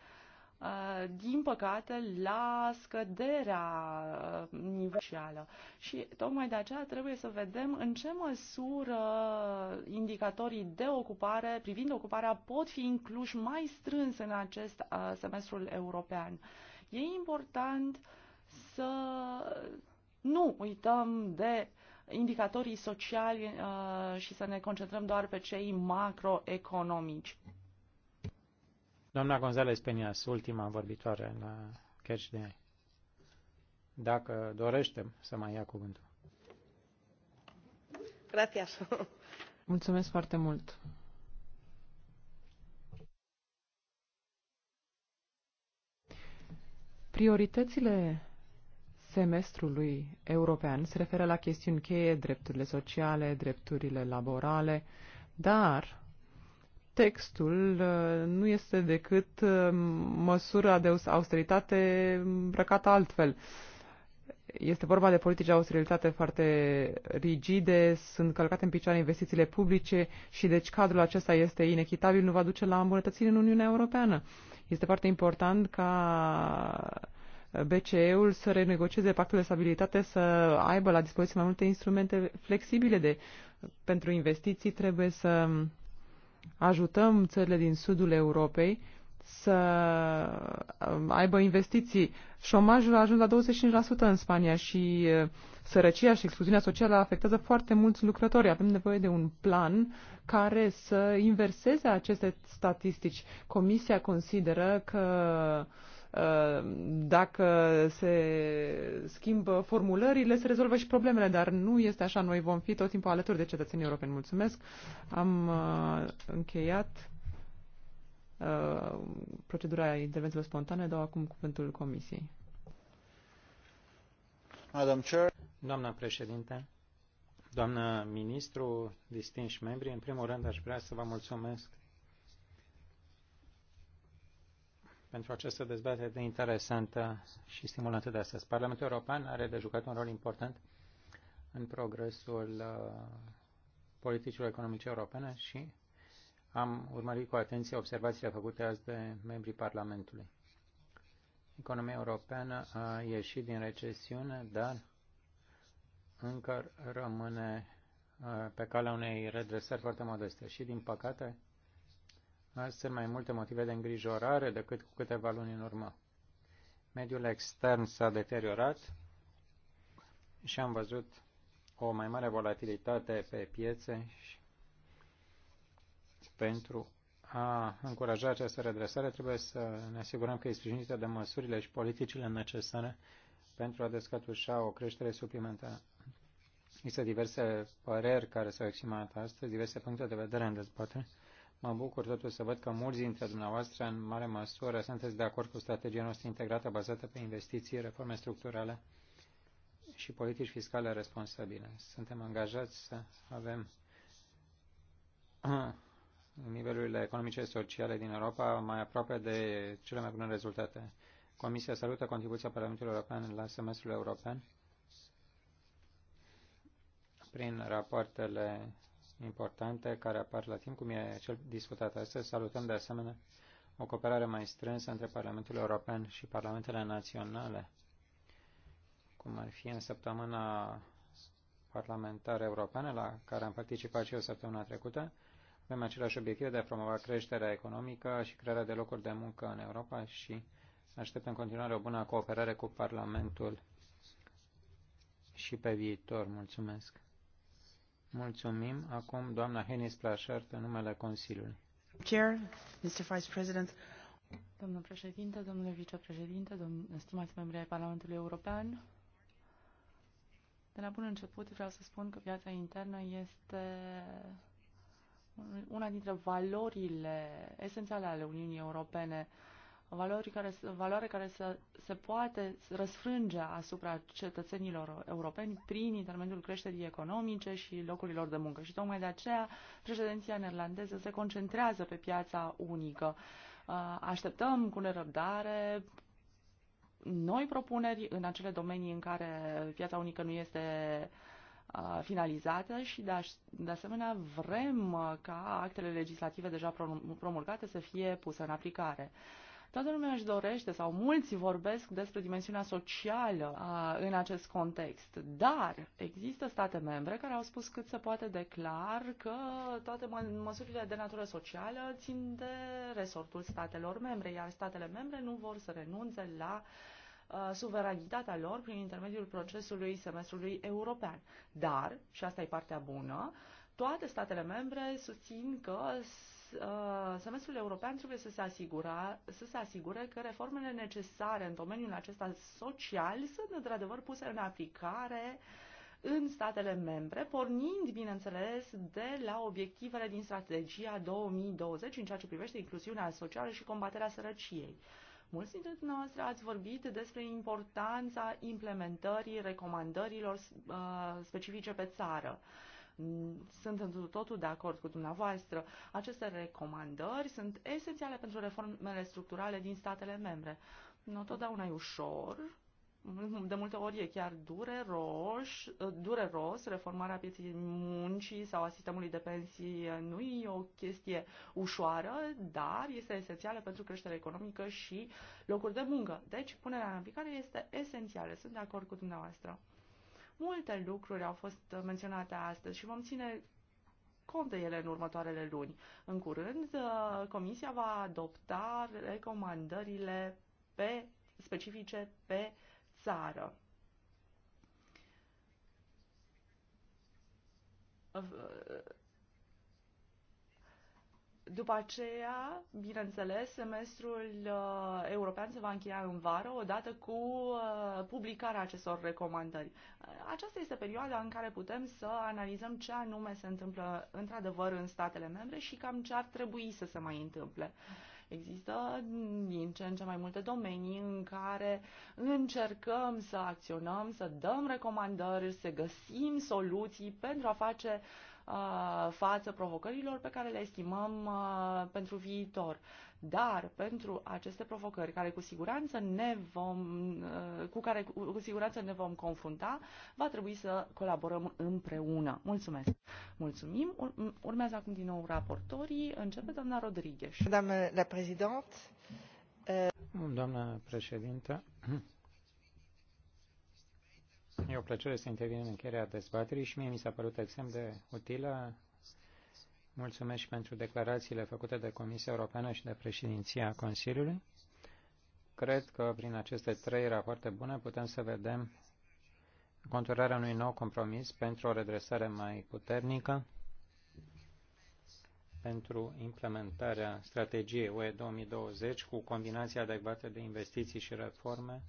uh, din păcate, la scăderea nivelului Și tocmai de aceea trebuie să vedem în ce măsură indicatorii de ocupare, privind ocuparea, pot fi incluși mai strâns în acest semestrul european. E important să nu uităm de indicatorii sociali uh, și să ne concentrăm doar pe cei macroeconomici. Doamna González Penias, ultima vorbitoare la Catch de Dacă dorește să mai ia cuvântul. Gracias. Mulțumesc foarte mult. Prioritățile semestrului european se referă la chestiuni cheie, drepturile sociale, drepturile laborale, dar textul uh, nu este decât uh, măsura de austeritate îmbrăcată altfel. Este vorba de politici de austeritate foarte rigide, sunt călcate în picioare investițiile publice și deci cadrul acesta este inechitabil, nu va duce la îmbunătățire în Uniunea Europeană. Uh, este foarte important ca BCE-ul să renegocieze pactul de stabilitate, să aibă la dispoziție mai multe instrumente flexibile de, pentru investiții. Trebuie să ajutăm țările din sudul Europei să um, aibă investiții. Șomajul a ajuns la 25% în Spania și uh, sărăcia și excluziunea socială afectează foarte mulți lucrători. Avem nevoie de un plan care să inverseze aceste statistici. Comisia consideră că uh, dacă se schimbă formulările, se rezolvă și problemele, dar nu este așa. Noi vom fi tot timpul alături de cetățenii europeni. Mulțumesc. Am uh, încheiat Uh, procedura intervențiilor spontane, dau acum cuvântul Comisiei. Madam Chair. Doamna președinte, doamnă ministru, distinși membri, în primul rând aș vrea să vă mulțumesc pentru această dezbatere de interesantă și stimulantă de astăzi. Parlamentul European are de jucat un rol important în progresul uh, politicilor economice europene și am urmărit cu atenție observațiile făcute azi de membrii Parlamentului. Economia europeană a ieșit din recesiune, dar încă rămâne pe calea unei redresări foarte modeste și, din păcate, azi sunt mai multe motive de îngrijorare decât cu câteva luni în urmă. Mediul extern s-a deteriorat și am văzut o mai mare volatilitate pe piețe și pentru a încuraja această redresare, trebuie să ne asigurăm că e sprijinită de măsurile și politicile necesare pentru a descătușa o creștere suplimentară. Există diverse păreri care s-au exprimat astăzi, diverse puncte de vedere în dezbatere. Mă bucur totuși să văd că mulți dintre dumneavoastră, în mare măsură, sunteți de acord cu strategia noastră integrată bazată pe investiții, reforme structurale și politici fiscale responsabile. Suntem angajați să avem nivelurile economice și sociale din Europa mai aproape de cele mai bune rezultate. Comisia salută contribuția Parlamentului European la semestrul european prin rapoartele importante care apar la timp, cum e cel discutat astăzi. Salutăm de asemenea o cooperare mai strânsă între Parlamentul European și Parlamentele Naționale, cum ar fi în săptămâna parlamentară europeană, la care am participat și eu săptămâna trecută, avem același obiectiv de a promova creșterea economică și crearea de locuri de muncă în Europa și aștept în continuare o bună cooperare cu Parlamentul și pe viitor. Mulțumesc! Mulțumim. Acum doamna Henis Plașert în numele Consiliului. Chair, Mr. Vice President. Domnul președinte, domnule vicepreședinte, domn... stimați membri ai Parlamentului European, de la bun început vreau să spun că viața internă este una dintre valorile esențiale ale Uniunii Europene, valori care, valoare care se, se poate răsfrânge asupra cetățenilor europeni prin intermediul creșterii economice și locurilor de muncă. Și tocmai de aceea președinția neerlandeză se concentrează pe piața unică. Așteptăm cu nerăbdare noi propuneri în acele domenii în care piața unică nu este uh, finalizată și de, de asemenea vrem ca actele legislative deja promulgate să fie puse în aplicare. Toată lumea își dorește sau mulți vorbesc despre dimensiunea socială a, în acest context, dar există state membre care au spus cât se poate declar că toate mă măsurile de natură socială țin de resortul statelor membre, iar statele membre nu vor să renunțe la uh, Uh, suveranitatea lor prin intermediul procesului semestrului european. Dar, și asta e partea bună, toate statele membre susțin că uh, semestrul european trebuie să se, asigura, să se asigure că reformele necesare în domeniul acesta social sunt într-adevăr puse în aplicare în statele membre, pornind, bineînțeles, de la obiectivele din strategia 2020 în ceea ce privește incluziunea socială și combaterea sărăciei. Uh, Mulți dintre dumneavoastră ați vorbit despre importanța implementării recomandărilor uh, specifice pe țară sunt întru totul de acord cu dumneavoastră. Aceste recomandări sunt esențiale pentru reformele structurale din statele membre. Nu totdeauna e ușor, de multe ori e chiar dureros, dureros, reformarea pieței muncii sau a sistemului de pensii nu e o chestie ușoară, dar este esențială pentru creștere economică și locuri de muncă. Deci, punerea în aplicare este esențială. Sunt de acord cu dumneavoastră. Multe lucruri au fost menționate astăzi și vom ține cont de ele în următoarele luni. În curând, uh, Comisia va adopta recomandările pe, specifice pe uh, țară. După aceea, bineînțeles, semestrul uh, european se va încheia în vară, odată cu uh, publicarea acestor recomandări. Uh, aceasta este perioada în care putem să analizăm ce anume se întâmplă într-adevăr în statele membre și cam ce ar trebui să se mai întâmple. Uh, Există din ce în ce mai multe domenii în care încercăm să acționăm, să dăm recomandări, să găsim soluții pentru a face uh, față provocărilor pe care le estimăm uh, pentru viitor. Dar pentru aceste provocări care cu siguranță ne vom, uh, cu care cu siguranță ne vom confrunta, va trebui să colaborăm împreună. Mulțumesc! Mulțumim! Urmează acum din nou raportorii. Începe doamna Rodriguez. Doamna la președinte. Uh, mm, doamna președintă, E o plăcere să intervin în încheierea dezbaterii și mie mi s-a părut extrem de utilă Mulțumesc și pentru declarațiile făcute de Comisia Europeană și de președinția Consiliului. Cred că prin aceste trei rapoarte bune putem să vedem conturarea unui nou compromis pentru o redresare mai puternică, pentru implementarea strategiei UE 2020 cu combinația adecvată de investiții și reforme,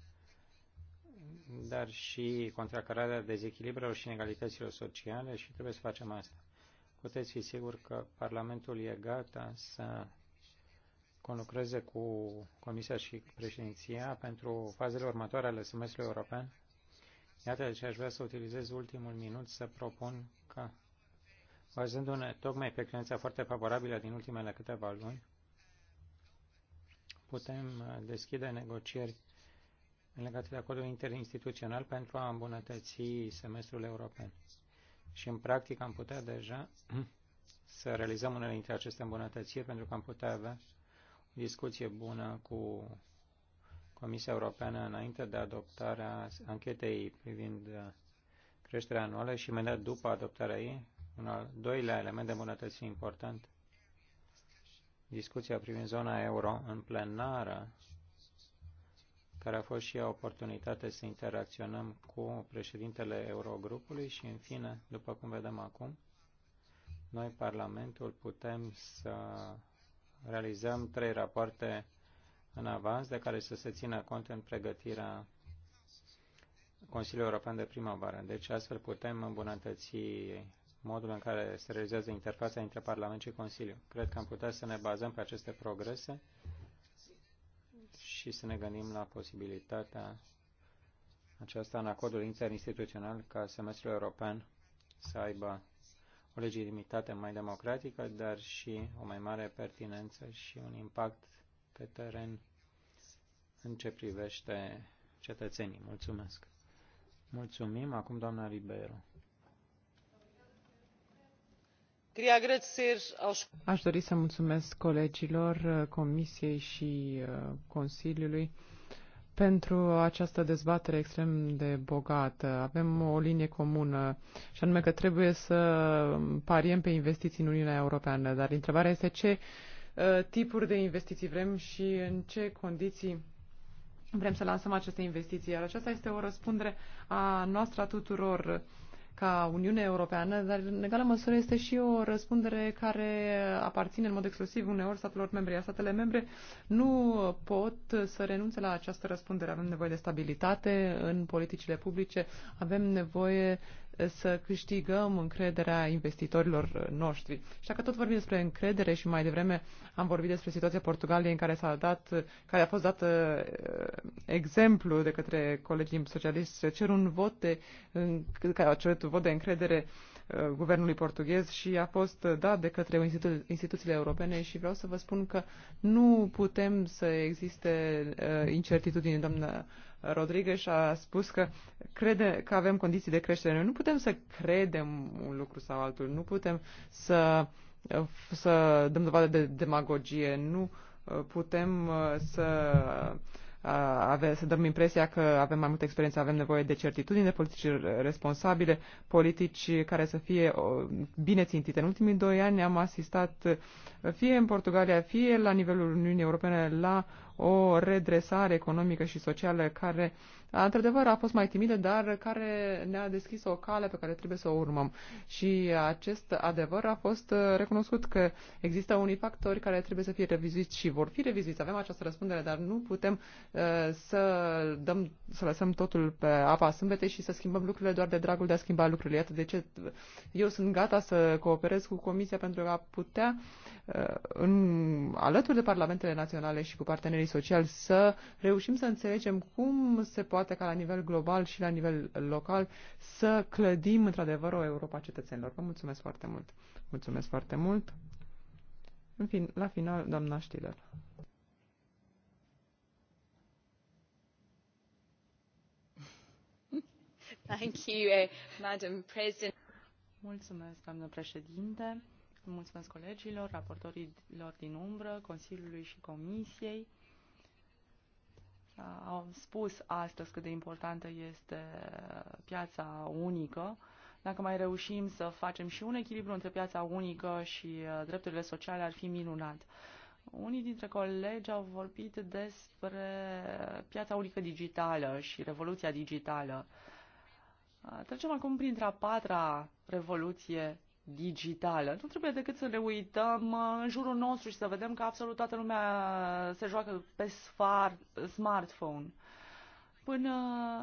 dar și contracararea dezechilibrelor și inegalităților sociale și trebuie să facem asta puteți fi sigur că Parlamentul e gata să conlucreze cu Comisia și președinția pentru fazele următoare ale semestrului european. Iată de ce aș vrea să utilizez ultimul minut să propun că, bazându-ne tocmai pe experiența foarte favorabilă din ultimele câteva luni, putem uh, deschide negocieri legate de acordul interinstituțional pentru a îmbunătăți semestrul european și în practică am putea deja să realizăm unele dintre aceste îmbunătățiri pentru că am putea avea o discuție bună cu Comisia Europeană înainte de adoptarea anchetei privind uh, creșterea anuală și imediat după adoptarea ei, un al doilea element de îmbunătățire important, discuția privind zona euro în plenară care a fost și ea oportunitate să interacționăm cu președintele Eurogrupului și, în fine, după cum vedem acum, noi, Parlamentul, putem să realizăm trei rapoarte în avans de care să se țină cont în pregătirea Consiliului European de primăvară. Deci astfel putem îmbunătăți modul în care se realizează interfața între Parlament și Consiliu. Cred că am putea să ne bazăm pe aceste progrese și să ne gândim la posibilitatea aceasta în acordul interinstituțional ca semestrul european să aibă o legitimitate mai democratică, dar și o mai mare pertinență și un impact pe teren în ce privește cetățenii. Mulțumesc! Mulțumim. Acum doamna Ribeiro. Aș dori să mulțumesc colegilor Comisiei și uh, Consiliului pentru această dezbatere extrem de bogată. Avem o linie comună și anume că trebuie să pariem pe investiții în Uniunea Europeană, dar întrebarea este ce uh, tipuri de investiții vrem și în ce condiții vrem să lansăm aceste investiții. Iar aceasta este o răspundere a noastră a tuturor ca Uniune Europeană, dar în egală măsură este și o răspundere care aparține în mod exclusiv uneori statelor membre. Iar statele membre nu pot să renunțe la această răspundere. Avem nevoie de stabilitate în politicile publice, avem nevoie să câștigăm încrederea investitorilor noștri. Și dacă tot vorbim despre încredere și mai devreme am vorbit despre situația Portugaliei în care s-a dat, care a fost dat eh, exemplu de către colegii socialiști, se cer un vot de, care a cerut un vot de încredere eh, guvernului portughez și a fost dat de către institu- instituțiile europene și vreau să vă spun că nu putem să existe uh, incertitudine, doamnă Rodriguez a spus că crede că avem condiții de creștere. Noi nu putem să credem un lucru sau altul, nu putem să, să dăm dovadă de demagogie, nu uh, putem uh, să ave, să dăm impresia că avem mai multă experiență, avem nevoie de certitudine, de politici responsabile, politici care să fie bine țintite. În ultimii doi ani am asistat fie în Portugalia, fie la nivelul Uniunii Europene la o redresare economică și socială care uh, într-adevăr, a fost mai timidă, dar care ne-a deschis o cale pe care trebuie să o urmăm. Și acest adevăr a fost uh, recunoscut că există unii factori care trebuie să fie revizuiți și vor fi revizuiți. Avem această răspundere, dar nu putem uh, să, dăm, să lăsăm totul pe apa sâmbete și să schimbăm lucrurile doar de dragul de a schimba lucrurile. Iată de ce eu sunt gata să cooperez cu Comisia pentru a putea Uh, în, alături de parlamentele naționale și cu partenerii sociali să reușim să înțelegem cum se poate ca la nivel global și la nivel local să clădim într-adevăr o Europa cetățenilor. Vă mulțumesc foarte mult! Mulțumesc foarte mult! În fin, la final, doamna Știler. Thank you, uh, Madam President. Mulțumesc, doamnă președinte mulțumesc colegilor, raportorilor din umbră, Consiliului și Comisiei. Au spus astăzi cât de importantă este piața unică. Dacă mai reușim să facem și un echilibru între piața unică și uh, drepturile sociale, ar fi minunat. Unii dintre colegi au vorbit despre piața unică digitală și revoluția digitală. Uh, trecem acum printre a patra revoluție digitală. Nu trebuie decât să ne uităm uh, în jurul nostru și să vedem că absolut toată lumea se joacă pe smartphone. Până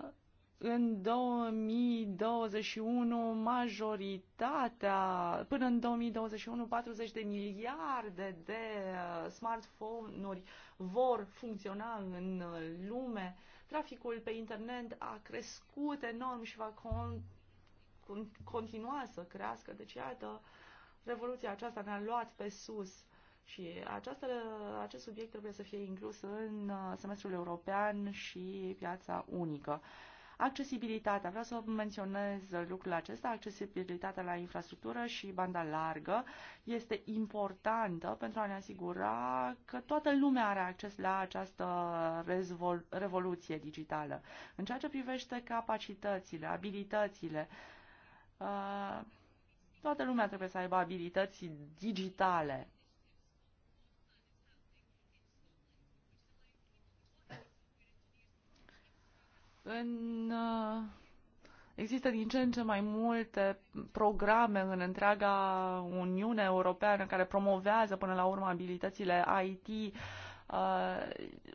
uh, în 2021 majoritatea, până în 2021 40 de miliarde de uh, smartphone-uri vor funcționa în lume. Traficul pe internet a crescut enorm și va con- continua să crească. Deci, iată, revoluția aceasta ne-a luat pe sus și această, acest subiect trebuie să fie inclus în uh, semestrul european și piața unică. Accesibilitatea. Vreau să menționez lucrul acesta. Accesibilitatea la infrastructură și banda largă este importantă pentru a ne asigura că toată lumea are acces la această revoluție digitală. În ceea ce privește capacitățile, abilitățile, uh, Uh, toată lumea trebuie să aibă abilități digitale. În, uh, există din ce în ce mai multe programe în întreaga Uniune Europeană care promovează până la urmă abilitățile IT uh,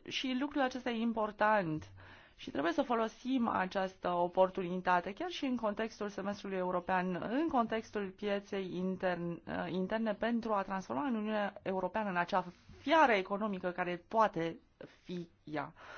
și lucrul acesta e important și trebuie să folosim această oportunitate, chiar și în contextul semestrului european, în contextul pieței interne, uh, interne pentru a transforma în Uniunea Europeană în acea fiară economică care poate fi ea.